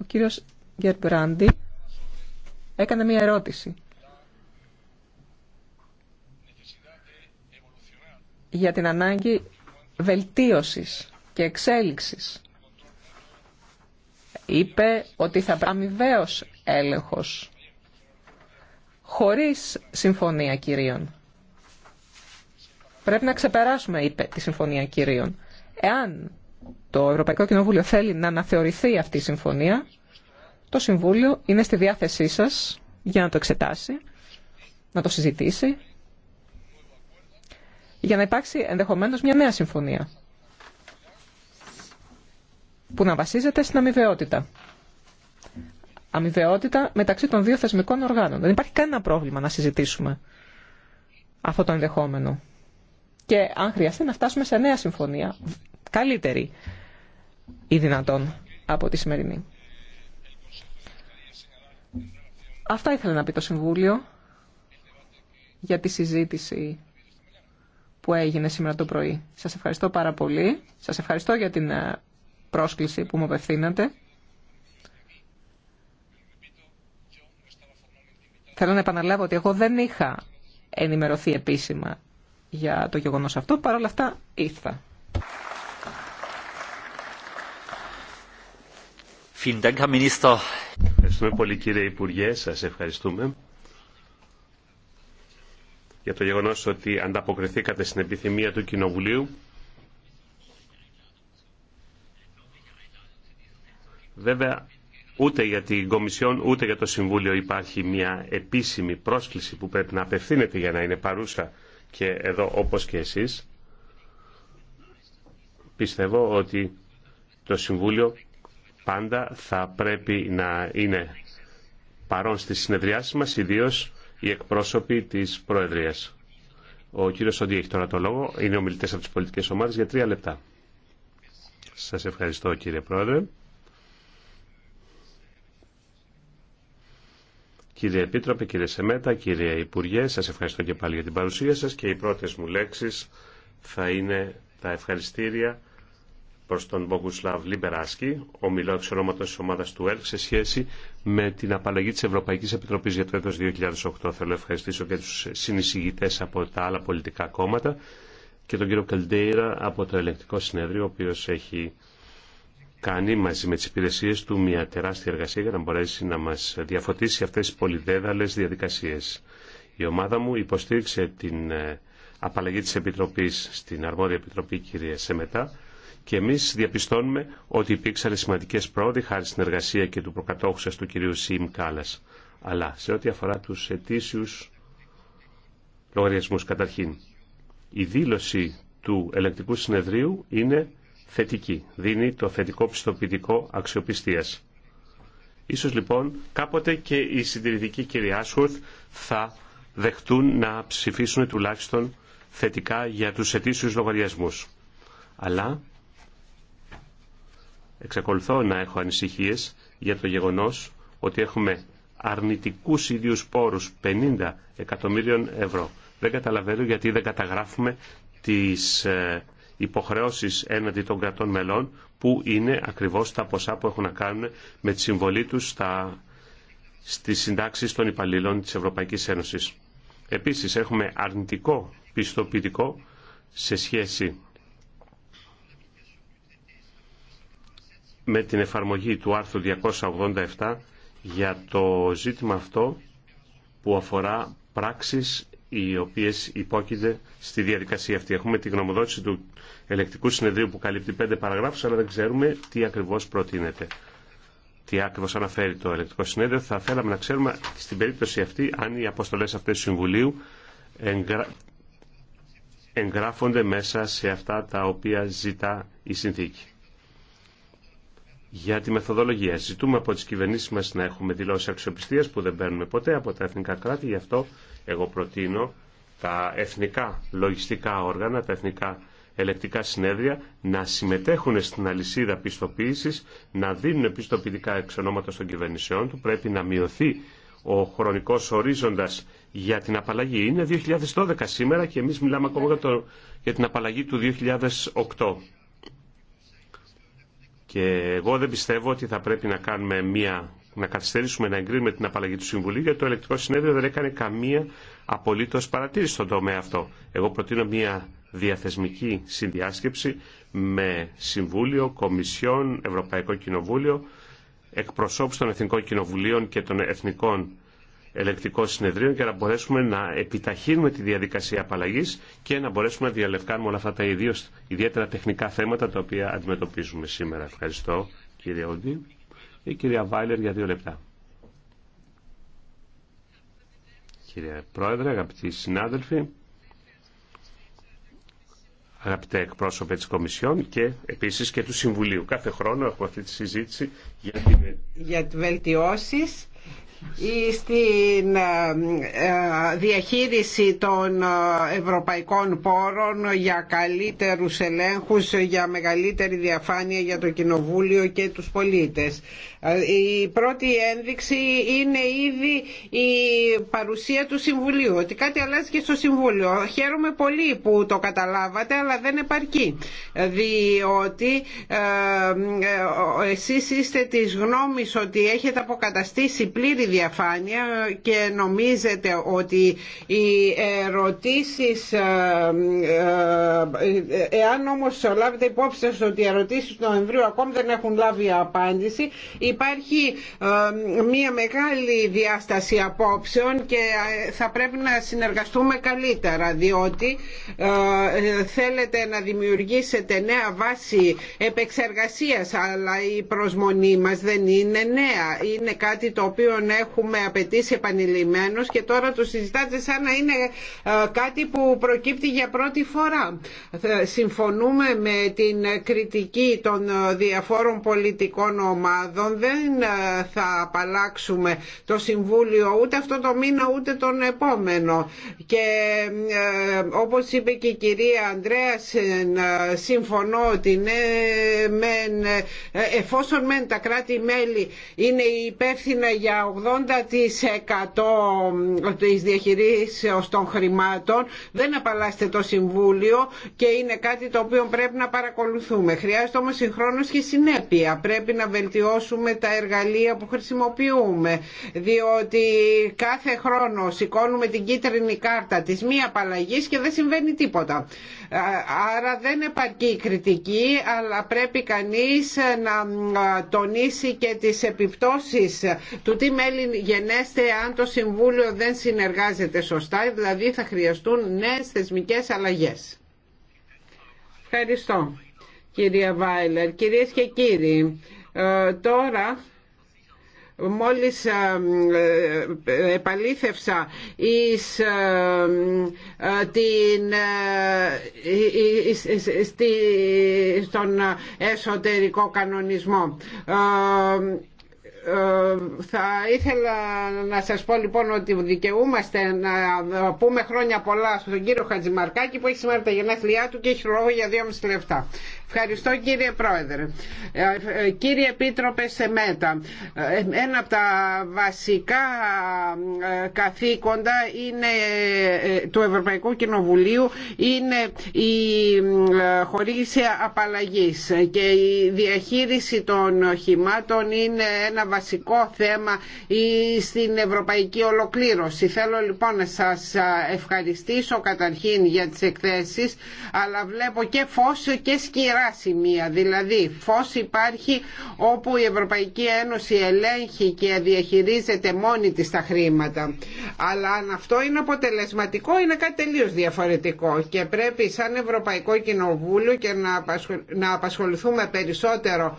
Ο κύριος Γερμπράντι έκανε μία ερώτηση για την ανάγκη βελτίωσης και εξέλιξης. Είπε ότι θα αμοιβαίως έλεγχος χωρίς συμφωνία κυρίων. Πρέπει να ξεπεράσουμε, είπε, τη συμφωνία κυρίων. Εάν το Ευρωπαϊκό Κοινοβούλιο θέλει να αναθεωρηθεί αυτή η συμφωνία, το Συμβούλιο είναι στη διάθεσή σας για να το εξετάσει, να το συζητήσει, για να υπάρξει ενδεχομένως μια νέα συμφωνία που να βασίζεται στην αμοιβαιότητα. Αμοιβαιότητα μεταξύ των δύο θεσμικών οργάνων. Δεν υπάρχει κανένα πρόβλημα να συζητήσουμε αυτό το ενδεχόμενο. Και αν χρειαστεί να φτάσουμε σε νέα συμφωνία καλύτερη ή δυνατόν από τη σημερινή. Αυτά ήθελα να πει το Συμβούλιο για τη συζήτηση που έγινε σήμερα το πρωί. Σας ευχαριστώ πάρα πολύ. Σας ευχαριστώ για την ε, πρόσκληση που μου απευθύνατε. Θέλω να επαναλάβω ότι εγώ δεν είχα ενημερωθεί επίσημα για το γεγονός αυτό, παρόλα αυτά ήρθα. Ευχαριστούμε πολύ κύριε Υπουργέ, Σα ευχαριστούμε για το γεγονός ότι ανταποκριθήκατε στην επιθυμία του Κοινοβουλίου. Βέβαια, ούτε για την Κομισιόν ούτε για το Συμβούλιο υπάρχει μια επίσημη πρόσκληση που πρέπει να απευθύνεται για να είναι παρούσα και εδώ όπως και εσείς. Πιστεύω ότι το Συμβούλιο πάντα θα πρέπει να είναι παρόν στις συνεδριάσεις μας, ιδίως οι εκπρόσωποι της Προεδρίας. Ο κύριος Σοντή έχει τώρα το λόγο. Είναι ομιλητές από τις πολιτικές ομάδες για τρία λεπτά. Σας ευχαριστώ κύριε Πρόεδρε. Κύριε Επίτροπε, κύριε Σεμέτα, κύριε Υπουργέ, σας ευχαριστώ και πάλι για την παρουσία σας και οι πρώτες μου λέξεις θα είναι τα ευχαριστήρια προς τον Μπογκουσλάβ Λιμπεράσκη, ομιλώ εξ ονόματος της ομάδας του ΕΛΚ, σε σχέση με την απαλλαγή της Ευρωπαϊκής Επιτροπής για το έτος 2008. Θέλω να ευχαριστήσω και τους συνεισηγητές από τα άλλα πολιτικά κόμματα και τον κύριο Καλντέιρα από το Ελεκτικό Συνέδριο, ο οποίος έχει κάνει μαζί με τις υπηρεσίες του μια τεράστια εργασία για να μπορέσει να μας διαφωτίσει αυτές τις πολυδέδαλες διαδικασίες. Η ομάδα μου υποστήριξε την ε, απαλλαγή της Επιτροπής στην Αρμόδια Επιτροπή κυρία Σεμετά και εμείς διαπιστώνουμε ότι υπήρξαν σημαντικές πρόοδοι χάρη στην εργασία και του προκατόχου σα του κυρίου Σιμ Κάλλα. Αλλά σε ό,τι αφορά τους ετήσιου λογαριασμού καταρχήν, η δήλωση του ελεκτικού συνεδρίου είναι θετική. Δίνει το θετικό πιστοποιητικό αξιοπιστίας. Ίσως λοιπόν κάποτε και οι συντηρητικοί κυρία θα δεχτούν να ψηφίσουν τουλάχιστον θετικά για τους ετήσιους λογαριασμούς. Αλλά εξακολουθώ να έχω ανησυχίες για το γεγονός ότι έχουμε αρνητικούς ίδιους πόρους 50 εκατομμύριων ευρώ. Δεν καταλαβαίνω γιατί δεν καταγράφουμε τις ε, υποχρεώσεις έναντι των κρατών μελών που είναι ακριβώς τα ποσά που έχουν να κάνουν με τη συμβολή του στα, στις συντάξεις των υπαλλήλων της Ευρωπαϊκής Ένωσης. Επίσης έχουμε αρνητικό πιστοποιητικό σε σχέση με την εφαρμογή του άρθρου 287 για το ζήτημα αυτό που αφορά πράξεις οι οποίες υπόκειται στη διαδικασία αυτή. Έχουμε τη γνωμοδότηση του ελεκτικού συνεδρίου που καλύπτει πέντε παραγράφους, αλλά δεν ξέρουμε τι ακριβώς προτείνεται. Τι ακριβώς αναφέρει το ελεκτικό συνέδριο. Θα θέλαμε να ξέρουμε στην περίπτωση αυτή αν οι αποστολές αυτές του Συμβουλίου εγγρα... εγγράφονται μέσα σε αυτά τα οποία ζητά η συνθήκη για τη μεθοδολογία. Ζητούμε από τι κυβερνήσει μα να έχουμε δηλώσει αξιοπιστία που δεν παίρνουμε ποτέ από τα εθνικά κράτη. Γι' αυτό εγώ προτείνω τα εθνικά λογιστικά όργανα, τα εθνικά ελεκτικά συνέδρια να συμμετέχουν στην αλυσίδα πιστοποίηση, να δίνουν πιστοποιητικά εξ ονόματος των κυβερνησιών του. Πρέπει να μειωθεί ο χρονικό ορίζοντα για την απαλλαγή. Είναι 2012 σήμερα και εμεί μιλάμε ακόμα για, για την απαλλαγή του 2008. Και εγώ δεν πιστεύω ότι θα πρέπει να κάνουμε μία να καθυστερήσουμε να εγκρίνουμε την απαλλαγή του Συμβουλίου, γιατί το ελεκτικό συνέδριο δεν έκανε καμία απολύτω παρατήρηση στον τομέα αυτό. Εγώ προτείνω μια διαθεσμική συνδιάσκεψη με Συμβούλιο, Κομισιόν, Ευρωπαϊκό Κοινοβούλιο, εκπροσώπους των Εθνικών Κοινοβουλίων και των Εθνικών ελεκτικό συνεδρίων για να μπορέσουμε να επιταχύνουμε τη διαδικασία απαλλαγή και να μπορέσουμε να διαλευκάνουμε όλα αυτά τα ιδίως, ιδιαίτερα τεχνικά θέματα τα οποία αντιμετωπίζουμε σήμερα. Ευχαριστώ κύριε Όντι. Η κυρία Βάιλερ για δύο λεπτά. Κύριε Πρόεδρε, αγαπητοί συνάδελφοι, αγαπητέ εκπρόσωπε της Κομισιόν και επίσης και του Συμβουλίου. Κάθε χρόνο έχουμε αυτή τη συζήτηση για, τη... για ή στην ε, ε, διαχείριση των ε, ευρωπαϊκών πόρων για καλύτερους ελέγχους, για μεγαλύτερη διαφάνεια για το Κοινοβούλιο και τους πολίτες. Η πρώτη ένδειξη είναι ήδη η παρουσία του Συμβουλίου, ότι κάτι αλλάζει και στο Συμβούλιο. Χαίρομαι πολύ που το καταλάβατε, αλλά δεν επαρκεί, διότι εσείς είστε της γνώμης ότι έχετε αποκαταστήσει πλήρη διαφάνεια και νομίζετε ότι οι ερωτήσεις ε, ε, ε, εάν όμως λάβετε υπόψη ότι οι ερωτήσεις του Νοεμβρίου ακόμη δεν έχουν λάβει απάντηση υπάρχει μια μεγάλη διάσταση απόψεων και θα πρέπει να συνεργαστούμε καλύτερα διότι θέλετε να δημιουργήσετε νέα βάση επεξεργασίας αλλά η προσμονή μας δεν είναι νέα είναι κάτι το οποίο έχουμε απαιτήσει επανειλημμένως και τώρα το συζητάτε σαν να είναι ε, κάτι που προκύπτει για πρώτη φορά. Ε, συμφωνούμε με την κριτική των ε, διαφόρων πολιτικών ομάδων. Δεν θα απαλλάξουμε το Συμβούλιο ούτε αυτό το μήνα ούτε τον επόμενο. Και όπως είπε και η κυρία Ανδρέας, συμφωνώ ότι ναι, εφόσον μεν τα κράτη-μέλη είναι υπεύθυνα για 80% της διαχειρήσεως των χρημάτων δεν απαλλάσσεται το Συμβούλιο και είναι κάτι το οποίο πρέπει να παρακολουθούμε. Χρειάζεται όμως συγχρόνως και συνέπεια. Πρέπει να βελτιώσουμε τα εργαλεία που χρησιμοποιούμε διότι κάθε χρόνο σηκώνουμε την κίτρινη κάρτα της μη απαλλαγής και δεν συμβαίνει τίποτα. Άρα δεν επαρκεί κριτική αλλά πρέπει κανείς να τονίσει και τις επιπτώσεις του τι μέλη γενέστε αν το Συμβούλιο δεν συνεργάζεται σωστά, δηλαδή θα χρειαστούν νέες θεσμικές αλλαγές. Ευχαριστώ κυρία Βάιλερ. Κυρίες και κύριοι, ε, τώρα μόλις ε, ε, επαλήθευσα εις, την, στον εσωτερικό κανονισμό θα ήθελα να σας πω λοιπόν ότι δικαιούμαστε να πούμε χρόνια πολλά στον κύριο Χατζημαρκάκη που έχει σήμερα τα γενέθλιά του και έχει λόγο για δύο μισή λεπτά. Ευχαριστώ κύριε Πρόεδρε. Ε, ε, κύριε Επίτροπε Σεμέτα, ε, ένα από τα βασικά καθήκοντα είναι, του Ευρωπαϊκού Κοινοβουλίου είναι η χορήγηση απαλλαγής και η διαχείριση των οχημάτων είναι ένα βασικό θέμα στην ευρωπαϊκή ολοκλήρωση. Θέλω λοιπόν να σας ευχαριστήσω καταρχήν για τις εκθέσεις αλλά βλέπω και φως και σκύρα Δηλαδή φως υπάρχει όπου η Ευρωπαϊκή Ένωση ελέγχει και διαχειρίζεται μόνη της τα χρήματα. Αλλά αν αυτό είναι αποτελεσματικό είναι κάτι τελείως διαφορετικό και πρέπει σαν Ευρωπαϊκό Κοινοβούλιο και να απασχοληθούμε περισσότερο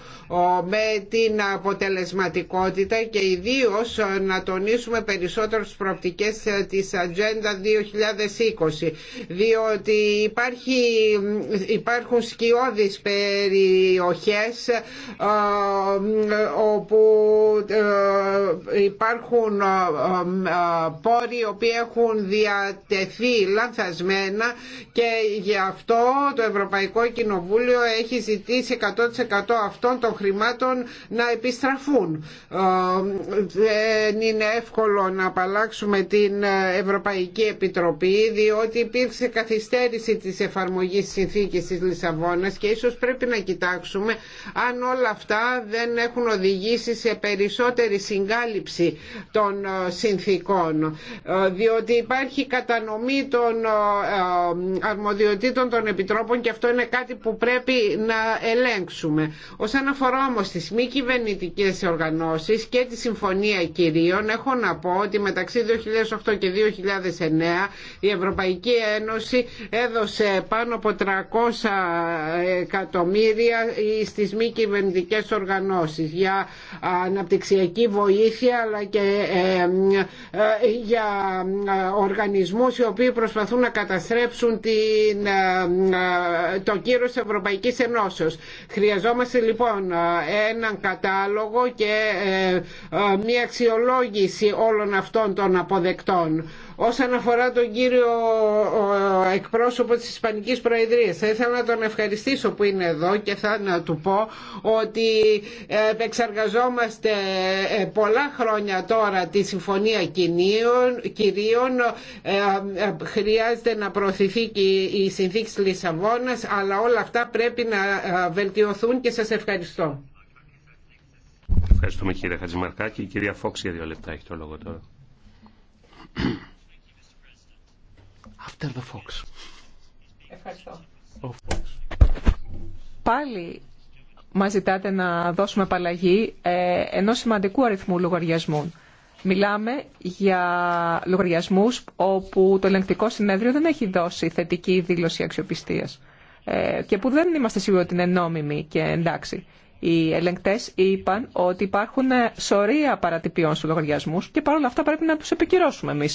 με την αποτελεσματικότητα και ιδίως να τονίσουμε περισσότερο τις προοπτικές ε, της Ατζέντα 2020 διότι υπάρχει, υπάρχουν σκιώδη τις περιοχές ε, όπου ε, υπάρχουν ε, πόροι οι οποίοι έχουν διατεθεί λανθασμένα και γι' αυτό το Ευρωπαϊκό Κοινοβούλιο έχει ζητήσει 100% αυτών των χρημάτων να επιστραφούν. Δεν είναι εύκολο να απαλλάξουμε την Ευρωπαϊκή Επιτροπή διότι υπήρξε καθυστέρηση της εφαρμογής συνθήκης της Λισαβόνας και ίσως πρέπει να κοιτάξουμε αν όλα αυτά δεν έχουν οδηγήσει σε περισσότερη συγκάλυψη των ε, συνθήκων ε, διότι υπάρχει κατανομή των ε, αρμοδιοτήτων των επιτρόπων και αυτό είναι κάτι που πρέπει να ελέγξουμε. Όσον αφορά όμως τι μη κυβερνητικέ οργανώσεις και τη Συμφωνία Κυρίων έχω να πω ότι μεταξύ 2008 και 2009 η Ευρωπαϊκή Ένωση έδωσε πάνω από 300 εκατομμύρια στις μη κυβερνητικέ οργανώσεις για αναπτυξιακή βοήθεια αλλά και ε, για ε, οργανισμούς οι οποίοι προσπαθούν να καταστρέψουν την, ε, το κύρος της Ευρωπαϊκής Ενώσεως. Χρειαζόμαστε λοιπόν έναν κατάλογο και μια αξιολόγηση όλων αυτών των αποδεκτών. Όσον αφορά τον κύριο εκπρόσωπο της Ισπανικής Προεδρίας, θα ήθελα να τον ευχαριστήσω που είναι εδώ και θα να του πω ότι επεξεργαζόμαστε ε, πολλά χρόνια τώρα τη Συμφωνία Κυρίων. κυρίων ε, ε, χρειάζεται να προωθηθεί και η συνθήκη τη Λισαβόνας, αλλά όλα αυτά πρέπει να βελτιωθούν και σας ευχαριστώ. Ευχαριστούμε κύριε Χατζημαρκάκη. Η κυρία Φόξ για δύο λεπτά έχει το λόγο τώρα. After the Fox. Ευχαριστώ. Fox. Πάλι μα ζητάτε να δώσουμε απαλλαγή ε, ενός σημαντικού αριθμού λογαριασμών. Μιλάμε για λογαριασμού όπου το ελεγκτικό συνέδριο δεν έχει δώσει θετική δήλωση αξιοπιστία. ε, και που δεν είμαστε σίγουροι ότι είναι νόμιμοι και εντάξει. Οι ελεγκτές είπαν ότι υπάρχουν ε, σωρία παρατυπιών στους λογαριασμού και παρόλα αυτά πρέπει να του επικυρώσουμε εμεί.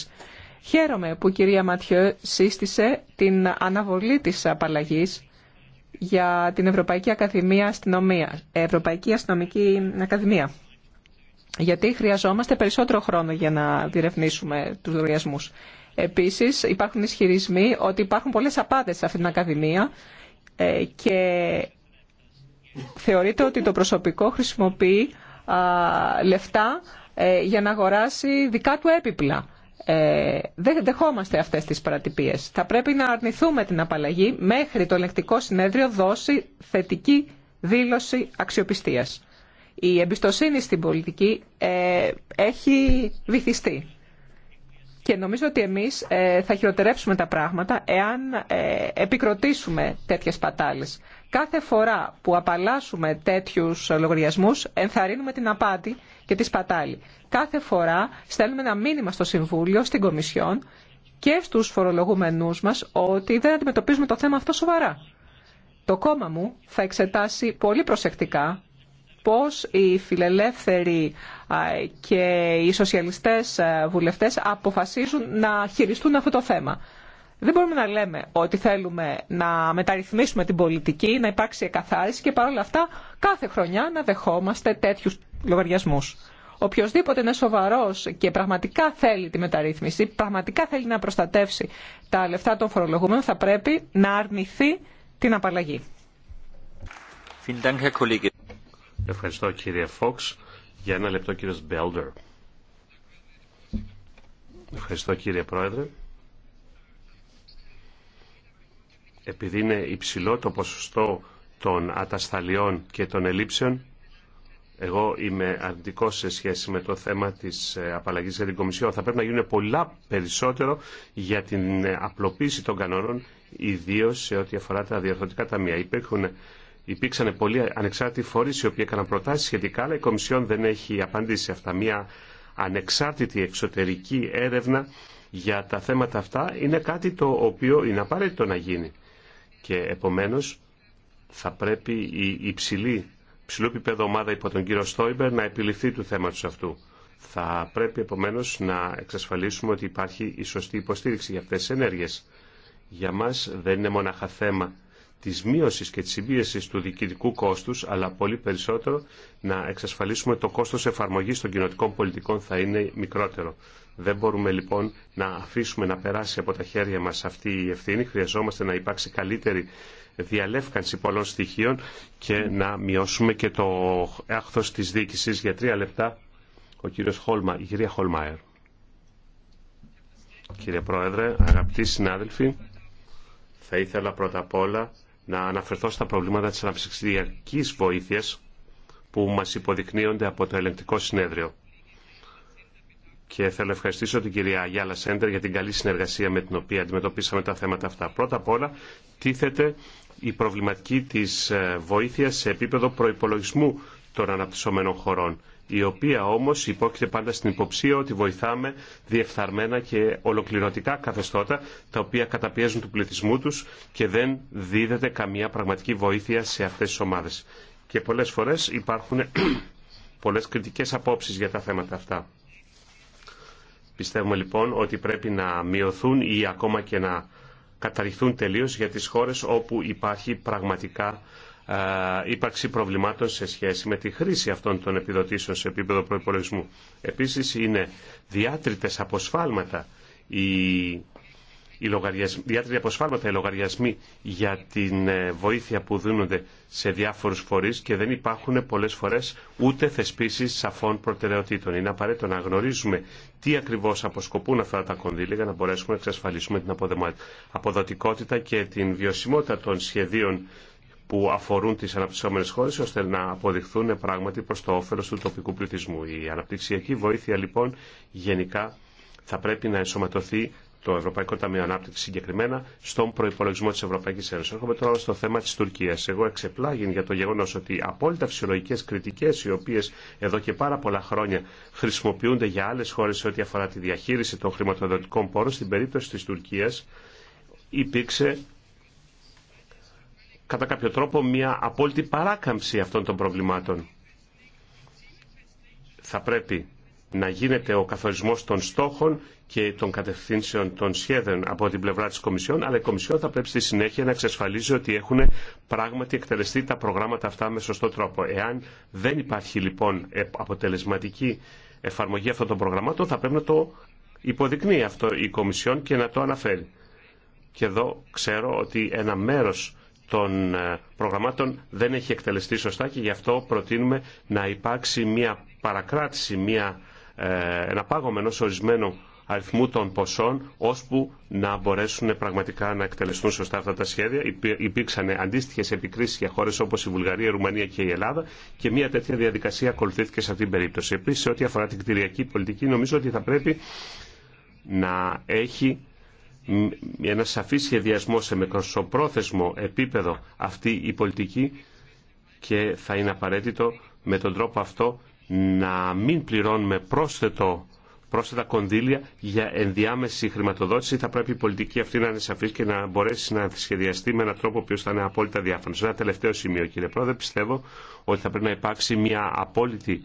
Χαίρομαι που η κυρία Ματιό σύστησε την αναβολή της απαλλαγής για την Ευρωπαϊκή, Ακαδημία Αστυνομία, Ευρωπαϊκή Αστυνομική Ακαδημία. Γιατί χρειαζόμαστε περισσότερο χρόνο για να διερευνήσουμε τους λογαριασμού. Επίσης υπάρχουν ισχυρισμοί ότι υπάρχουν πολλές απάντες σε αυτήν την Ακαδημία ε, και θεωρείται ότι το προσωπικό χρησιμοποιεί λεφτά ε, για να αγοράσει δικά του έπιπλα ε, δεν δεχόμαστε αυτές τις παρατυπίες. Θα πρέπει να αρνηθούμε την απαλλαγή μέχρι το ελεκτικό συνέδριο δώσει θετική δήλωση αξιοπιστίας. Η εμπιστοσύνη στην πολιτική ε, έχει βυθιστεί. Και νομίζω ότι εμείς ε, θα χειροτερέψουμε τα πράγματα εάν ε, επικροτήσουμε τέτοιες πατάλες. Κάθε φορά που απαλλάσσουμε τέτοιους λογαριασμού ενθαρρύνουμε την απάτη και τη σπατάλη. Κάθε φορά στέλνουμε ένα μήνυμα στο Συμβούλιο, στην Κομισιόν και στους φορολογούμενούς μας ότι δεν αντιμετωπίζουμε το θέμα αυτό σοβαρά. Το κόμμα μου θα εξετάσει πολύ προσεκτικά πώς οι φιλελεύθεροι και οι σοσιαλιστές βουλευτές αποφασίζουν να χειριστούν αυτό το θέμα. Δεν μπορούμε να λέμε ότι θέλουμε να μεταρρυθμίσουμε την πολιτική, να υπάρξει εκαθάριση και παρόλα αυτά κάθε χρονιά να δεχόμαστε τέτοιους λογαριασμούς. Οποιοδήποτε είναι σοβαρό και πραγματικά θέλει τη μεταρρύθμιση, πραγματικά θέλει να προστατεύσει τα λεφτά των φορολογούμενων, θα πρέπει να αρνηθεί την απαλλαγή. Ευχαριστώ κύριε Φόξ. Για ένα λεπτό κύριος Μπέλντερ. Ευχαριστώ κύριε Πρόεδρε. Επειδή είναι υψηλό το ποσοστό των ατασταλιών και των ελήψεων, εγώ είμαι αρνητικό σε σχέση με το θέμα τη ε, απαλλαγή για την Κομισιόν. Θα πρέπει να γίνουν πολλά περισσότερο για την ε, απλοποίηση των κανόνων, ιδίω σε ό,τι αφορά τα διαρθρωτικά ταμεία. υπήρξαν πολλοί ανεξάρτητοι φορεί οι οποίοι έκαναν προτάσει σχετικά, αλλά η Κομισιόν δεν έχει απαντήσει αυτά. Μια ανεξάρτητη εξωτερική έρευνα για τα θέματα αυτά είναι κάτι το οποίο είναι απαραίτητο να γίνει. Και επομένω θα πρέπει η υψηλή υψηλό επίπεδου ομάδα υπό τον κύριο Στόιμπερ να επιληφθεί του θέματο αυτού. Θα πρέπει επομένω να εξασφαλίσουμε ότι υπάρχει η σωστή υποστήριξη για αυτέ τι ενέργειε. Για μα δεν είναι μονάχα θέμα τη μείωση και τη συμπίεση του διοικητικού κόστου, αλλά πολύ περισσότερο να εξασφαλίσουμε το κόστο εφαρμογή των κοινοτικών πολιτικών θα είναι μικρότερο. Δεν μπορούμε λοιπόν να αφήσουμε να περάσει από τα χέρια μα αυτή η ευθύνη. Χρειαζόμαστε να υπάρξει καλύτερη διαλεύκανση πολλών στοιχείων και να μειώσουμε και το άχθος της διοίκησης για τρία λεπτά ο κύριος Χόλμα, η κυρία Χολμάερ. Κύριε Πρόεδρε, αγαπητοί συνάδελφοι, θα ήθελα πρώτα απ' όλα να αναφερθώ στα προβλήματα της αναψυξιακής βοήθειας που μας υποδεικνύονται από το ελεγκτικό συνέδριο. Και θέλω να ευχαριστήσω την κυρία Αγιάλα Σέντερ για την καλή συνεργασία με την οποία αντιμετωπίσαμε τα θέματα αυτά. Πρώτα απ' όλα, τίθεται η προβληματική της ε, βοήθειας σε επίπεδο προϋπολογισμού των αναπτυσσόμενων χωρών, η οποία όμως υπόκειται πάντα στην υποψία ότι βοηθάμε διεφθαρμένα και ολοκληρωτικά καθεστώτα, τα οποία καταπιέζουν του πληθυσμού τους και δεν δίδεται καμία πραγματική βοήθεια σε αυτές τις ομάδες. Και πολλές φορές υπάρχουν πολλές κριτικές απόψεις για τα θέματα αυτά. Πιστεύουμε λοιπόν ότι πρέπει να μειωθούν ή ακόμα και να καταρριχθούν τελείως για τις χώρες όπου υπάρχει πραγματικά ύπαρξη προβλημάτων σε σχέση με τη χρήση αυτών των επιδοτήσεων σε επίπεδο προϋπολογισμού. Επίσης είναι διάτριτες αποσφάλματα οι οι λογαριασμοί, διάτρια αποσφάλματα, οι λογαριασμοί για την ε, βοήθεια που δίνονται σε διάφορου φορεί και δεν υπάρχουν πολλέ φορέ ούτε θεσπίσει σαφών προτεραιοτήτων. Είναι απαραίτητο να γνωρίζουμε τι ακριβώ αποσκοπούν αυτά τα κονδύλια για να μπορέσουμε να εξασφαλίσουμε την αποδοτικότητα και την βιωσιμότητα των σχεδίων που αφορούν τι αναπτυσσόμενε χώρε ώστε να αποδειχθούν πράγματι προ το όφελο του τοπικού πληθυσμού. Η αναπτυξιακή βοήθεια λοιπόν γενικά θα πρέπει να ενσωματωθεί το Ευρωπαϊκό Ταμείο Ανάπτυξη συγκεκριμένα στον προπολογισμό τη Ευρωπαϊκή Ένωση. Έρχομαι τώρα στο θέμα τη Τουρκία. Εγώ εξεπλάγει για το γεγονό ότι απόλυτα φυσιολογικέ κριτικέ, οι οποίε εδώ και πάρα πολλά χρόνια χρησιμοποιούνται για άλλε χώρε σε ό,τι αφορά τη διαχείριση των χρηματοδοτικών πόρων, στην περίπτωση τη Τουρκία υπήρξε κατά κάποιο τρόπο μια απόλυτη παράκαμψη αυτών των προβλημάτων. Θα πρέπει να γίνεται ο καθορισμός των στόχων και των κατευθύνσεων των σχέδων από την πλευρά της Κομισιόν, αλλά η Κομισιόν θα πρέπει στη συνέχεια να εξασφαλίζει ότι έχουν πράγματι εκτελεστεί τα προγράμματα αυτά με σωστό τρόπο. Εάν δεν υπάρχει λοιπόν αποτελεσματική εφαρμογή αυτών των προγραμμάτων, θα πρέπει να το υποδεικνύει αυτό η Κομισιόν και να το αναφέρει. Και εδώ ξέρω ότι ένα μέρος των ε, προγραμμάτων δεν έχει εκτελεστεί σωστά και γι' αυτό προτείνουμε να υπάρξει μια παρακράτηση, μια ε, ένα ενό ορισμένου αριθμού των ποσών, ώσπου να μπορέσουν πραγματικά να εκτελεστούν σωστά αυτά τα σχέδια. Υπήρξαν αντίστοιχε επικρίσει για χώρε όπω η Βουλγαρία, η Ρουμανία και η Ελλάδα και μια τέτοια διαδικασία ακολουθήθηκε σε αυτήν την περίπτωση. Επίση, σε ό,τι αφορά την κτηριακή πολιτική, νομίζω ότι θα πρέπει να έχει ένα σαφή σχεδιασμό σε μικροσοπρόθεσμο επίπεδο αυτή η πολιτική και θα είναι απαραίτητο με τον τρόπο αυτό να μην πληρώνουμε πρόσθετο πρόσθετα κονδύλια για ενδιάμεση χρηματοδότηση, θα πρέπει η πολιτική αυτή να είναι σαφή και να μπορέσει να σχεδιαστεί με έναν τρόπο ο οποίο θα είναι απόλυτα διάφανο. Ένα τελευταίο σημείο, κύριε Πρόεδρε, πιστεύω ότι θα πρέπει να υπάρξει μια απόλυτη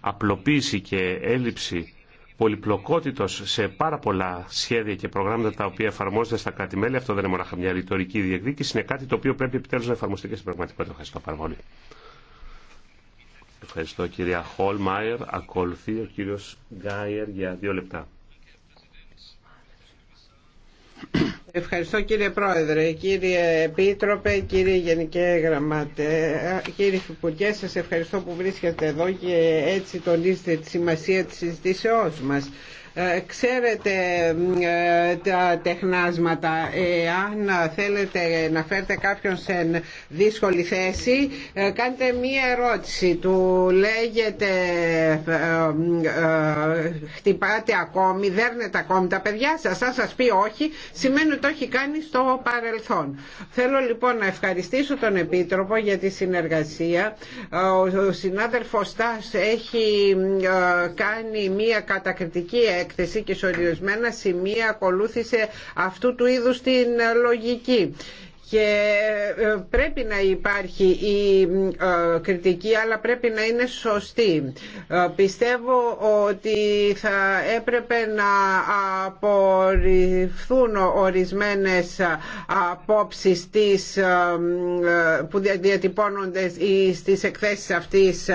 απλοποίηση και έλλειψη πολυπλοκότητος σε πάρα πολλά σχέδια και προγράμματα τα οποία εφαρμόζονται στα κράτη-μέλη. Αυτό δεν είναι μόνο μια ρητορική διεκδίκηση, είναι κάτι το οποίο πρέπει επιτέλου να εφαρμοστεί και στην πραγματικότητα. Ευχαριστώ πάρα πολύ. Ευχαριστώ κυρία Χολμάιερ. Ακολουθεί κύριος Γκάιερ για δύο λεπτά. Ευχαριστώ κύριε Πρόεδρε, κύριε Επίτροπε, κύριε Γενικέ Γραμμάτε, κύριε Υπουργέ, σας ευχαριστώ που βρίσκεστε εδώ και έτσι τονίζετε τη σημασία της συζητήσεώς μας. Ε, ξέρετε ε, τα τεχνάσματα. Ε, αν θέλετε να φέρετε κάποιον σε δύσκολη θέση, κάντε μία ερώτηση. Του λέγεται χτυπάτε ακόμη, δέρνετε ακόμη τα παιδιά σας. Αν σας πει όχι, σημαίνει ότι το έχει κάνει στο παρελθόν. Θέλω λοιπόν να ευχαριστήσω τον Επίτροπο για τη συνεργασία. Ο συνάδελφος Στάς έχει κάνει μία κατακριτική έκθεση και σε ορισμένα σημεία ακολούθησε αυτού του είδους την λογική και ε, πρέπει να υπάρχει η ε, κριτική αλλά πρέπει να είναι σωστή. Ε, πιστεύω ότι θα έπρεπε να απορριφθούν ορισμένες απόψεις της, που διατυπώνονται στις εκθέσεις αυτής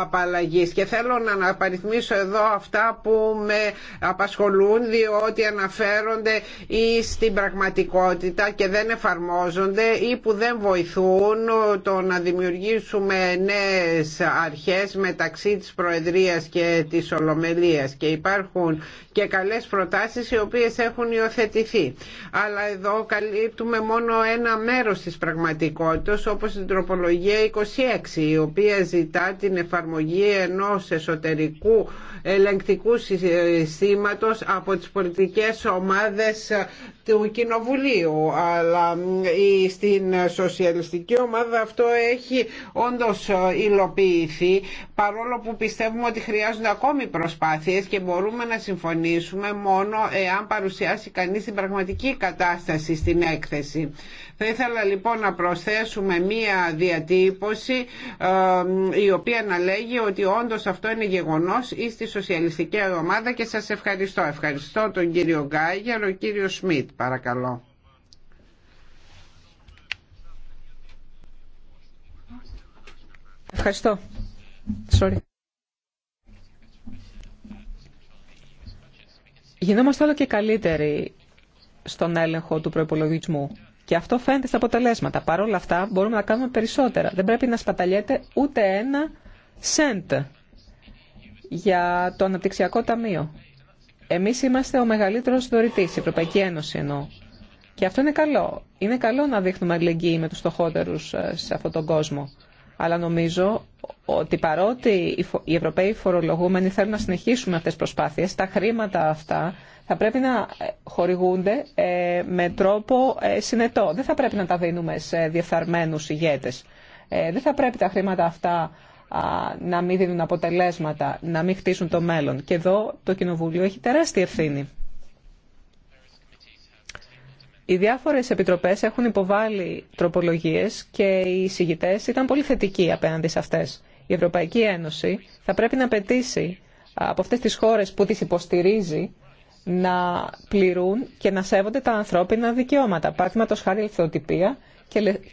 απαλλαγής και θέλω να απαριθμίσω εδώ αυτά που με απασχολούν διότι αναφέρονται ή στην πραγματικότητα και δεν εφαρμόζονται ή που δεν βοηθούν το να δημιουργήσουμε νέες αρχές μεταξύ της Προεδρίας και της Ολομελίας και υπάρχουν και καλές προτάσεις οι οποίες έχουν υιοθετηθεί. Αλλά εδώ καλύπτουμε μόνο ένα μέρος της πραγματικότητας όπως την τροπολογία 26 η οποία ζητά την εφαρμογή ενός εσωτερικού ελεγκτικού συστήματος από τις πολιτικές ομάδες του Κοινοβουλίου αλλά στην σοσιαλιστική ομάδα αυτό έχει όντως υλοποιηθεί παρόλο που πιστεύουμε ότι χρειάζονται ακόμη προσπάθειες και μπορούμε να συμφωνήσουμε μόνο εάν παρουσιάσει κανείς την πραγματική κατάσταση στην έκθεση. Θα ήθελα λοιπόν να προσθέσουμε μία διατύπωση η οποία να λέγει ότι όντως αυτό είναι γεγονός ή στη σοσιαλιστική ομάδα και σας ευχαριστώ. Ευχαριστώ τον κύριο για ο κύριο Σμιτ παρακαλώ. Ευχαριστώ. Sorry. Γινόμαστε όλο και καλύτεροι στον έλεγχο του προϋπολογισμού. Και αυτό φαίνεται στα αποτελέσματα. Παρ' όλα αυτά μπορούμε να κάνουμε περισσότερα. Δεν πρέπει να σπαταλιέται ούτε ένα σέντ για το Αναπτυξιακό Ταμείο. Εμείς είμαστε ο μεγαλύτερος δωρητής, η Ευρωπαϊκή Ένωση εννοώ. Και αυτό είναι καλό. Είναι καλό να δείχνουμε αλληλεγγύη με τους στοχότερους ε, σε αυτόν τον κόσμο. Αλλά νομίζω ότι παρότι οι Ευρωπαίοι φορολογούμενοι θέλουν να συνεχίσουμε αυτές τις προσπάθειες, τα χρήματα αυτά θα πρέπει να ε, χορηγούνται ε, με τρόπο ε, συνετό. Δεν θα πρέπει να τα δίνουμε σε διεφθαρμένους ηγέτες. Δεν θα πρέπει τα χρήματα αυτά να μην δίνουν αποτελέσματα, να μην χτίσουν το μέλλον. Και εδώ το Κοινοβούλιο έχει τεράστια ευθύνη. Οι διάφορες επιτροπές έχουν υποβάλει τροπολογίες και οι συγητές ήταν πολύ θετικοί απέναντι σε αυτές. Η Ευρωπαϊκή Ένωση θα πρέπει να πετήσει από αυτές τις χώρες που τις υποστηρίζει να πληρούν και να σέβονται τα ανθρώπινα δικαιώματα. Παραδείγματο χάρη ελευθεροτυπία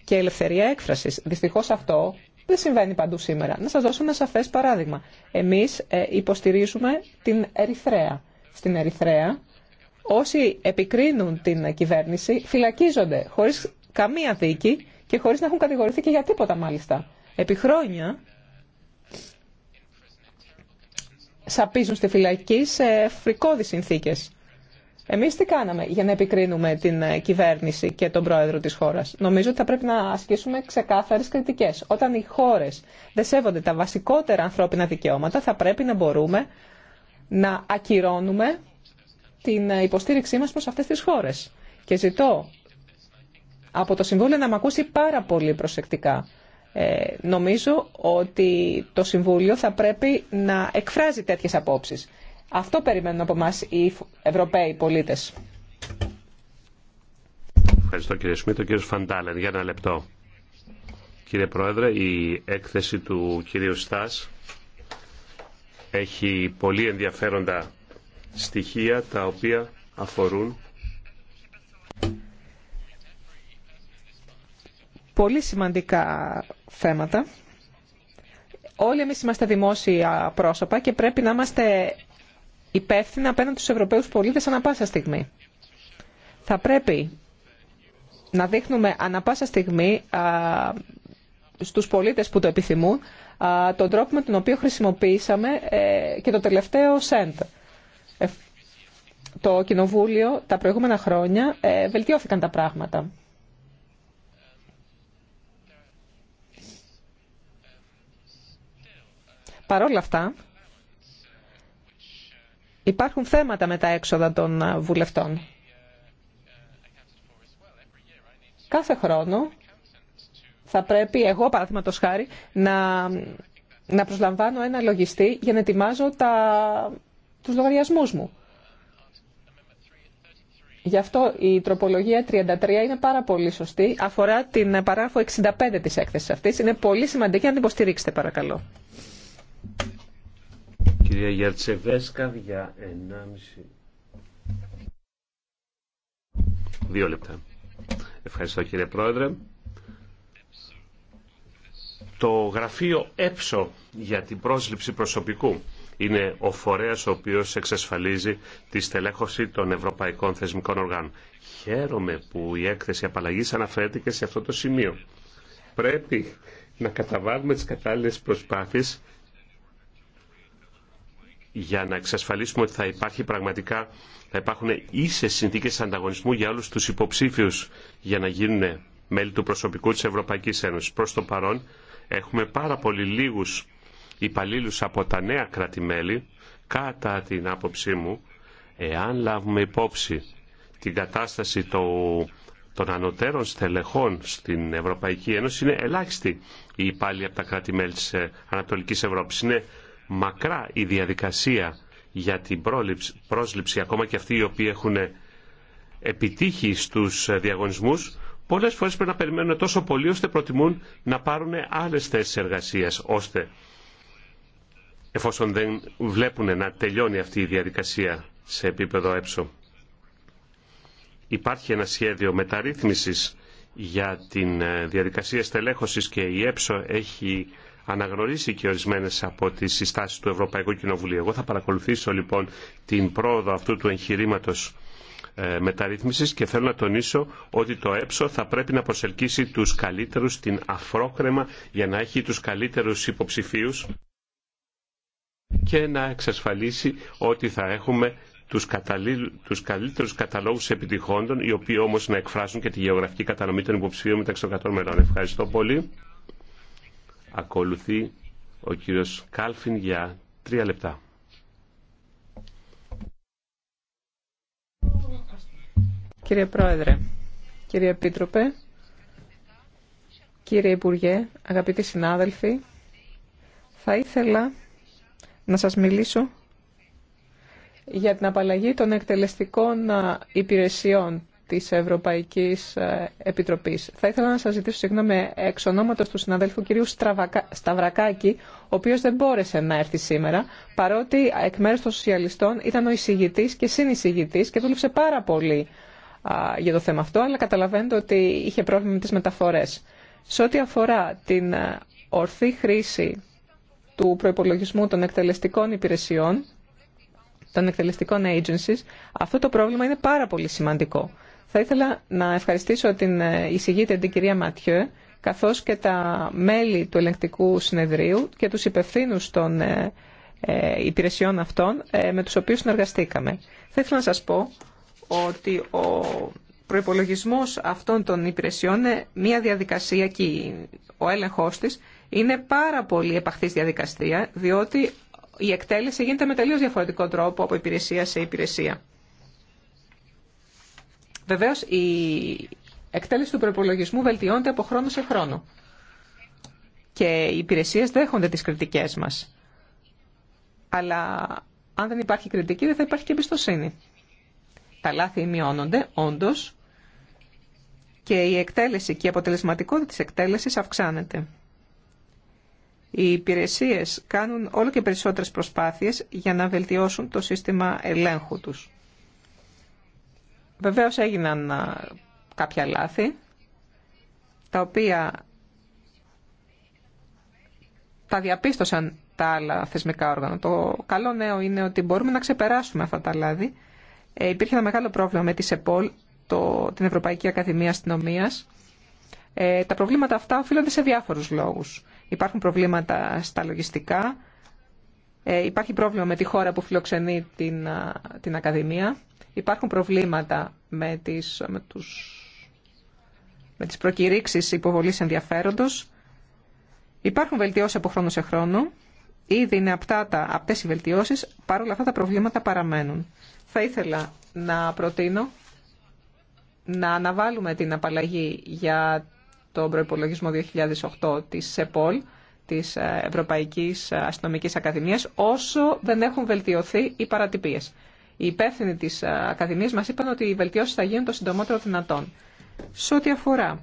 και ελευθερία έκφραση. Δυστυχώ αυτό δεν συμβαίνει παντού σήμερα. Να σα δώσω ένα σαφέ παράδειγμα. Εμεί ε, υποστηρίζουμε την Ερυθρέα. Στην Ερυθρέα, όσοι επικρίνουν την κυβέρνηση φυλακίζονται χωρί καμία δίκη και χωρί να έχουν κατηγορηθεί και για τίποτα μάλιστα. Επί σαπίζουν στη φυλακή σε φρικόδη συνθήκες. Εμείς τι κάναμε για να επικρίνουμε την ε, κυβέρνηση και τον πρόεδρο της χώρας. Νομίζω ότι θα πρέπει να ασκήσουμε ξεκάθαρες κριτικές. Όταν οι χώρες δεν σέβονται τα βασικότερα ανθρώπινα δικαιώματα, θα πρέπει να μπορούμε να ακυρώνουμε την ε, υποστήριξή μα προ αυτέ τι χώρε. Και ζητώ από το Συμβούλιο να με ακούσει πάρα πολύ προσεκτικά. Ε, νομίζω ότι το Συμβούλιο θα πρέπει να εκφράζει τέτοιες απόψεις. Αυτό περιμένουν από εμά οι Ευρωπαίοι πολίτες. Ευχαριστώ κύριε Σμίτο. Κύριος Φαντάλεν, για ένα λεπτό. Κύριε Πρόεδρε, η έκθεση του κυρίου Στάς έχει πολύ ενδιαφέροντα στοιχεία τα οποία αφορούν πολύ σημαντικά θέματα. Όλοι εμείς είμαστε δημόσια πρόσωπα και πρέπει να είμαστε υπεύθυνοι απέναντι στους Ευρωπαίους πολίτες ανα πάσα στιγμή. Θα πρέπει να δείχνουμε ανα πάσα στιγμή στους πολίτες που το επιθυμούν τον τρόπο με τον οποίο χρησιμοποιήσαμε ε, και το τελευταίο ΣΕΝΤ. Το Κοινοβούλιο τα προηγούμενα χρόνια ε, βελτιώθηκαν τα πράγματα. Παρ' όλα αυτά, υπάρχουν θέματα με τα έξοδα των ε, βουλευτών. Κάθε χρόνο θα πρέπει εγώ, παραδείγματο χάρη, να, να προσλαμβάνω ένα λογιστή για να ετοιμάζω τα, τους λογαριασμούς μου. Γι' αυτό η τροπολογία 33 είναι πάρα πολύ σωστή. Αφορά την παράγραφο 65 της έκθεσης αυτής. Είναι πολύ σημαντική Αν την υποστηρίξετε παρακαλώ κυρία για 1,5. Δύο λεπτά. Ευχαριστώ κύριε Πρόεδρε. Το γραφείο έψο για την πρόσληψη προσωπικού είναι ο φορέας ο οποίος εξασφαλίζει τη στελέχωση των ευρωπαϊκών θεσμικών οργάνων. Χαίρομαι που η έκθεση απαλλαγής αναφέρεται και σε αυτό το σημείο. Πρέπει να καταβάλουμε τις κατάλληλες προσπάθειες για να εξασφαλίσουμε ότι θα υπάρχει πραγματικά θα υπάρχουν ίσες συνθήκες ανταγωνισμού για όλους τους υποψήφιους για να γίνουν μέλη του προσωπικού της Ευρωπαϊκής Ένωσης. Προς το παρόν έχουμε πάρα πολύ λίγους υπαλλήλου από τα νέα κράτη-μέλη, κατά την άποψή μου, εάν λάβουμε υπόψη την κατάσταση των ανωτέρων στελεχών στην Ευρωπαϊκή Ένωση, είναι ελάχιστοι οι υπάλληλοι από τα κράτη-μέλη της ε, Ανατολικής Ευρώπης. Είναι μακρά η διαδικασία για την πρόληψη, πρόσληψη, ακόμα και αυτοί οι οποίοι έχουν επιτύχει στους διαγωνισμούς, πολλές φορές πρέπει να περιμένουν τόσο πολύ ώστε προτιμούν να πάρουν άλλες θέσεις εργασίας, ώστε εφόσον δεν βλέπουν να τελειώνει αυτή η διαδικασία σε επίπεδο έψω. Υπάρχει ένα σχέδιο μεταρρύθμισης για την ε, διαδικασία στελέχωσης και η έψω έχει αναγνωρίσει και ορισμένε από τι συστάσει του Ευρωπαϊκού Κοινοβουλίου. Εγώ θα παρακολουθήσω λοιπόν την πρόοδο αυτού του εγχειρήματο ε, μεταρρύθμιση και θέλω να τονίσω ότι το έψο θα πρέπει να προσελκύσει του καλύτερου στην αφρόκρεμα για να έχει του καλύτερου υποψηφίου και να εξασφαλίσει ότι θα έχουμε τους, καταλή, τους καλύτερους καταλόγους επιτυχόντων, οι οποίοι όμως να εκφράζουν και τη γεωγραφική κατανομή των υποψηφίων μεταξύ των 100 μελών. Ευχαριστώ πολύ. Ακολουθεί ο κύριος Κάλφιν για τρία λεπτά. Κύριε Πρόεδρε, κύριε Επίτροπε, κύριε Υπουργέ, αγαπητοί συνάδελφοι, θα ήθελα να σας μιλήσω για την απαλλαγή των εκτελεστικών ε, υπηρεσιών της Ευρωπαϊκής ε, Επιτροπής. Θα ήθελα να σας ζητήσω συγγνώμη εξ ονόματος του συναδέλφου κυρίου Σταυρακάκη, ο οποίος δεν μπόρεσε να έρθει σήμερα, παρότι εκ μέρους των σοσιαλιστών ήταν ο εισηγητής και συνεισηγητής και δούλεψε πάρα πολύ για το θέμα αυτό, αλλά καταλαβαίνετε ότι είχε πρόβλημα με τις μεταφορές. Σε ό,τι αφορά την ε, ορθή χρήση του προϋπολογισμού των εκτελεστικών υπηρεσιών, των εκτελεστικών agencies, αυτό το πρόβλημα είναι πάρα πολύ σημαντικό. Θα ήθελα να ευχαριστήσω την ε, εισηγήτρια την κυρία Ματιέ, καθώς και τα μέλη του ελεγκτικού συνεδρίου και τους υπευθύνους των ε, ε, υπηρεσιών αυτών με τους οποίους συνεργαστήκαμε. Θα ήθελα να σας πω ότι ο προϋπολογισμός αυτών των υπηρεσιών είναι μια διαδικασία και ο έλεγχός της είναι πάρα πολύ επαχθής διαδικασία, διότι η εκτέλεση γίνεται με τελείως διαφορετικό τρόπο από υπηρεσία σε υπηρεσία. Βεβαίω, η εκτέλεση του προπολογισμού βελτιώνεται από χρόνο σε χρόνο και οι υπηρεσίε δέχονται τις κριτικές μας. Αλλά αν δεν υπάρχει κριτική δεν θα υπάρχει και εμπιστοσύνη. Τα λάθη μειώνονται όντως και η εκτέλεση και η αποτελεσματικότητα της εκτέλεσης αυξάνεται. Οι υπηρεσίες κάνουν όλο και περισσότερες προσπάθειες για να βελτιώσουν το σύστημα ελέγχου τους. Βεβαίως έγιναν κάποια λάθη, τα οποία τα διαπίστωσαν τα άλλα θεσμικά όργανα. Το καλό νέο είναι ότι μπορούμε να ξεπεράσουμε αυτά τα λάθη. Ε, υπήρχε ένα μεγάλο πρόβλημα με τη ΣΕΠΟΛ, το, την Ευρωπαϊκή Ακαδημία Αστυνομία. Ε, τα προβλήματα αυτά οφείλονται σε διάφορους λόγους. Υπάρχουν προβλήματα στα λογιστικά, ε, υπάρχει πρόβλημα με τη χώρα που φιλοξενεί την, την Ακαδημία. Υπάρχουν προβλήματα με τις, με τους, με τις προκηρύξεις υποβολής ενδιαφέροντος. Υπάρχουν βελτιώσεις από χρόνο σε χρόνο. Ήδη είναι απτά απτές οι βελτιώσεις, παρόλα αυτά τα προβλήματα παραμένουν. Θα ήθελα να προτείνω να αναβάλουμε την απαλλαγή για τον προϋπολογισμό 2008 της ΕΠΟΛ της Ευρωπαϊκής Αστυνομικής Ακαδημίας όσο δεν έχουν βελτιωθεί οι παρατυπίες. Οι υπεύθυνοι της Ακαδημίας μας είπαν ότι οι βελτιώσεις θα γίνουν το συντομότερο δυνατόν. Σε ό,τι αφορά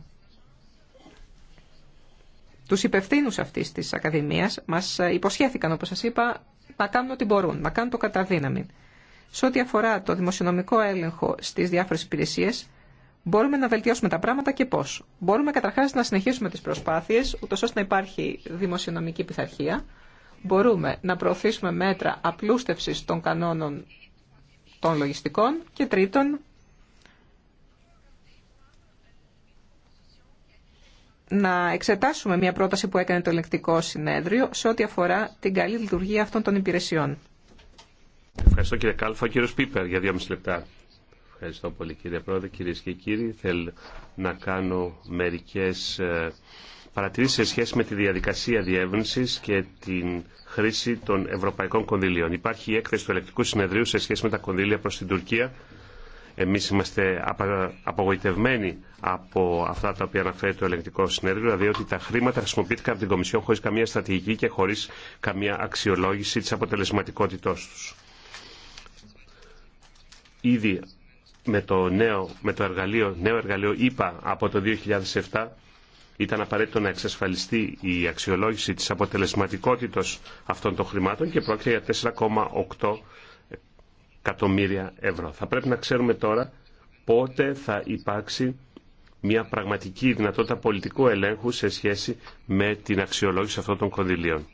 τους υπευθύνους αυτής της Ακαδημίας, μας υποσχέθηκαν, όπως σας είπα, να κάνουν ό,τι μπορούν, να κάνουν το καταδύναμη. Σε ό,τι αφορά το δημοσιονομικό έλεγχο στις διάφορες υπηρεσίες, Μπορούμε να βελτιώσουμε τα πράγματα και πώ. Μπορούμε καταρχά να συνεχίσουμε τι προσπάθειε, ούτω ώστε να υπάρχει δημοσιονομική πειθαρχία. Μπορούμε να προωθήσουμε μέτρα απλούστευση των κανόνων των λογιστικών. Και τρίτον, να εξετάσουμε μια πρόταση που έκανε το ελεκτικό συνέδριο σε ό,τι αφορά την καλή λειτουργία αυτών των υπηρεσιών. Ευχαριστώ κύριε Κάλφα. Κύριος Πίπερ για δύο μισή λεπτά. Ευχαριστώ πολύ κύριε Πρόεδρε. κύριε και κύριοι, θέλω να κάνω μερικές ε, παρατηρήσεις σε σχέση με τη διαδικασία διεύρυνσης και την χρήση των ευρωπαϊκών κονδυλίων. Υπάρχει η έκθεση του ελεκτικού συνεδρίου σε σχέση με τα κονδύλια προς την Τουρκία. Εμείς είμαστε απογοητευμένοι από αυτά τα οποία αναφέρει το Ελεκτικό συνέδριο, δηλαδή τα χρήματα χρησιμοποιήθηκαν από την Κομισιόν χωρίς καμία στρατηγική και χωρίς καμία αξιολόγηση της αποτελεσματικότητός τους ήδη με το, νέο, με το εργαλείο, νέο εργαλείο ΙΠΑ από το 2007 ήταν απαραίτητο να εξασφαλιστεί η αξιολόγηση της αποτελεσματικότητας αυτών των χρημάτων και πρόκειται για 4,8 εκατομμύρια ευρώ. Θα πρέπει να ξέρουμε τώρα πότε θα υπάρξει μια πραγματική δυνατότητα πολιτικού ελέγχου σε σχέση με την αξιολόγηση αυτών των κονδυλίων.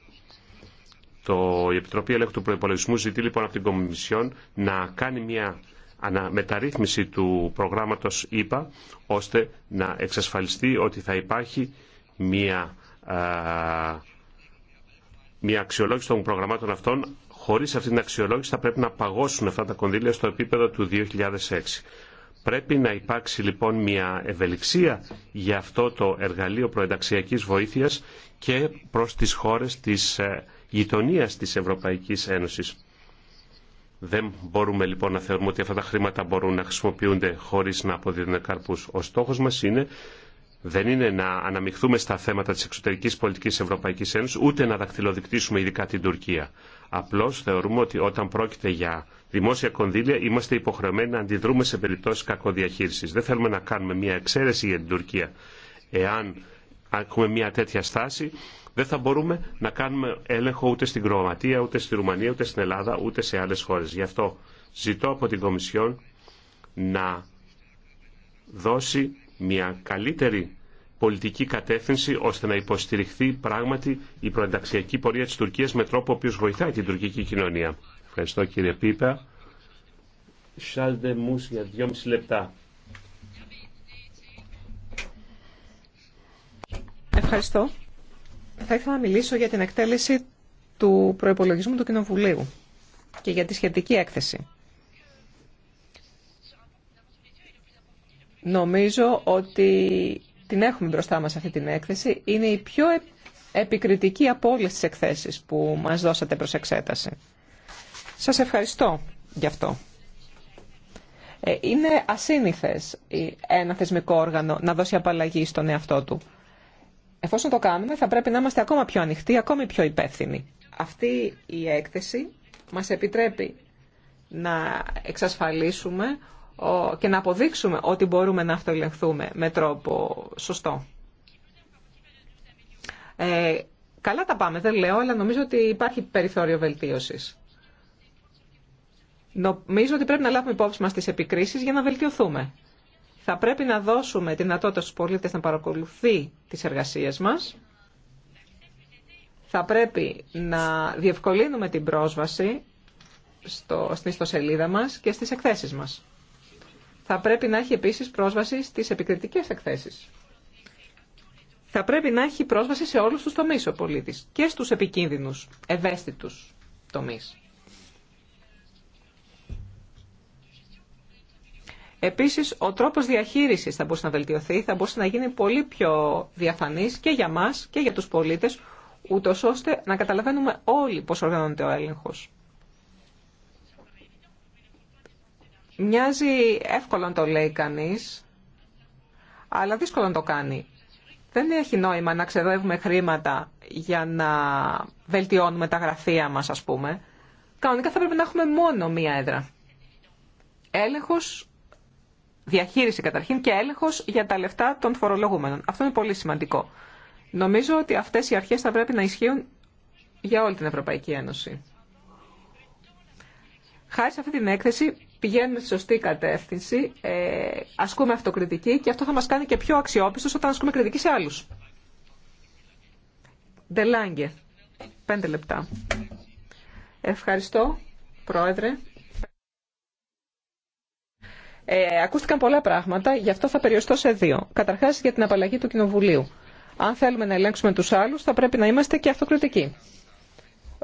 Το, η Επιτροπή Ελέγχου του Προπολογισμού ζητεί λοιπόν από την Κομισιόν να κάνει μια αναμεταρρύθμιση του προγράμματος ΕΠΑ ώστε να εξασφαλιστεί ότι θα υπάρχει μια, μια αξιολόγηση των προγραμμάτων αυτών χωρίς αυτή την αξιολόγηση θα πρέπει να παγώσουν αυτά τα κονδύλια στο επίπεδο του 2006. Πρέπει να υπάρξει λοιπόν μια ευελιξία για αυτό το εργαλείο προενταξιακής βοήθειας και προς τις χώρες της ε, γειτονίας της Ευρωπαϊκής Ένωσης δεν μπορούμε λοιπόν να θεωρούμε ότι αυτά τα χρήματα μπορούν να χρησιμοποιούνται χωρί να αποδίδουν καρπού. Ο στόχο μα είναι δεν είναι να αναμειχθούμε στα θέματα της εξωτερικής πολιτικής Ευρωπαϊκής Ένωσης, ούτε να δακτυλοδεικτήσουμε ειδικά την Τουρκία. Απλώς θεωρούμε ότι όταν πρόκειται για δημόσια κονδύλια είμαστε υποχρεωμένοι να αντιδρούμε σε περιπτώσεις κακοδιαχείρισης. Δεν θέλουμε να κάνουμε μια εξαίρεση για την Τουρκία. Εάν έχουμε μια τέτοια στάση, δεν θα μπορούμε να κάνουμε έλεγχο ούτε στην Κροατία, ούτε στη Ρουμανία, ούτε στην Ελλάδα, ούτε σε άλλες χώρες. Γι' αυτό ζητώ από την Κομισιόν να δώσει μια καλύτερη πολιτική κατεύθυνση ώστε να υποστηριχθεί πράγματι η προενταξιακή πορεία της Τουρκίας με τρόπο ο οποίος βοηθάει την τουρκική κοινωνία. Ευχαριστώ κύριε Πίπα. λεπτά. Ευχαριστώ. Θα ήθελα να μιλήσω για την εκτέλεση του προϋπολογισμού του Κοινοβουλίου και για τη σχετική έκθεση. Νομίζω ότι την έχουμε μπροστά μας αυτή την έκθεση. Είναι η πιο επικριτική από όλες τις εκθέσεις που μας δώσατε προς εξέταση. Σας ευχαριστώ γι' αυτό. Ε, είναι ασύνηθες ένα θεσμικό όργανο να δώσει απαλλαγή στον εαυτό του εφόσον το κάνουμε θα πρέπει να είμαστε ακόμα πιο ανοιχτοί, ακόμη πιο υπεύθυνοι. Αυτή η έκθεση μας επιτρέπει να εξασφαλίσουμε και να αποδείξουμε ότι μπορούμε να αυτοελεγχθούμε με τρόπο σωστό. Ε, καλά τα πάμε, δεν λέω, αλλά νομίζω ότι υπάρχει περιθώριο βελτίωσης. Νομίζω ότι πρέπει να λάβουμε υπόψη μας τις επικρίσεις για να βελτιωθούμε. Θα πρέπει να δώσουμε τη δυνατότητα στους πολίτες να παρακολουθεί τις εργασίες μας. Θα πρέπει να διευκολύνουμε την πρόσβαση στο, στην ιστοσελίδα μας και στις εκθέσεις μας. Θα πρέπει να έχει επίσης πρόσβαση στις επικριτικές εκθέσεις. Θα πρέπει να έχει πρόσβαση σε όλους τους τομείς ο πολίτης και στους επικίνδυνους, ευαίσθητους τομείς. Επίσης, ο τρόπος διαχείρισης θα μπορούσε να βελτιωθεί, θα μπορούσε να γίνει πολύ πιο διαφανής και για μας και για τους πολίτες, ούτω ώστε να καταλαβαίνουμε όλοι πώς οργανώνεται ο έλεγχος. Μοιάζει εύκολο να το λέει κανείς, αλλά δύσκολο να το κάνει. Δεν έχει νόημα να ξεδεύουμε χρήματα για να βελτιώνουμε τα γραφεία μας, ας πούμε. Κανονικά θα πρέπει να έχουμε μόνο μία έδρα. Έλεγχος διαχείριση καταρχήν και έλεγχος για τα λεφτά των φορολογούμενων. Αυτό είναι πολύ σημαντικό. Νομίζω ότι αυτές οι αρχές θα πρέπει να ισχύουν για όλη την Ευρωπαϊκή Ένωση. Χάρη σε αυτή την έκθεση πηγαίνουμε στη σωστή κατεύθυνση, ε, ασκούμε αυτοκριτική και αυτό θα μας κάνει και πιο αξιόπιστο όταν ασκούμε κριτική σε άλλου. Πέντε λεπτά. Ευχαριστώ, Πρόεδρε. Ε, ακούστηκαν πολλά πράγματα, γι' αυτό θα περιοριστώ σε δύο. Καταρχά για την απαλλαγή του Κοινοβουλίου. Αν θέλουμε να ελέγξουμε του άλλου, θα πρέπει να είμαστε και αυτοκριτικοί.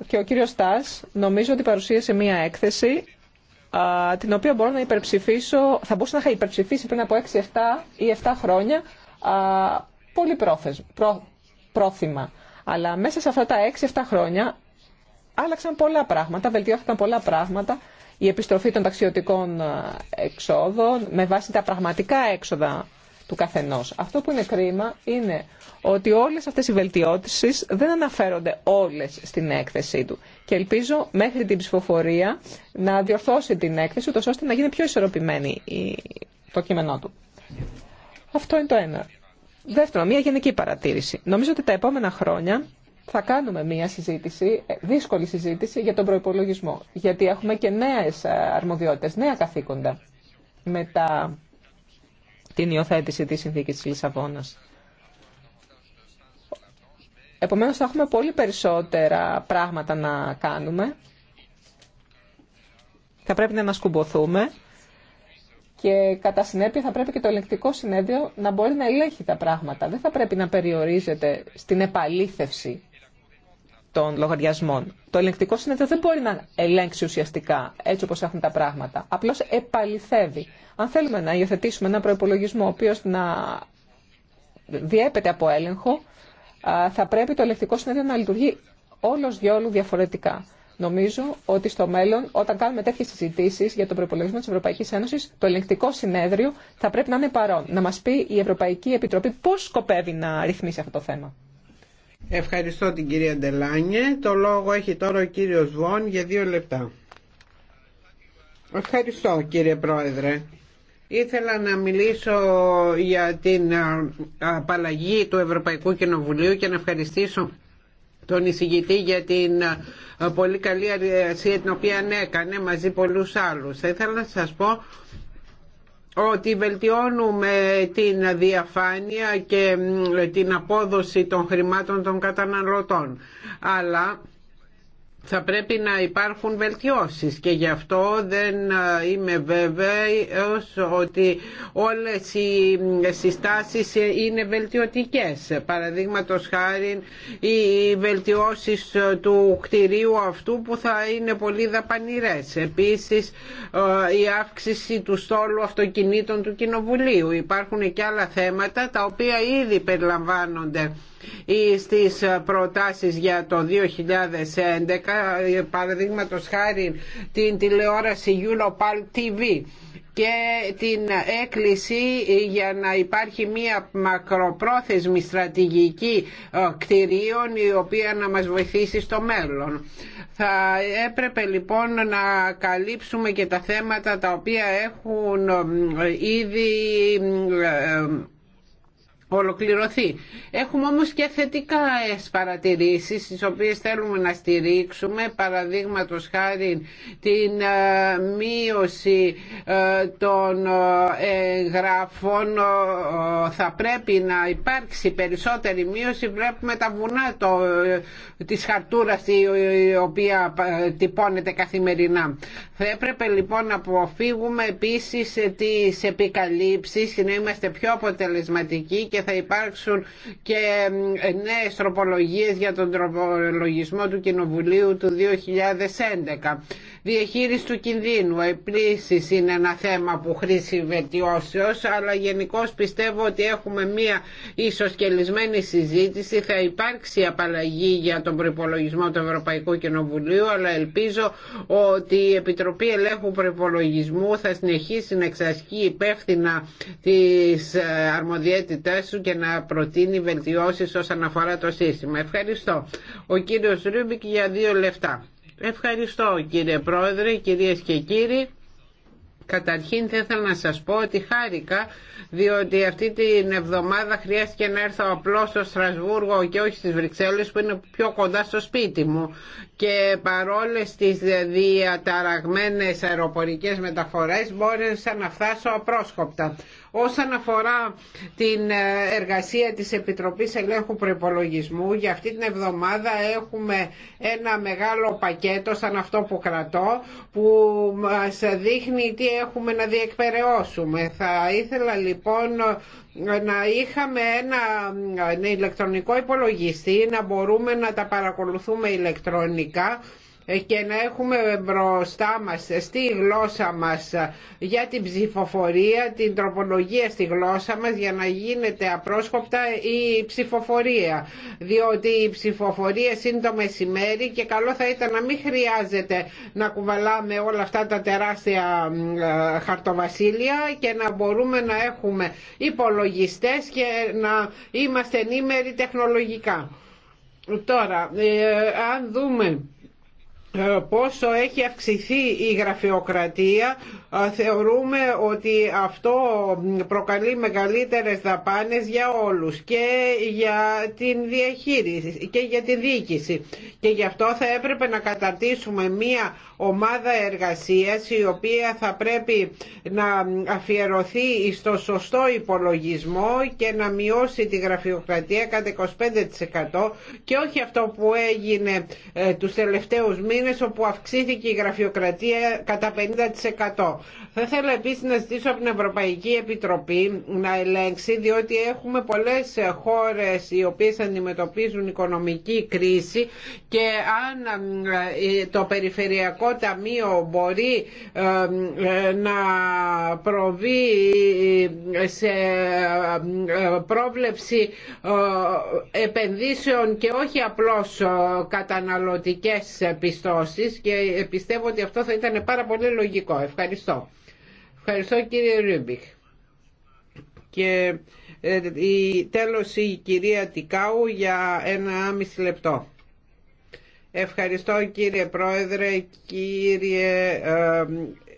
Και ο κύριος Στά νομίζω ότι παρουσίασε μία έκθεση α, την οποία μπορώ να υπερψηφίσω, θα μπορούσα να είχα υπερψηφίσει πριν από 6-7 ή 7 χρόνια α, πολύ πρό, πρόθυμα. Αλλά μέσα σε αυτά τα 6-7 χρόνια άλλαξαν πολλά πράγματα, βελτιώθηκαν πολλά πράγματα η επιστροφή των ταξιωτικών ε, εξόδων με βάση τα πραγματικά έξοδα του καθενός. Αυτό που είναι κρίμα είναι ότι όλες αυτές οι βελτιώσεις δεν αναφέρονται όλες στην έκθεσή του. Και ελπίζω μέχρι την ψηφοφορία να διορθώσει την έκθεση, ούτως ώστε να γίνει πιο ισορροπημένη το κείμενό του. Αυτό είναι το ένα. Δεύτερο, μια γενική παρατήρηση. Νομίζω ότι τα επόμενα χρόνια θα κάνουμε μία συζήτηση, ε, δύσκολη συζήτηση για τον προπολογισμό. Γιατί έχουμε και νέες ε, αρμοδιότητες, νέα καθήκοντα μετά την υιοθέτηση της συνθήκης της Λισαβόνας. Επομένως θα έχουμε πολύ περισσότερα πράγματα να κάνουμε. Θα πρέπει να ανασκουμποθούμε και κατά συνέπεια θα πρέπει και το ελεκτικό συνέδριο να μπορεί να ελέγχει τα πράγματα. Δεν θα πρέπει να περιορίζεται στην επαλήθευση των λογαριασμών. Το ελεγκτικό συνέδριο δεν μπορεί να ελέγξει ουσιαστικά έτσι όπως έχουν τα πράγματα. Απλώ επαληθεύει. Αν θέλουμε να υιοθετήσουμε ένα προπολογισμό ο οποίο να διέπεται από έλεγχο, θα πρέπει το ελεγκτικό συνέδριο να λειτουργεί όλος διόλου διαφορετικά. Νομίζω ότι στο μέλλον, όταν κάνουμε τέτοιε συζητήσει για το προπολογισμό τη Ευρωπαϊκή Ένωση, το ελεγκτικό συνέδριο θα πρέπει να είναι παρόν, να μα πει η Ευρωπαϊκή Επιτροπή πώ σκοπεύει να ρυθμίσει αυτό το θέμα. Ευχαριστώ την κυρία Ντελάνιε. Το λόγο έχει τώρα ο κύριος Βόν για δύο λεπτά. Ευχαριστώ κύριε Πρόεδρε. Ήθελα να μιλήσω για την απαλλαγή του Ευρωπαϊκού Κοινοβουλίου και να ευχαριστήσω τον εισηγητή για την πολύ καλή εργασία την οποία έκανε μαζί πολλούς άλλους. Θα ήθελα να σας πω ότι βελτιώνουμε την διαφάνεια και την απόδοση των χρημάτων των καταναλωτών. Αλλά θα πρέπει να υπάρχουν βελτιώσεις και γι' αυτό δεν ε, είμαι βέβαιος ότι όλες οι ε, συστάσεις ε, είναι βελτιωτικές. Παραδείγματος χάρη οι βελτιώσεις του κτηρίου αυτού που θα είναι πολύ δαπανηρές. Επίσης η αύξηση του στόλου αυτοκινήτων του Κοινοβουλίου. Υπάρχουν και άλλα θέματα τα οποία ήδη περιλαμβάνονται στις προτάσεις για το 2011 παραδείγματο χάρη την τηλεόραση Europal TV και την έκκληση για να υπάρχει μία μακροπρόθεσμη στρατηγική ε, κτηρίων η οποία να μας βοηθήσει στο μέλλον. Θα έπρεπε λοιπόν να καλύψουμε και τα θέματα τα οποία έχουν ε, ήδη ε, ολοκληρωθεί. Έχουμε όμως και θετικά ε, παρατηρήσεις τις οποίες θέλουμε να στηρίξουμε παραδείγματος χάρη την ε, μείωση ε, των γραφών θα πρέπει να υπάρξει περισσότερη μείωση βλέπουμε τα βουνά το, της χαρτούρας η οποία τυπώνεται καθημερινά. Θα έπρεπε λοιπόν να αποφύγουμε επίσης τις επικαλύψεις και να είμαστε πιο αποτελεσματικοί θα υπάρξουν και νέες τροπολογίες για τον τροπολογισμό του Κοινοβουλίου του 2011. Διαχείριση του κινδύνου Επίση είναι ένα θέμα που χρήση βελτιώσεω, αλλά γενικώ πιστεύω ότι έχουμε μία ισοσκελισμένη συζήτηση θα υπάρξει απαλλαγή για τον προπολογισμό του Ευρωπαϊκού Κοινοβουλίου αλλά ελπίζω ότι η Επιτροπή Ελέγχου Προπολογισμού θα συνεχίσει να εξασκεί υπεύθυνα τι ε, αρμοδιότητές σου και να προτείνει βελτιώσει όσον αφορά το σύστημα. Ευχαριστώ. Ο κύριο Ρούμπικ για δύο λεφτά. Ευχαριστώ κύριε Πρόεδρε, κυρίες και κύριοι. Καταρχήν θα ήθελα να σας πω ότι χάρηκα διότι αυτή την εβδομάδα χρειάστηκε να έρθω απλώς στο Στρασβούργο και όχι στις Βρυξέλλες που είναι πιο κοντά στο σπίτι μου και παρόλες τις διαταραγμένες αεροπορικές μεταφορές μπόρεσα να φτάσω απρόσκοπτα. Όσον αφορά την εργασία της Επιτροπής Ελέγχου Προϋπολογισμού, για αυτή την εβδομάδα έχουμε ένα μεγάλο πακέτο σαν αυτό που κρατώ, που μας δείχνει τι έχουμε να διεκπαιρεώσουμε. Θα ήθελα λοιπόν να είχαμε ένα ηλεκτρονικό υπολογιστή, να μπορούμε να τα παρακολουθούμε ηλεκτρονικά ε, και να έχουμε μπροστά μας στη γλώσσα μας για την ψηφοφορία, την τροπολογία στη γλώσσα μας για να γίνεται απρόσκοπτα η ψηφοφορία. Διότι οι ψηφοφορία είναι το μεσημέρι και καλό θα ήταν να μην χρειάζεται να κουβαλάμε όλα αυτά τα τεράστια ε, χαρτοβασίλια και να μπορούμε να έχουμε υπολογιστές και να είμαστε ενήμεροι τεχνολογικά. Τώρα, ε, αν δούμε ε, πόσο έχει αυξηθεί η γραφειοκρατία ε, θεωρούμε ότι αυτό προκαλεί μεγαλύτερες δαπάνες για όλους και για την διαχείριση και για τη διοίκηση και γι' αυτό θα έπρεπε να καταρτήσουμε μία ομάδα εργασίας η οποία θα πρέπει να αφιερωθεί στο σωστό υπολογισμό και να μειώσει τη γραφειοκρατία κατά 25% και όχι αυτό που έγινε ε, τους τελευταίους μήνες όπου αυξήθηκε η γραφειοκρατία κατά 50%. Θα ήθελα επίσης να ζητήσω από την Ευρωπαϊκή Επιτροπή να ελέγξει διότι έχουμε πολλές χώρες οι οποίες αντιμετωπίζουν οικονομική κρίση και αν ε, το περιφερειακό τα Ταμείο μπορεί ε, να προβεί ε, σε ε, πρόβλεψη επενδύσεων και όχι απλώς καταναλωτικές πιστώσεις και πιστεύω ότι αυτό θα ήταν πάρα πολύ λογικό. Ευχαριστώ. Ευχαριστώ κύριε Ρούμπιχ. Και η τέλος η κυρία Τικάου για ένα μισή λεπτό. Ευχαριστώ κύριε Πρόεδρε, κύριε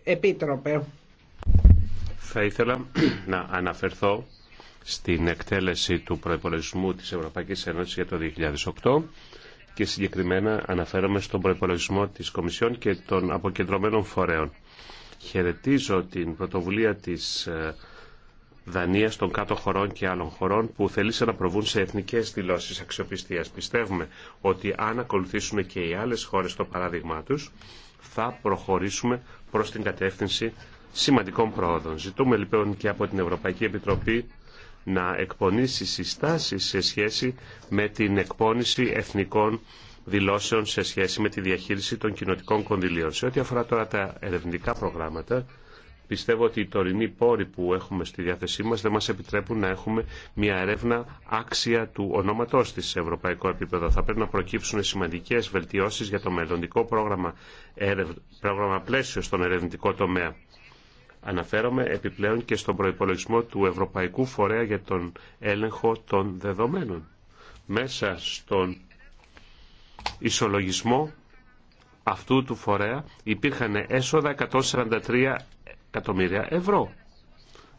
Επίτροπε. Θα ήθελα να αναφερθώ στην εκτέλεση του προϋπολογισμού της Ευρωπαϊκής Ένωσης για το 2008 και συγκεκριμένα αναφέρομαι στον προϋπολογισμό της Κομισιόν και των αποκεντρωμένων φορέων. Χαιρετίζω την πρωτοβουλία της ε, Δανία των κάτω χωρών και άλλων χωρών που θελήσαν να προβούν σε εθνικές δηλώσεις αξιοπιστίας. Πιστεύουμε ότι αν ακολουθήσουν και οι άλλες χώρες το παράδειγμά τους, θα προχωρήσουμε προς την κατεύθυνση σημαντικών πρόοδων. Ζητούμε λοιπόν και από την Ευρωπαϊκή Επιτροπή να εκπονήσει συστάσεις σε σχέση με την εκπόνηση εθνικών δηλώσεων σε σχέση με τη διαχείριση των κοινοτικών κονδυλίων. Σε ό,τι αφορά τώρα τα ερευνητικά προγράμματα, Πιστεύω ότι οι τωρινοί πόροι που έχουμε στη διάθεσή μας δεν μας επιτρέπουν να έχουμε μια έρευνα άξια του ονόματός της σε ευρωπαϊκό επίπεδο. Θα πρέπει να προκύψουν σημαντικές βελτιώσεις για το μελλοντικό πρόγραμμα, έρευ... πρόγραμμα πλαίσιο στον ερευνητικό τομέα. Αναφέρομαι επιπλέον και στον προϋπολογισμό του Ευρωπαϊκού Φορέα για τον έλεγχο των δεδομένων. Μέσα στον ισολογισμό αυτού του φορέα υπήρχαν έσοδα 143 εκατομμύρια ευρώ.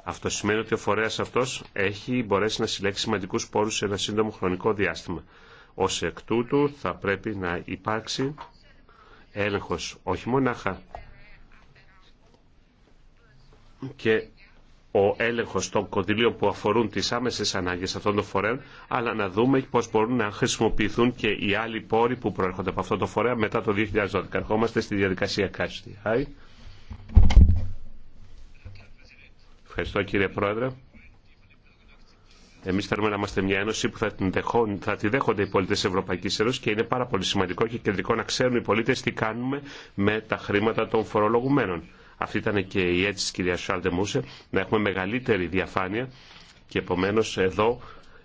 Αυτό σημαίνει ότι ο φορέας αυτός έχει μπορέσει να συλλέξει σημαντικούς πόρους σε ένα σύντομο χρονικό διάστημα. Ως εκ τούτου θα πρέπει να υπάρξει έλεγχος όχι μονάχα και ο έλεγχος των κονδυλίων που αφορούν τις άμεσες ανάγκες αυτών των φορέων, αλλά να δούμε πώς μπορούν να χρησιμοποιηθούν και οι άλλοι πόροι που προέρχονται από αυτό το φορέα μετά το 2012. Ερχόμαστε στη διαδικασία ΚΑΣΤΗ. Ευχαριστώ κύριε Πρόεδρε. Εμεί θέλουμε να είμαστε μια ένωση που θα, την δεχόν, θα τη δέχονται οι πολίτε Ευρωπαϊκή Ένωση και είναι πάρα πολύ σημαντικό και κεντρικό να ξέρουν οι πολίτε τι κάνουμε με τα χρήματα των φορολογουμένων. Αυτή ήταν και η έτσι τη κυρία Σάλτε Μούσε, να έχουμε μεγαλύτερη διαφάνεια και επομένω εδώ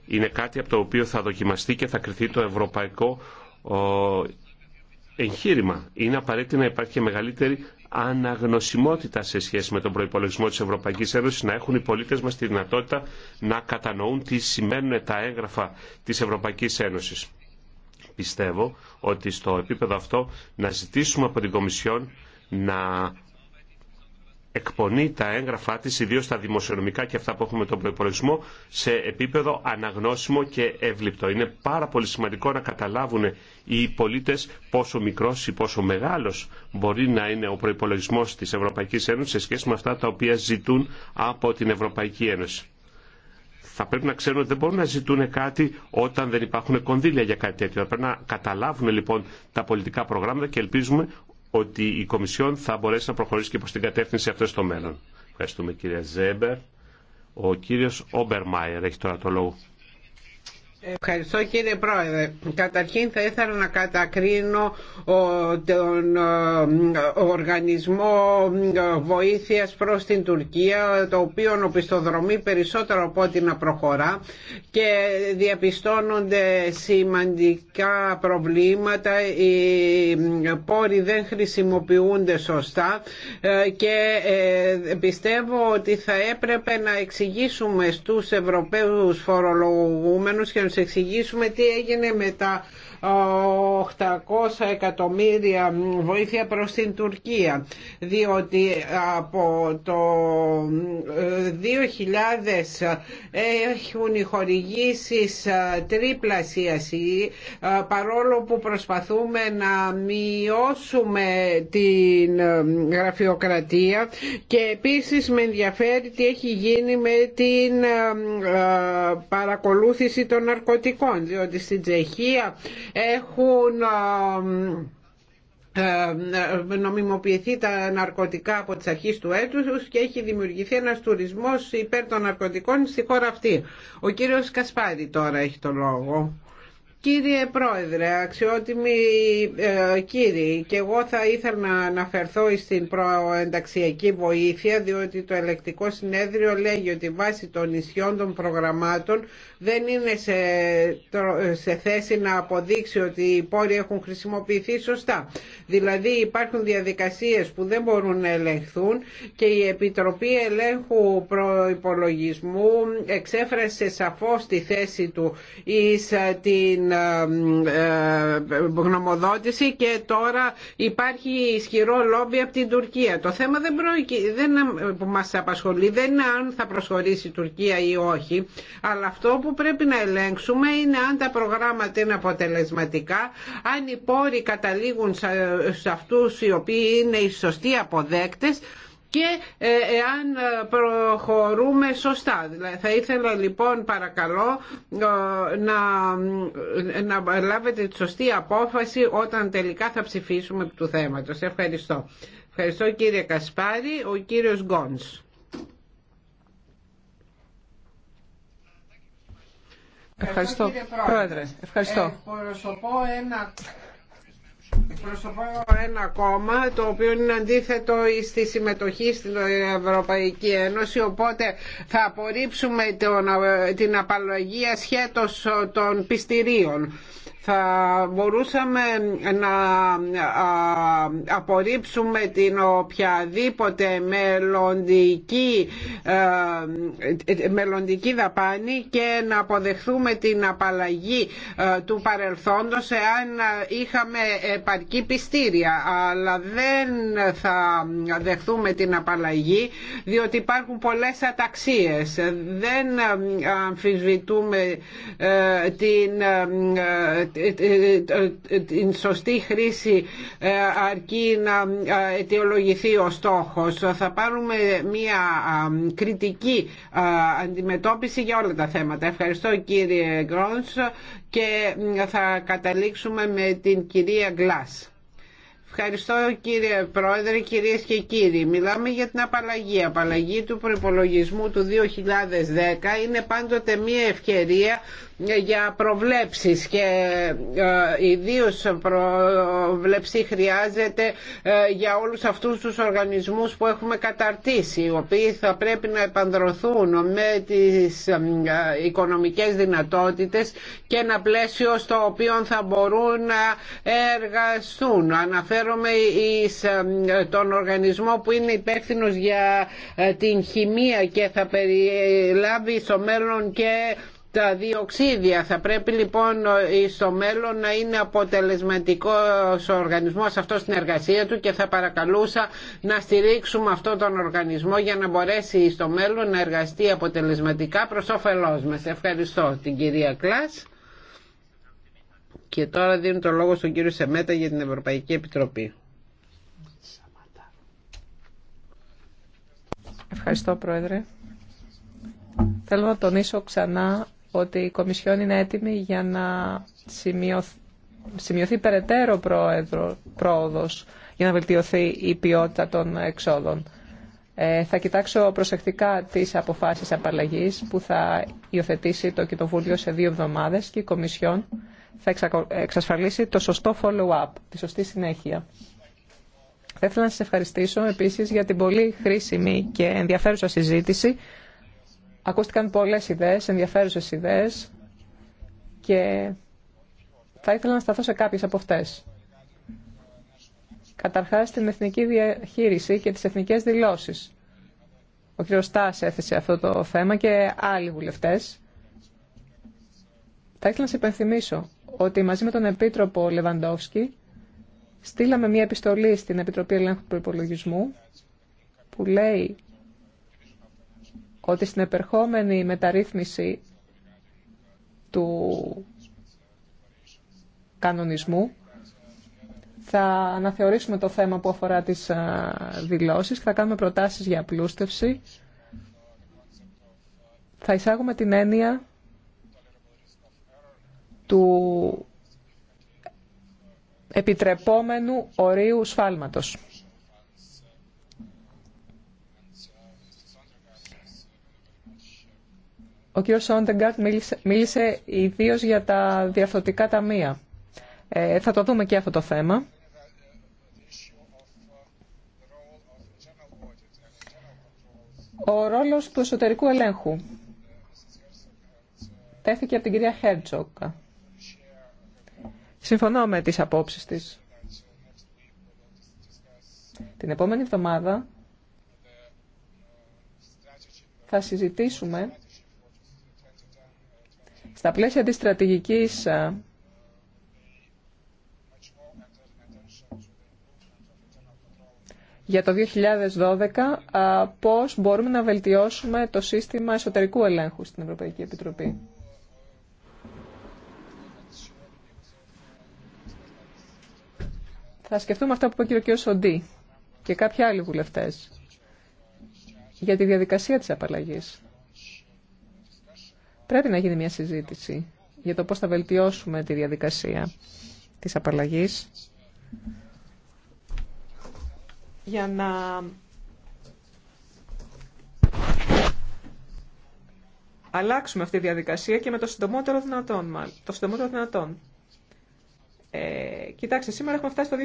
είναι κάτι από το οποίο θα δοκιμαστεί και θα κριθεί το ευρωπαϊκό εγχείρημα. Είναι απαραίτητο να υπάρχει και μεγαλύτερη αναγνωσιμότητα σε σχέση με τον προϋπολογισμό της Ευρωπαϊκής Ένωσης, να έχουν οι πολίτες μας τη δυνατότητα να κατανοούν τι σημαίνουν τα έγγραφα της Ευρωπαϊκής Ένωσης. Πιστεύω ότι στο επίπεδο αυτό να ζητήσουμε από την Κομισιόν να εκπονεί τα έγγραφά της, ιδίως τα δημοσιονομικά και αυτά που έχουμε τον προπολογισμό, σε επίπεδο αναγνώσιμο και εύληπτο. Είναι πάρα πολύ σημαντικό να καταλάβουν οι πολίτες πόσο μικρός ή πόσο μεγάλος μπορεί να είναι ο προϋπολογισμός της Ευρωπαϊκής Ένωσης σε σχέση με αυτά τα οποία ζητούν από την Ευρωπαϊκή Ένωση. Θα πρέπει να ξέρουν ότι δεν μπορούν να ζητούν κάτι όταν δεν υπάρχουν κονδύλια για κάτι τέτοιο. Θα πρέπει να καταλάβουν λοιπόν τα πολιτικά προγράμματα και ελπίζουμε ότι η Κομισιόν θα μπορέσει να προχωρήσει και προ την κατεύθυνση αυτή στο μέλλον. Ευχαριστούμε κύριε Ζέμπερ. Ο κύριος Μάιερ έχει τώρα το λόγο. Ευχαριστώ κύριε Πρόεδρε. Καταρχήν θα ήθελα να κατακρίνω τον οργανισμό βοήθειας προς την Τουρκία το οποίο οπισθοδρομεί περισσότερο από ό,τι να προχωρά και διαπιστώνονται σημαντικά προβλήματα οι ε, πόροι δεν χρησιμοποιούνται σωστά ε, και ε, πιστεύω ότι θα έπρεπε να εξηγήσουμε στους Ευρωπαίους φορολογούμενους και εξηγήσουμε τι έγινε με τα 800 εκατομμύρια βοήθεια προς την Τουρκία διότι από το 2000 έχουν οι χορηγήσεις τριπλασίαση e, παρόλο που προσπαθούμε να μειώσουμε την γραφειοκρατία και επίσης με ενδιαφέρει τι έχει γίνει με την ε, παρακολούθηση των ναρκωτικών διότι στην Τσεχία έχουν ε, ε, νομιμοποιηθεί τα ναρκωτικά από τις αρχές του έτους και έχει δημιουργηθεί ένας τουρισμός υπέρ των ναρκωτικών στη χώρα αυτή. Ο κύριος Κασπάρη τώρα έχει το λόγο. Κύριε Πρόεδρε, αξιότιμοι ε, κύριοι, και εγώ θα ήθελα να αναφερθώ στην προενταξιακή βοήθεια, διότι το ελεκτικό συνέδριο λέγει ότι βάσει των ισιών των προγραμμάτων δεν είναι σε, σε θέση να αποδείξει ότι οι πόροι έχουν χρησιμοποιηθεί σωστά. Δηλαδή υπάρχουν διαδικασίες που δεν μπορούν να ελεγχθούν και η Επιτροπή Ελέγχου Προϋπολογισμού εξέφρασε σαφώς τη θέση του εις ε, την ε, ε, γνωμοδότηση και τώρα υπάρχει ισχυρό λόμπι από την Τουρκία. Το θέμα δεν, δεν που μας απασχολεί δεν είναι αν θα προσχωρήσει η Τουρκία ή όχι, αλλά αυτό που πρέπει να ελέγξουμε είναι αν τα προγράμματα είναι αποτελεσματικά, αν οι πόροι καταλήγουν σε αυτούς οι οποίοι είναι οι σωστοί αποδέκτες και ε, εάν ε, προχωρούμε σωστά. Θα ήθελα λοιπόν παρακαλώ ε, να, να λάβετε τη σωστή απόφαση όταν τελικά θα ψηφίσουμε του θέματος. Ευχαριστώ. Ευχαριστώ κύριε Κασπάρη. Ο κύριος Γκόνς. Ευχαριστώ, Ευχαριστώ κύριε Πρόεδρε. Ευχαριστώ. Ε, Προσωπώ ένα κόμμα το οποίο είναι αντίθετο στη συμμετοχή στην Ευρωπαϊκή Ένωση οπότε θα απορρίψουμε την απαλλαγή σχέτος των πιστηρίων θα μπορούσαμε να απορρίψουμε την οποιαδήποτε μελλοντική, ε, μελλοντική δαπάνη και να αποδεχθούμε την απαλλαγή ε, του παρελθόντος εάν είχαμε επαρκή πιστήρια αλλά δεν θα δεχθούμε την απαλλαγή διότι υπάρχουν πολλές αταξίες δεν ε, αμφισβητούμε την την σωστή χρήση ε, αρκεί να ε, αιτιολογηθεί ο στόχος. Θα πάρουμε μια κριτική αντιμετώπιση για όλα τα θέματα. Ευχαριστώ κύριε Γκρόνς και θα καταλήξουμε με την κυρία Γκλάς. Ευχαριστώ κύριε Πρόεδρε, κυρίες και κύριοι. Μιλάμε για την απαλλαγή. απαλλαγή του προπολογισμού του 2010 είναι πάντοτε μια ευκαιρία για προβλέψεις και ε, ιδίως προβλέψη χρειάζεται ε, για όλους αυτούς τους οργανισμούς που έχουμε καταρτήσει οι οποίοι θα πρέπει να επανδροθούν με τις ε, οικονομικές δυνατότητες και ένα πλαίσιο στο οποίο θα μπορούν να εργαστούν. Αναφέρομαι εις τον οργανισμό που είναι υπεύθυνος για την χημεία και θα περιλάβει στο μέλλον και τα διοξίδια. Θα πρέπει λοιπόν ε, στο μέλλον να είναι αποτελεσματικός ο οργανισμός αυτό στην εργασία του και θα παρακαλούσα να στηρίξουμε αυτό τον οργανισμό για να μπορέσει στο μέλλον να εργαστεί αποτελεσματικά προς όφελός μας. Ευχαριστώ την κυρία Κλάς. Και τώρα δίνω το λόγο στον κύριο Σεμέτα για την Ευρωπαϊκή Επιτροπή. Ευχαριστώ Πρόεδρε. Θέλω να τονίσω ξανά ότι η Κομισιόν είναι έτοιμη για να σημειωθεί, σημειωθεί περαιτέρω πρόεδρο, πρόοδος για να βελτιωθεί η ποιότητα των εξόδων. Ε, θα κοιτάξω προσεκτικά τις αποφάσεις απαλλαγής που θα υιοθετήσει το Κοινοβούλιο σε δύο εβδομάδες και η Κομισιόν θα εξασφαλίσει το σωστό follow-up, τη σωστή συνέχεια. Θα ήθελα να σας ευχαριστήσω επίσης για την πολύ χρήσιμη και ενδιαφέρουσα συζήτηση Ακούστηκαν πολλές ιδέες, ενδιαφέρουσες ιδέες και θα ήθελα να σταθώ σε κάποιες από αυτές. Καταρχάς, την εθνική διαχείριση και τις εθνικές δηλώσεις. Ο κ. Στάς έθεσε αυτό το θέμα και άλλοι βουλευτές. Θα ήθελα να σε υπενθυμίσω ότι μαζί με τον Επίτροπο Λεβαντόφσκι στείλαμε μια επιστολή στην Επιτροπή Ελέγχου Προπολογισμού που λέει ότι στην επερχόμενη μεταρρύθμιση του κανονισμού θα αναθεωρήσουμε το θέμα που αφορά τις ε, δηλώσεις, θα κάνουμε προτάσεις για απλούστευση, θα εισάγουμε την έννοια του επιτρεπόμενου ορίου σφάλματος. Ο κύριος Σόντεγκαρτ μίλησε, μίλησε ιδίως για τα διαφθορτικά ταμεία. Ε, θα το δούμε και αυτό το θέμα. Ο ρόλος του εσωτερικού ελέγχου τέθηκε από την κυρία Χέρτζοκ. Συμφωνώ με τις απόψεις της. Την επόμενη εβδομάδα θα συζητήσουμε στα πλαίσια της στρατηγικής για το 2012 πώς μπορούμε να βελτιώσουμε το σύστημα εσωτερικού ελέγχου στην Ευρωπαϊκή Επιτροπή. Θα σκεφτούμε αυτά που είπε ο κ. Σοντή και κάποιοι άλλοι βουλευτές για τη διαδικασία της απαλλαγής. Πρέπει να γίνει μια συζήτηση για το πώς θα βελτιώσουμε τη διαδικασία της απαλλαγής για να αλλάξουμε αυτή τη διαδικασία και με το συντομότερο δυνατόν. Το συντομότερο δυνατόν. Ε, κοιτάξτε, σήμερα έχουμε φτάσει το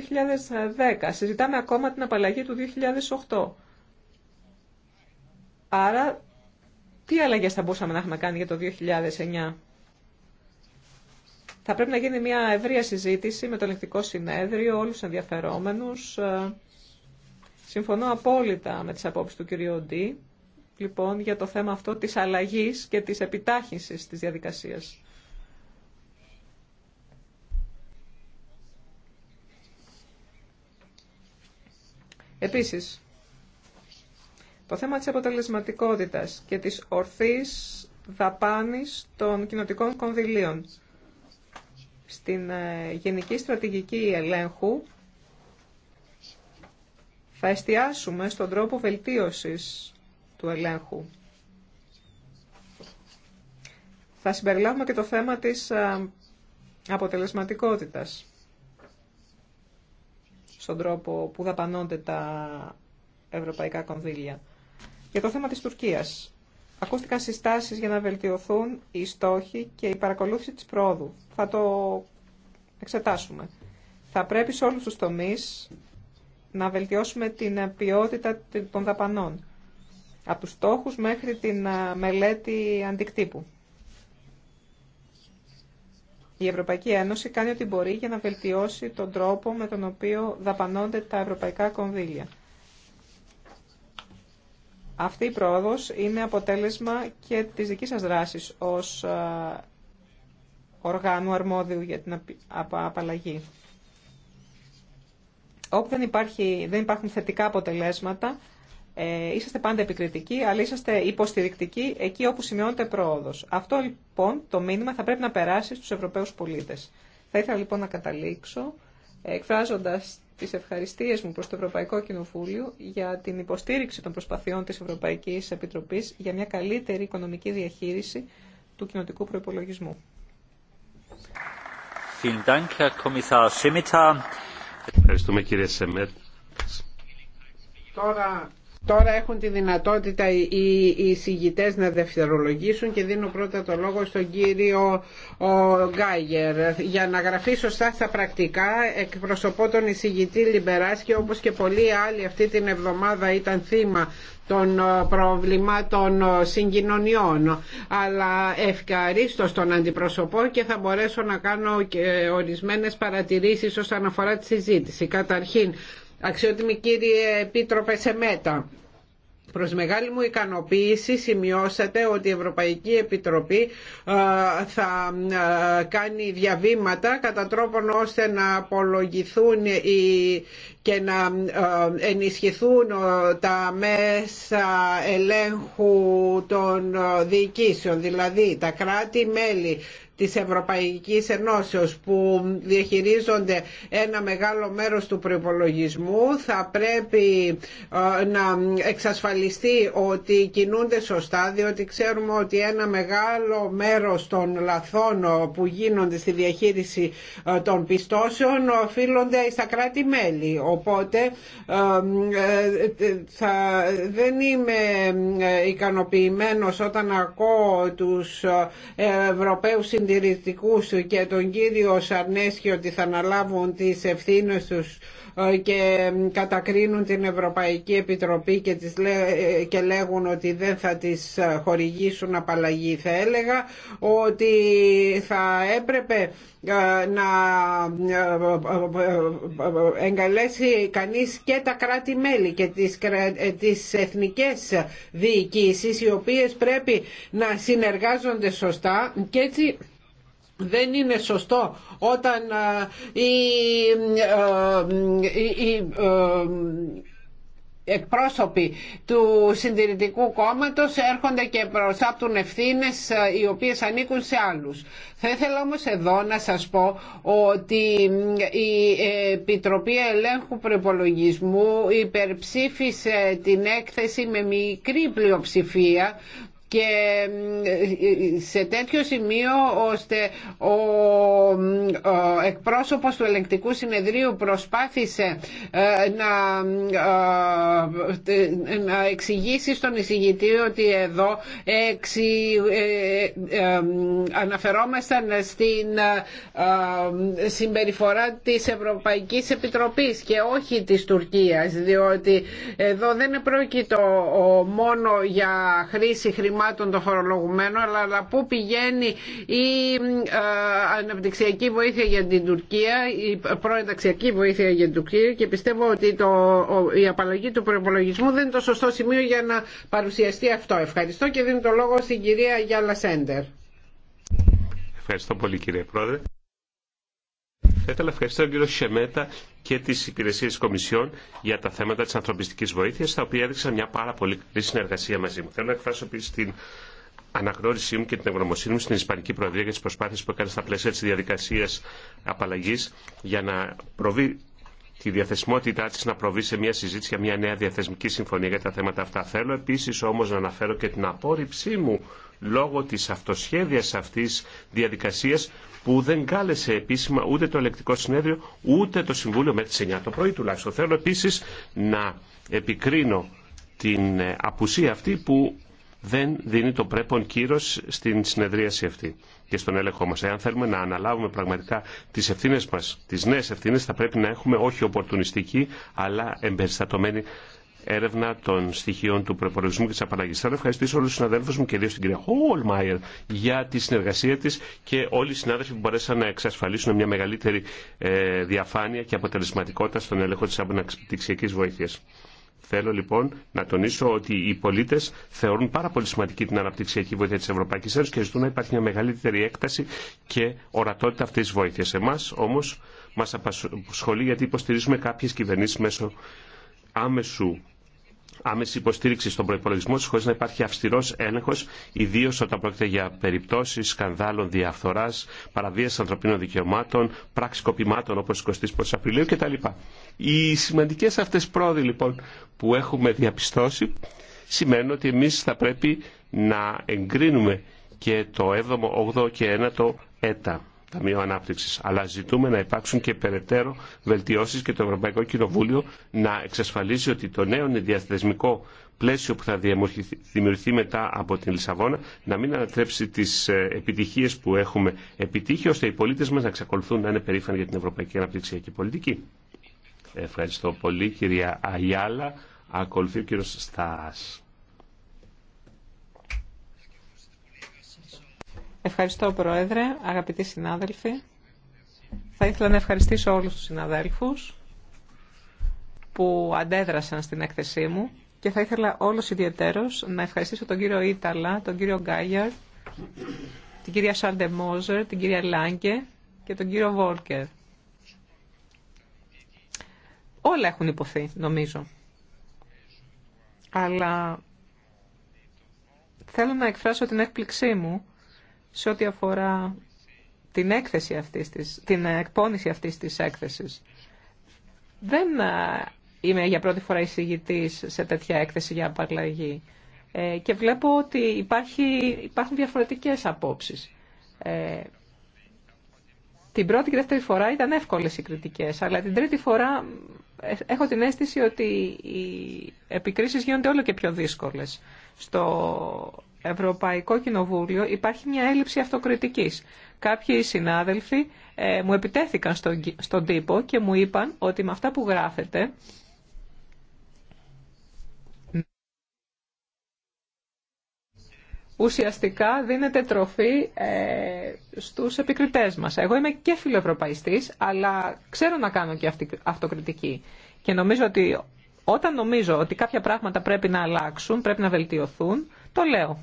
2010. Συζητάμε ακόμα την απαλλαγή του 2008. Άρα τι αλλαγές θα μπορούσαμε να έχουμε κάνει για το 2009. Θα πρέπει να γίνει μια ευρεία συζήτηση με το Ελεκτικό συνέδριο, όλους τους ενδιαφερόμενους. Ε, συμφωνώ απόλυτα με τις απόψεις του κυρίου Ντί, λοιπόν, για το θέμα αυτό της αλλαγής και της επιτάχυνσης της διαδικασίας. Επίσης, το θέμα της αποτελεσματικότητας και της ορθής δαπάνης των κοινοτικών κονδυλίων. Στην ε, Γενική Στρατηγική Ελέγχου θα εστιάσουμε στον τρόπο βελτίωσης του ελέγχου. Θα συμπεριλάβουμε και το θέμα της ε, αποτελεσματικότητας στον τρόπο που δαπανώνται τα ευρωπαϊκά κονδύλια. Για το θέμα της Τουρκίας. Ακούστηκαν συστάσεις για να βελτιωθούν οι στόχοι και η παρακολούθηση της πρόοδου. Θα το εξετάσουμε. Θα πρέπει σε όλους τους τομείς να βελτιώσουμε την ποιότητα των δαπανών. Από τους στόχους μέχρι την μελέτη αντικτύπου. Η Ευρωπαϊκή Ένωση κάνει ό,τι μπορεί για να βελτιώσει τον τρόπο με τον οποίο δαπανώνται τα ευρωπαϊκά κονδύλια. Αυτή η πρόοδος είναι αποτέλεσμα και της δικής σας δράσης ως ε, οργάνου αρμόδιου για την απαλλαγή. Όπου δεν, υπάρχει, δεν υπάρχουν θετικά αποτελέσματα, ε, είσαστε πάντα επικριτικοί, αλλά είσαστε υποστηρικτικοί εκεί όπου σημειώνεται πρόοδος. Αυτό λοιπόν το μήνυμα θα πρέπει να περάσει στους Ευρωπαίους πολίτες. Θα ήθελα λοιπόν να καταλήξω εκφράζοντας τι ευχαριστίε μου προς το Ευρωπαϊκό Κοινοβούλιο για την υποστήριξη των προσπαθειών της Ευρωπαϊκής Επιτροπή για μια καλύτερη οικονομική διαχείριση του κοινοτικού προπολογισμού. Ευχαριστούμε κύριε Τώρα Τώρα έχουν τη δυνατότητα οι συγητέ να δευτερολογήσουν και δίνω πρώτα το λόγο στον κύριο Γκάιγερ. Για να γραφεί σωστά στα πρακτικά, εκπροσωπώ τον εισηγητή και όπως και πολλοί άλλοι αυτή την εβδομάδα ήταν θύμα των ε, προβλημάτων ε, συγκοινωνιών αλλά ευχαρίστω τον αντιπροσωπώ και θα μπορέσω να κάνω και ορισμένες παρατηρήσεις όσον αφορά τη συζήτηση. Καταρχήν Αξιότιμη κύριε Επίτροπε Σεμέτα, Προς μεγάλη μου ικανοποίηση σημειώσατε ότι η Ευρωπαϊκή Επιτροπή θα κάνει διαβήματα κατά τρόπον ώστε να απολογηθούν και να ενισχυθούν τα μέσα ελέγχου των διοικήσεων, δηλαδή τα κράτη-μέλη της Ευρωπαϊκής Ενώσεως που διαχειρίζονται ένα μεγάλο μέρος του προϋπολογισμού θα πρέπει ε, να εξασφαλιστεί ότι κινούνται σωστά διότι ξέρουμε ότι ένα μεγάλο μέρος των λαθών ε, που γίνονται στη διαχείριση ε, των πιστώσεων οφείλονται στα κράτη-μέλη οπότε θα, δεν είμαι ικανοποιημένος όταν ακούω τους Ευρωπαίους συντηρητικούς και τον κύριο Σαρνέσκι ότι θα αναλάβουν τις ευθύνες τους ε, και κατακρίνουν την Ευρωπαϊκή Επιτροπή και, τις ε, λέγουν ότι δεν θα τις ε, χορηγήσουν απαλλαγή. Θα έλεγα ότι θα έπρεπε να εγκαλέσει κανείς και τα κράτη-μέλη και τις, τις εθνικές διοικήσεις οι οποίες πρέπει να συνεργάζονται σωστά και έτσι δεν είναι σωστό όταν ε, οι ε, ε, εκπρόσωποι του συντηρητικού κόμματος έρχονται και προσάπτουν ευθύνες οι οποίες ανήκουν σε άλλους. Θα ήθελα όμως εδώ να σας πω ότι η Επιτροπή Ελέγχου Προπολογισμού υπερψήφισε την έκθεση με μικρή πλειοψηφία και σε τέτοιο σημείο ώστε ο εκπρόσωπος του ελεγκτικού συνεδρίου προσπάθησε ε, να, ε, να εξηγήσει στον εισηγητή ότι εδώ ε, αναφερόμασταν στην συμπεριφορά της Ευρωπαϊκής Επιτροπής και όχι της Τουρκίας διότι εδώ δεν πρόκειτο μόνο για χρήση χρημάτων χρημάτων το φορολογούμενο, αλλά πού πηγαίνει η ε, αναπτυξιακή βοήθεια για την Τουρκία η προενταξιακή βοήθεια για την Τουρκία και πιστεύω ότι το, η απαλλαγή του προπολογισμού δεν είναι το σωστό σημείο για να παρουσιαστεί αυτό. Ευχαριστώ και δίνω το λόγο στην κυρία Γιάλα Σέντερ. Ευχαριστώ πολύ κύριε Πρόεδρε. Θα ήθελα να ευχαριστώ τον κύριο Σεμέτα και τι υπηρεσίε τη Κομισιόν για τα θέματα τη ανθρωπιστική βοήθεια, τα οποία έδειξαν μια πάρα πολύ καλή συνεργασία μαζί μου. Θέλω να εκφράσω επίση την αναγνώρισή μου και την ευγνωμοσύνη μου στην Ισπανική Προεδρία για τι προσπάθειε που έκανε στα πλαίσια τη διαδικασία απαλλαγή για να προβεί τη διαθεσιμότητά τη να προβεί σε μια συζήτηση για μια νέα διαθεσμική συμφωνία για τα θέματα αυτά. Θέλω επίση όμω να αναφέρω και την απόρριψή μου λόγω της αυτοσχέδιας αυτής διαδικασίας που δεν κάλεσε επίσημα ούτε το ελεκτικό συνέδριο ούτε το Συμβούλιο μέχρι τις 9 το πρωί τουλάχιστον. Θέλω επίσης να επικρίνω την ε, απουσία αυτή που δεν δίνει το πρέπον κύρος στην συνεδρίαση αυτή και στον έλεγχό μας. Εάν θέλουμε να αναλάβουμε πραγματικά τις ευθύνες μας, τις νέες ευθύνες, θα πρέπει να έχουμε όχι οπορτουνιστική, αλλά εμπεριστατωμένη έρευνα των στοιχείων του προπολογισμού και τη απαλλαγή. Θέλω να ευχαριστήσω όλου του συναδέλφου μου και ιδίω την κυρία Χόλμαϊερ για τη συνεργασία τη και όλοι οι συνάδελφοι που μπορέσαν να εξασφαλίσουν μια μεγαλύτερη ε, διαφάνεια και αποτελεσματικότητα στον έλεγχο τη αναπτυξιακή βοήθεια. Θέλω λοιπόν να τονίσω ότι οι πολίτε θεωρούν πάρα πολύ σημαντική την αναπτυξιακή βοήθεια τη Ευρωπαϊκή Ένωση και ζητούν να υπάρχει μια μεγαλύτερη έκταση και ορατότητα αυτή τη βοήθεια. Εμά όμω μα απασχολεί γιατί υποστηρίζουμε κάποιε κυβερνήσει μέσω άμεσου άμεση υποστήριξη στον προπολογισμό τη χωρί να υπάρχει αυστηρό έλεγχο, ιδίω όταν πρόκειται για περιπτώσει σκανδάλων διαφθορά, παραβίαση ανθρωπίνων δικαιωμάτων, πράξη κοπημάτων, όπω 21 Απριλίου κτλ. Οι σημαντικέ αυτέ πρόοδοι λοιπόν που έχουμε διαπιστώσει σημαίνουν ότι εμεί θα πρέπει να εγκρίνουμε και το 7ο, 8ο και 9ο ΕΤΑ. Ταμείο Ανάπτυξη. Αλλά ζητούμε να υπάρξουν και περαιτέρω βελτιώσει και το Ευρωπαϊκό Κοινοβούλιο να εξασφαλίσει ότι το νέο διαθεσμικό πλαίσιο που θα δημιουργηθεί μετά από την Λισαβόνα να μην ανατρέψει τι ε, επιτυχίε που έχουμε επιτύχει, ώστε οι πολίτε μα να εξακολουθούν να είναι περήφανοι για την Ευρωπαϊκή Αναπτυξιακή Πολιτική. Ευχαριστώ πολύ, κυρία Αγιάλα. Ακολουθεί ο κύριο Στάς. Ευχαριστώ, Πρόεδρε, αγαπητοί συνάδελφοι. Θα ήθελα να ευχαριστήσω όλους τους συναδέλφους που αντέδρασαν στην έκθεσή μου και θα ήθελα όλος ιδιαιτέρως να ευχαριστήσω τον κύριο Ήταλα, τον κύριο Γκάγιαρ, την κυρία Σάντε Μόζερ, την κυρία Λάγκε και τον κύριο Βόλκερ. Όλα έχουν υποθεί, νομίζω. Αλλά θέλω να εκφράσω την έκπληξή μου σε ό,τι αφορά την έκθεση αυτής της, την εκπόνηση αυτής της έκθεσης. Δεν ε, είμαι για πρώτη φορά εισηγητής σε τέτοια έκθεση για απαλλαγή ε, και βλέπω ότι υπάρχει, υπάρχουν διαφορετικές απόψεις. Ε, την πρώτη και δεύτερη φορά ήταν εύκολες οι κριτικές, αλλά την τρίτη φορά έχω την αίσθηση ότι οι επικρίσεις γίνονται όλο και πιο δύσκολες στο Ευρωπαϊκό Κοινοβούλιο υπάρχει μια έλλειψη αυτοκριτικής. Κάποιοι συνάδελφοι ε, μου επιτέθηκαν στον, στον τύπο και μου είπαν ότι με αυτά που γράφετε ουσιαστικά δίνεται τροφή ε, στους επικριτές μας. Εγώ είμαι και φιλοευρωπαϊστής, αλλά ξέρω να κάνω και αυτοκριτική. Και νομίζω ότι όταν νομίζω ότι κάποια πράγματα πρέπει να αλλάξουν, πρέπει να βελτιωθούν, το λέω.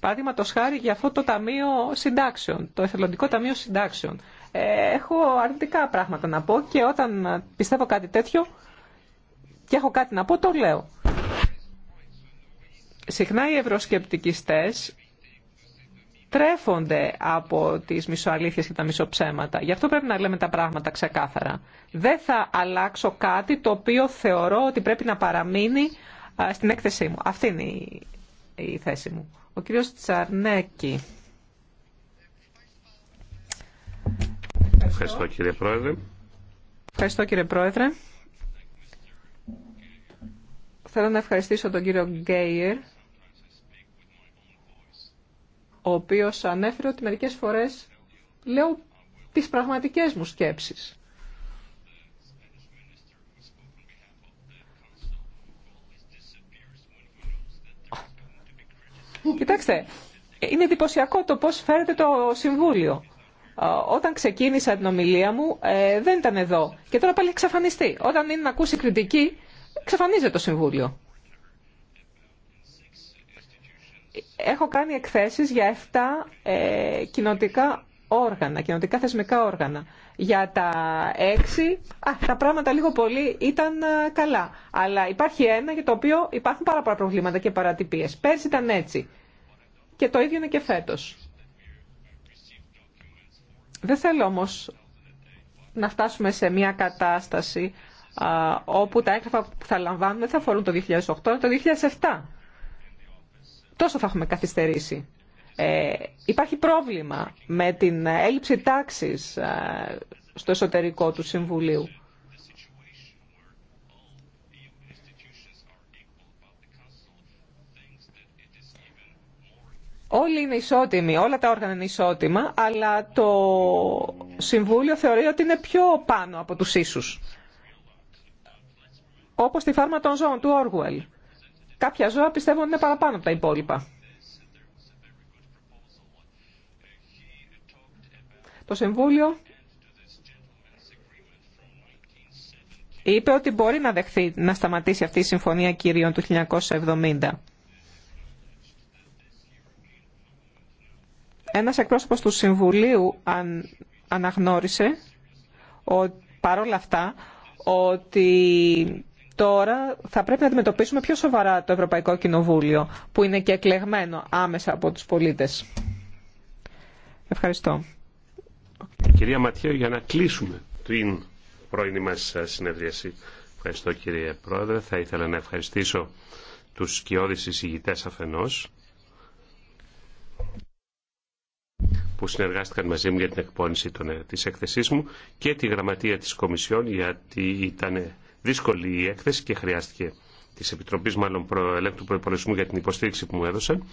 Παραδείγματο χάρη για αυτό το Ταμείο Συντάξεων, το Εθελοντικό Ταμείο Συντάξεων. Ε, έχω αρνητικά πράγματα να πω και όταν πιστεύω κάτι τέτοιο και έχω κάτι να πω, το λέω. Συχνά οι ευρωσκεπτικιστές τρέφονται από τις μισοαλήθειες και τα μισοψέματα. Γι' αυτό πρέπει να λέμε τα πράγματα ξεκάθαρα. Δεν θα αλλάξω κάτι το οποίο θεωρώ ότι πρέπει να παραμείνει ε, στην έκθεσή μου. Αυτή είναι η η θέση μου. Ο κύριος Τσαρνέκη. Ευχαριστώ κύριε Πρόεδρε. Ευχαριστώ κύριε Πρόεδρε. Θέλω να ευχαριστήσω τον κύριο Γκέιερ, ο οποίος ανέφερε ότι μερικές φορές λέω τις πραγματικές μου σκέψεις. Κοιτάξτε, είναι εντυπωσιακό το πώς φέρετε το Συμβούλιο. Ε, όταν ξεκίνησα την ομιλία μου ε, δεν ήταν εδώ και τώρα πάλι εξαφανιστεί. Όταν είναι να ακούσει κριτική, εξαφανίζεται το Συμβούλιο. Έχω κάνει εκθέσεις για 7 ε, κοινοτικά όργανα, κοινωτικά θεσμικά όργανα. Για τα έξι, τα πράγματα λίγο πολύ ήταν καλά. Αλλά υπάρχει ένα για το οποίο υπάρχουν πάρα πολλά προβλήματα και παρατυπίες. Πέρσι ήταν έτσι. Και το ίδιο είναι και φέτο. Δεν θέλω όμως να φτάσουμε σε μια κατάσταση α, όπου τα έγγραφα που θα λαμβάνουμε θα αφορούν το 2008, αλλά το 2007. Τόσο θα έχουμε καθυστερήσει. Ε, υπάρχει πρόβλημα με την έλλειψη τάξης ε, στο εσωτερικό του Συμβουλίου. Όλοι είναι ισότιμοι, όλα τα όργανα είναι ισότιμα, αλλά το Συμβούλιο θεωρεί ότι είναι πιο πάνω από τους ίσους. Όπως τη φάρμα των ζώων του Όργουελ. Κάποια ζώα πιστεύουν ότι είναι παραπάνω από τα υπόλοιπα. Το Συμβούλιο είπε ότι μπορεί να δεχθεί να σταματήσει αυτή η Συμφωνία Κυρίων του 1970. Ένας εκπρόσωπος του Συμβουλίου αν, αναγνώρισε ο, παρόλα αυτά ότι τώρα θα πρέπει να αντιμετωπίσουμε πιο σοβαρά το Ευρωπαϊκό Κοινοβούλιο που είναι και εκλεγμένο άμεσα από τους πολίτες. Ευχαριστώ. Κυρία Ματιέ, για να κλείσουμε την πρώην μας ε, συνεδρίαση. Ευχαριστώ κύριε Πρόεδρε. Θα ήθελα να ευχαριστήσω τους σκιώδεις εισηγητές αφενός που συνεργάστηκαν μαζί μου για την εκπόνηση τη ε, της έκθεσής μου και τη γραμματεία της Κομισιόν γιατί ήταν δύσκολη η έκθεση και χρειάστηκε της Επιτροπής μάλλον Προελέκτου Προϋπολογισμού για την υποστήριξη που μου έδωσαν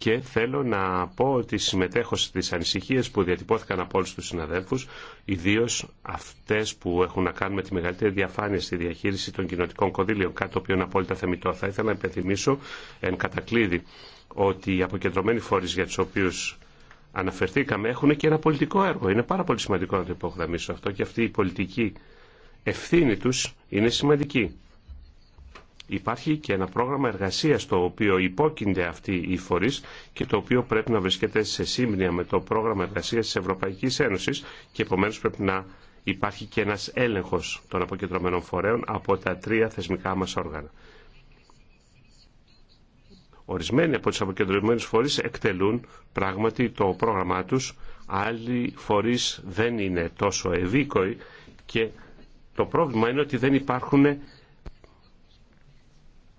και θέλω να πω ότι συμμετέχω στις ανησυχίες που διατυπώθηκαν από όλους τους συναδέλφους, ιδίως αυτές που έχουν να κάνουν με τη μεγαλύτερη διαφάνεια στη διαχείριση των κοινοτικών κονδύλιων, κάτι το οποίο είναι απόλυτα θεμητό. Θα ήθελα να υπενθυμίσω εν κατακλείδη ότι οι αποκεντρωμένοι φόρεις για τους οποίους αναφερθήκαμε έχουν και ένα πολιτικό έργο. Είναι πάρα πολύ σημαντικό να το υπογραμμίσω αυτό και αυτή η πολιτική ευθύνη τους είναι σημαντική υπάρχει και ένα πρόγραμμα εργασίας το οποίο υπόκεινται αυτοί οι φορεί και το οποίο πρέπει να βρίσκεται σε σύμπνοια με το πρόγραμμα εργασίας της Ευρωπαϊκής Ένωσης και επομένως πρέπει να υπάρχει και ένας έλεγχος των αποκεντρωμένων φορέων από τα τρία θεσμικά μας όργανα. Ορισμένοι από τους αποκεντρωμένους φορείς εκτελούν πράγματι το πρόγραμμά τους, άλλοι φορείς δεν είναι τόσο ευήκοοι και το πρόβλημα είναι ότι δεν υπάρχουν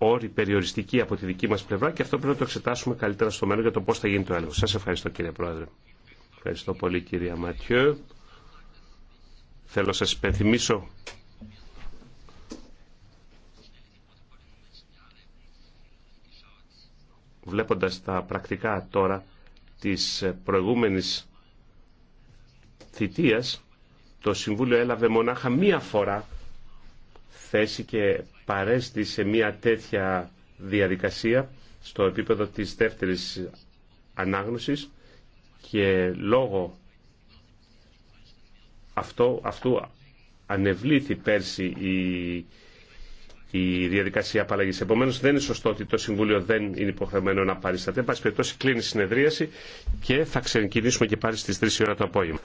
όροι περιοριστικοί από τη δική μας πλευρά και αυτό πρέπει να το εξετάσουμε καλύτερα στο μέλλον για το πώς θα γίνει το έλεγχο. Σας ευχαριστώ κύριε Πρόεδρε. Ευχαριστώ πολύ κυρία Ματιέ. Θέλω να σας υπενθυμίσω βλέποντας τα πρακτικά τώρα της προηγούμενης θητείας το Συμβούλιο έλαβε μονάχα μία φορά θέση και παρέστη σε μια τέτοια διαδικασία στο επίπεδο της δεύτερης ανάγνωσης και λόγω αυτό, αυτού ανεβλήθη πέρσι η, η διαδικασία απαλλαγής. Επομένως δεν είναι σωστό ότι το Συμβούλιο δεν είναι υποχρεωμένο να παρισταθεί. Εν πάση περιπτώσει κλείνει η συνεδρίαση και θα ξεκινήσουμε και πάλι στις 3 ώρα το απόγευμα.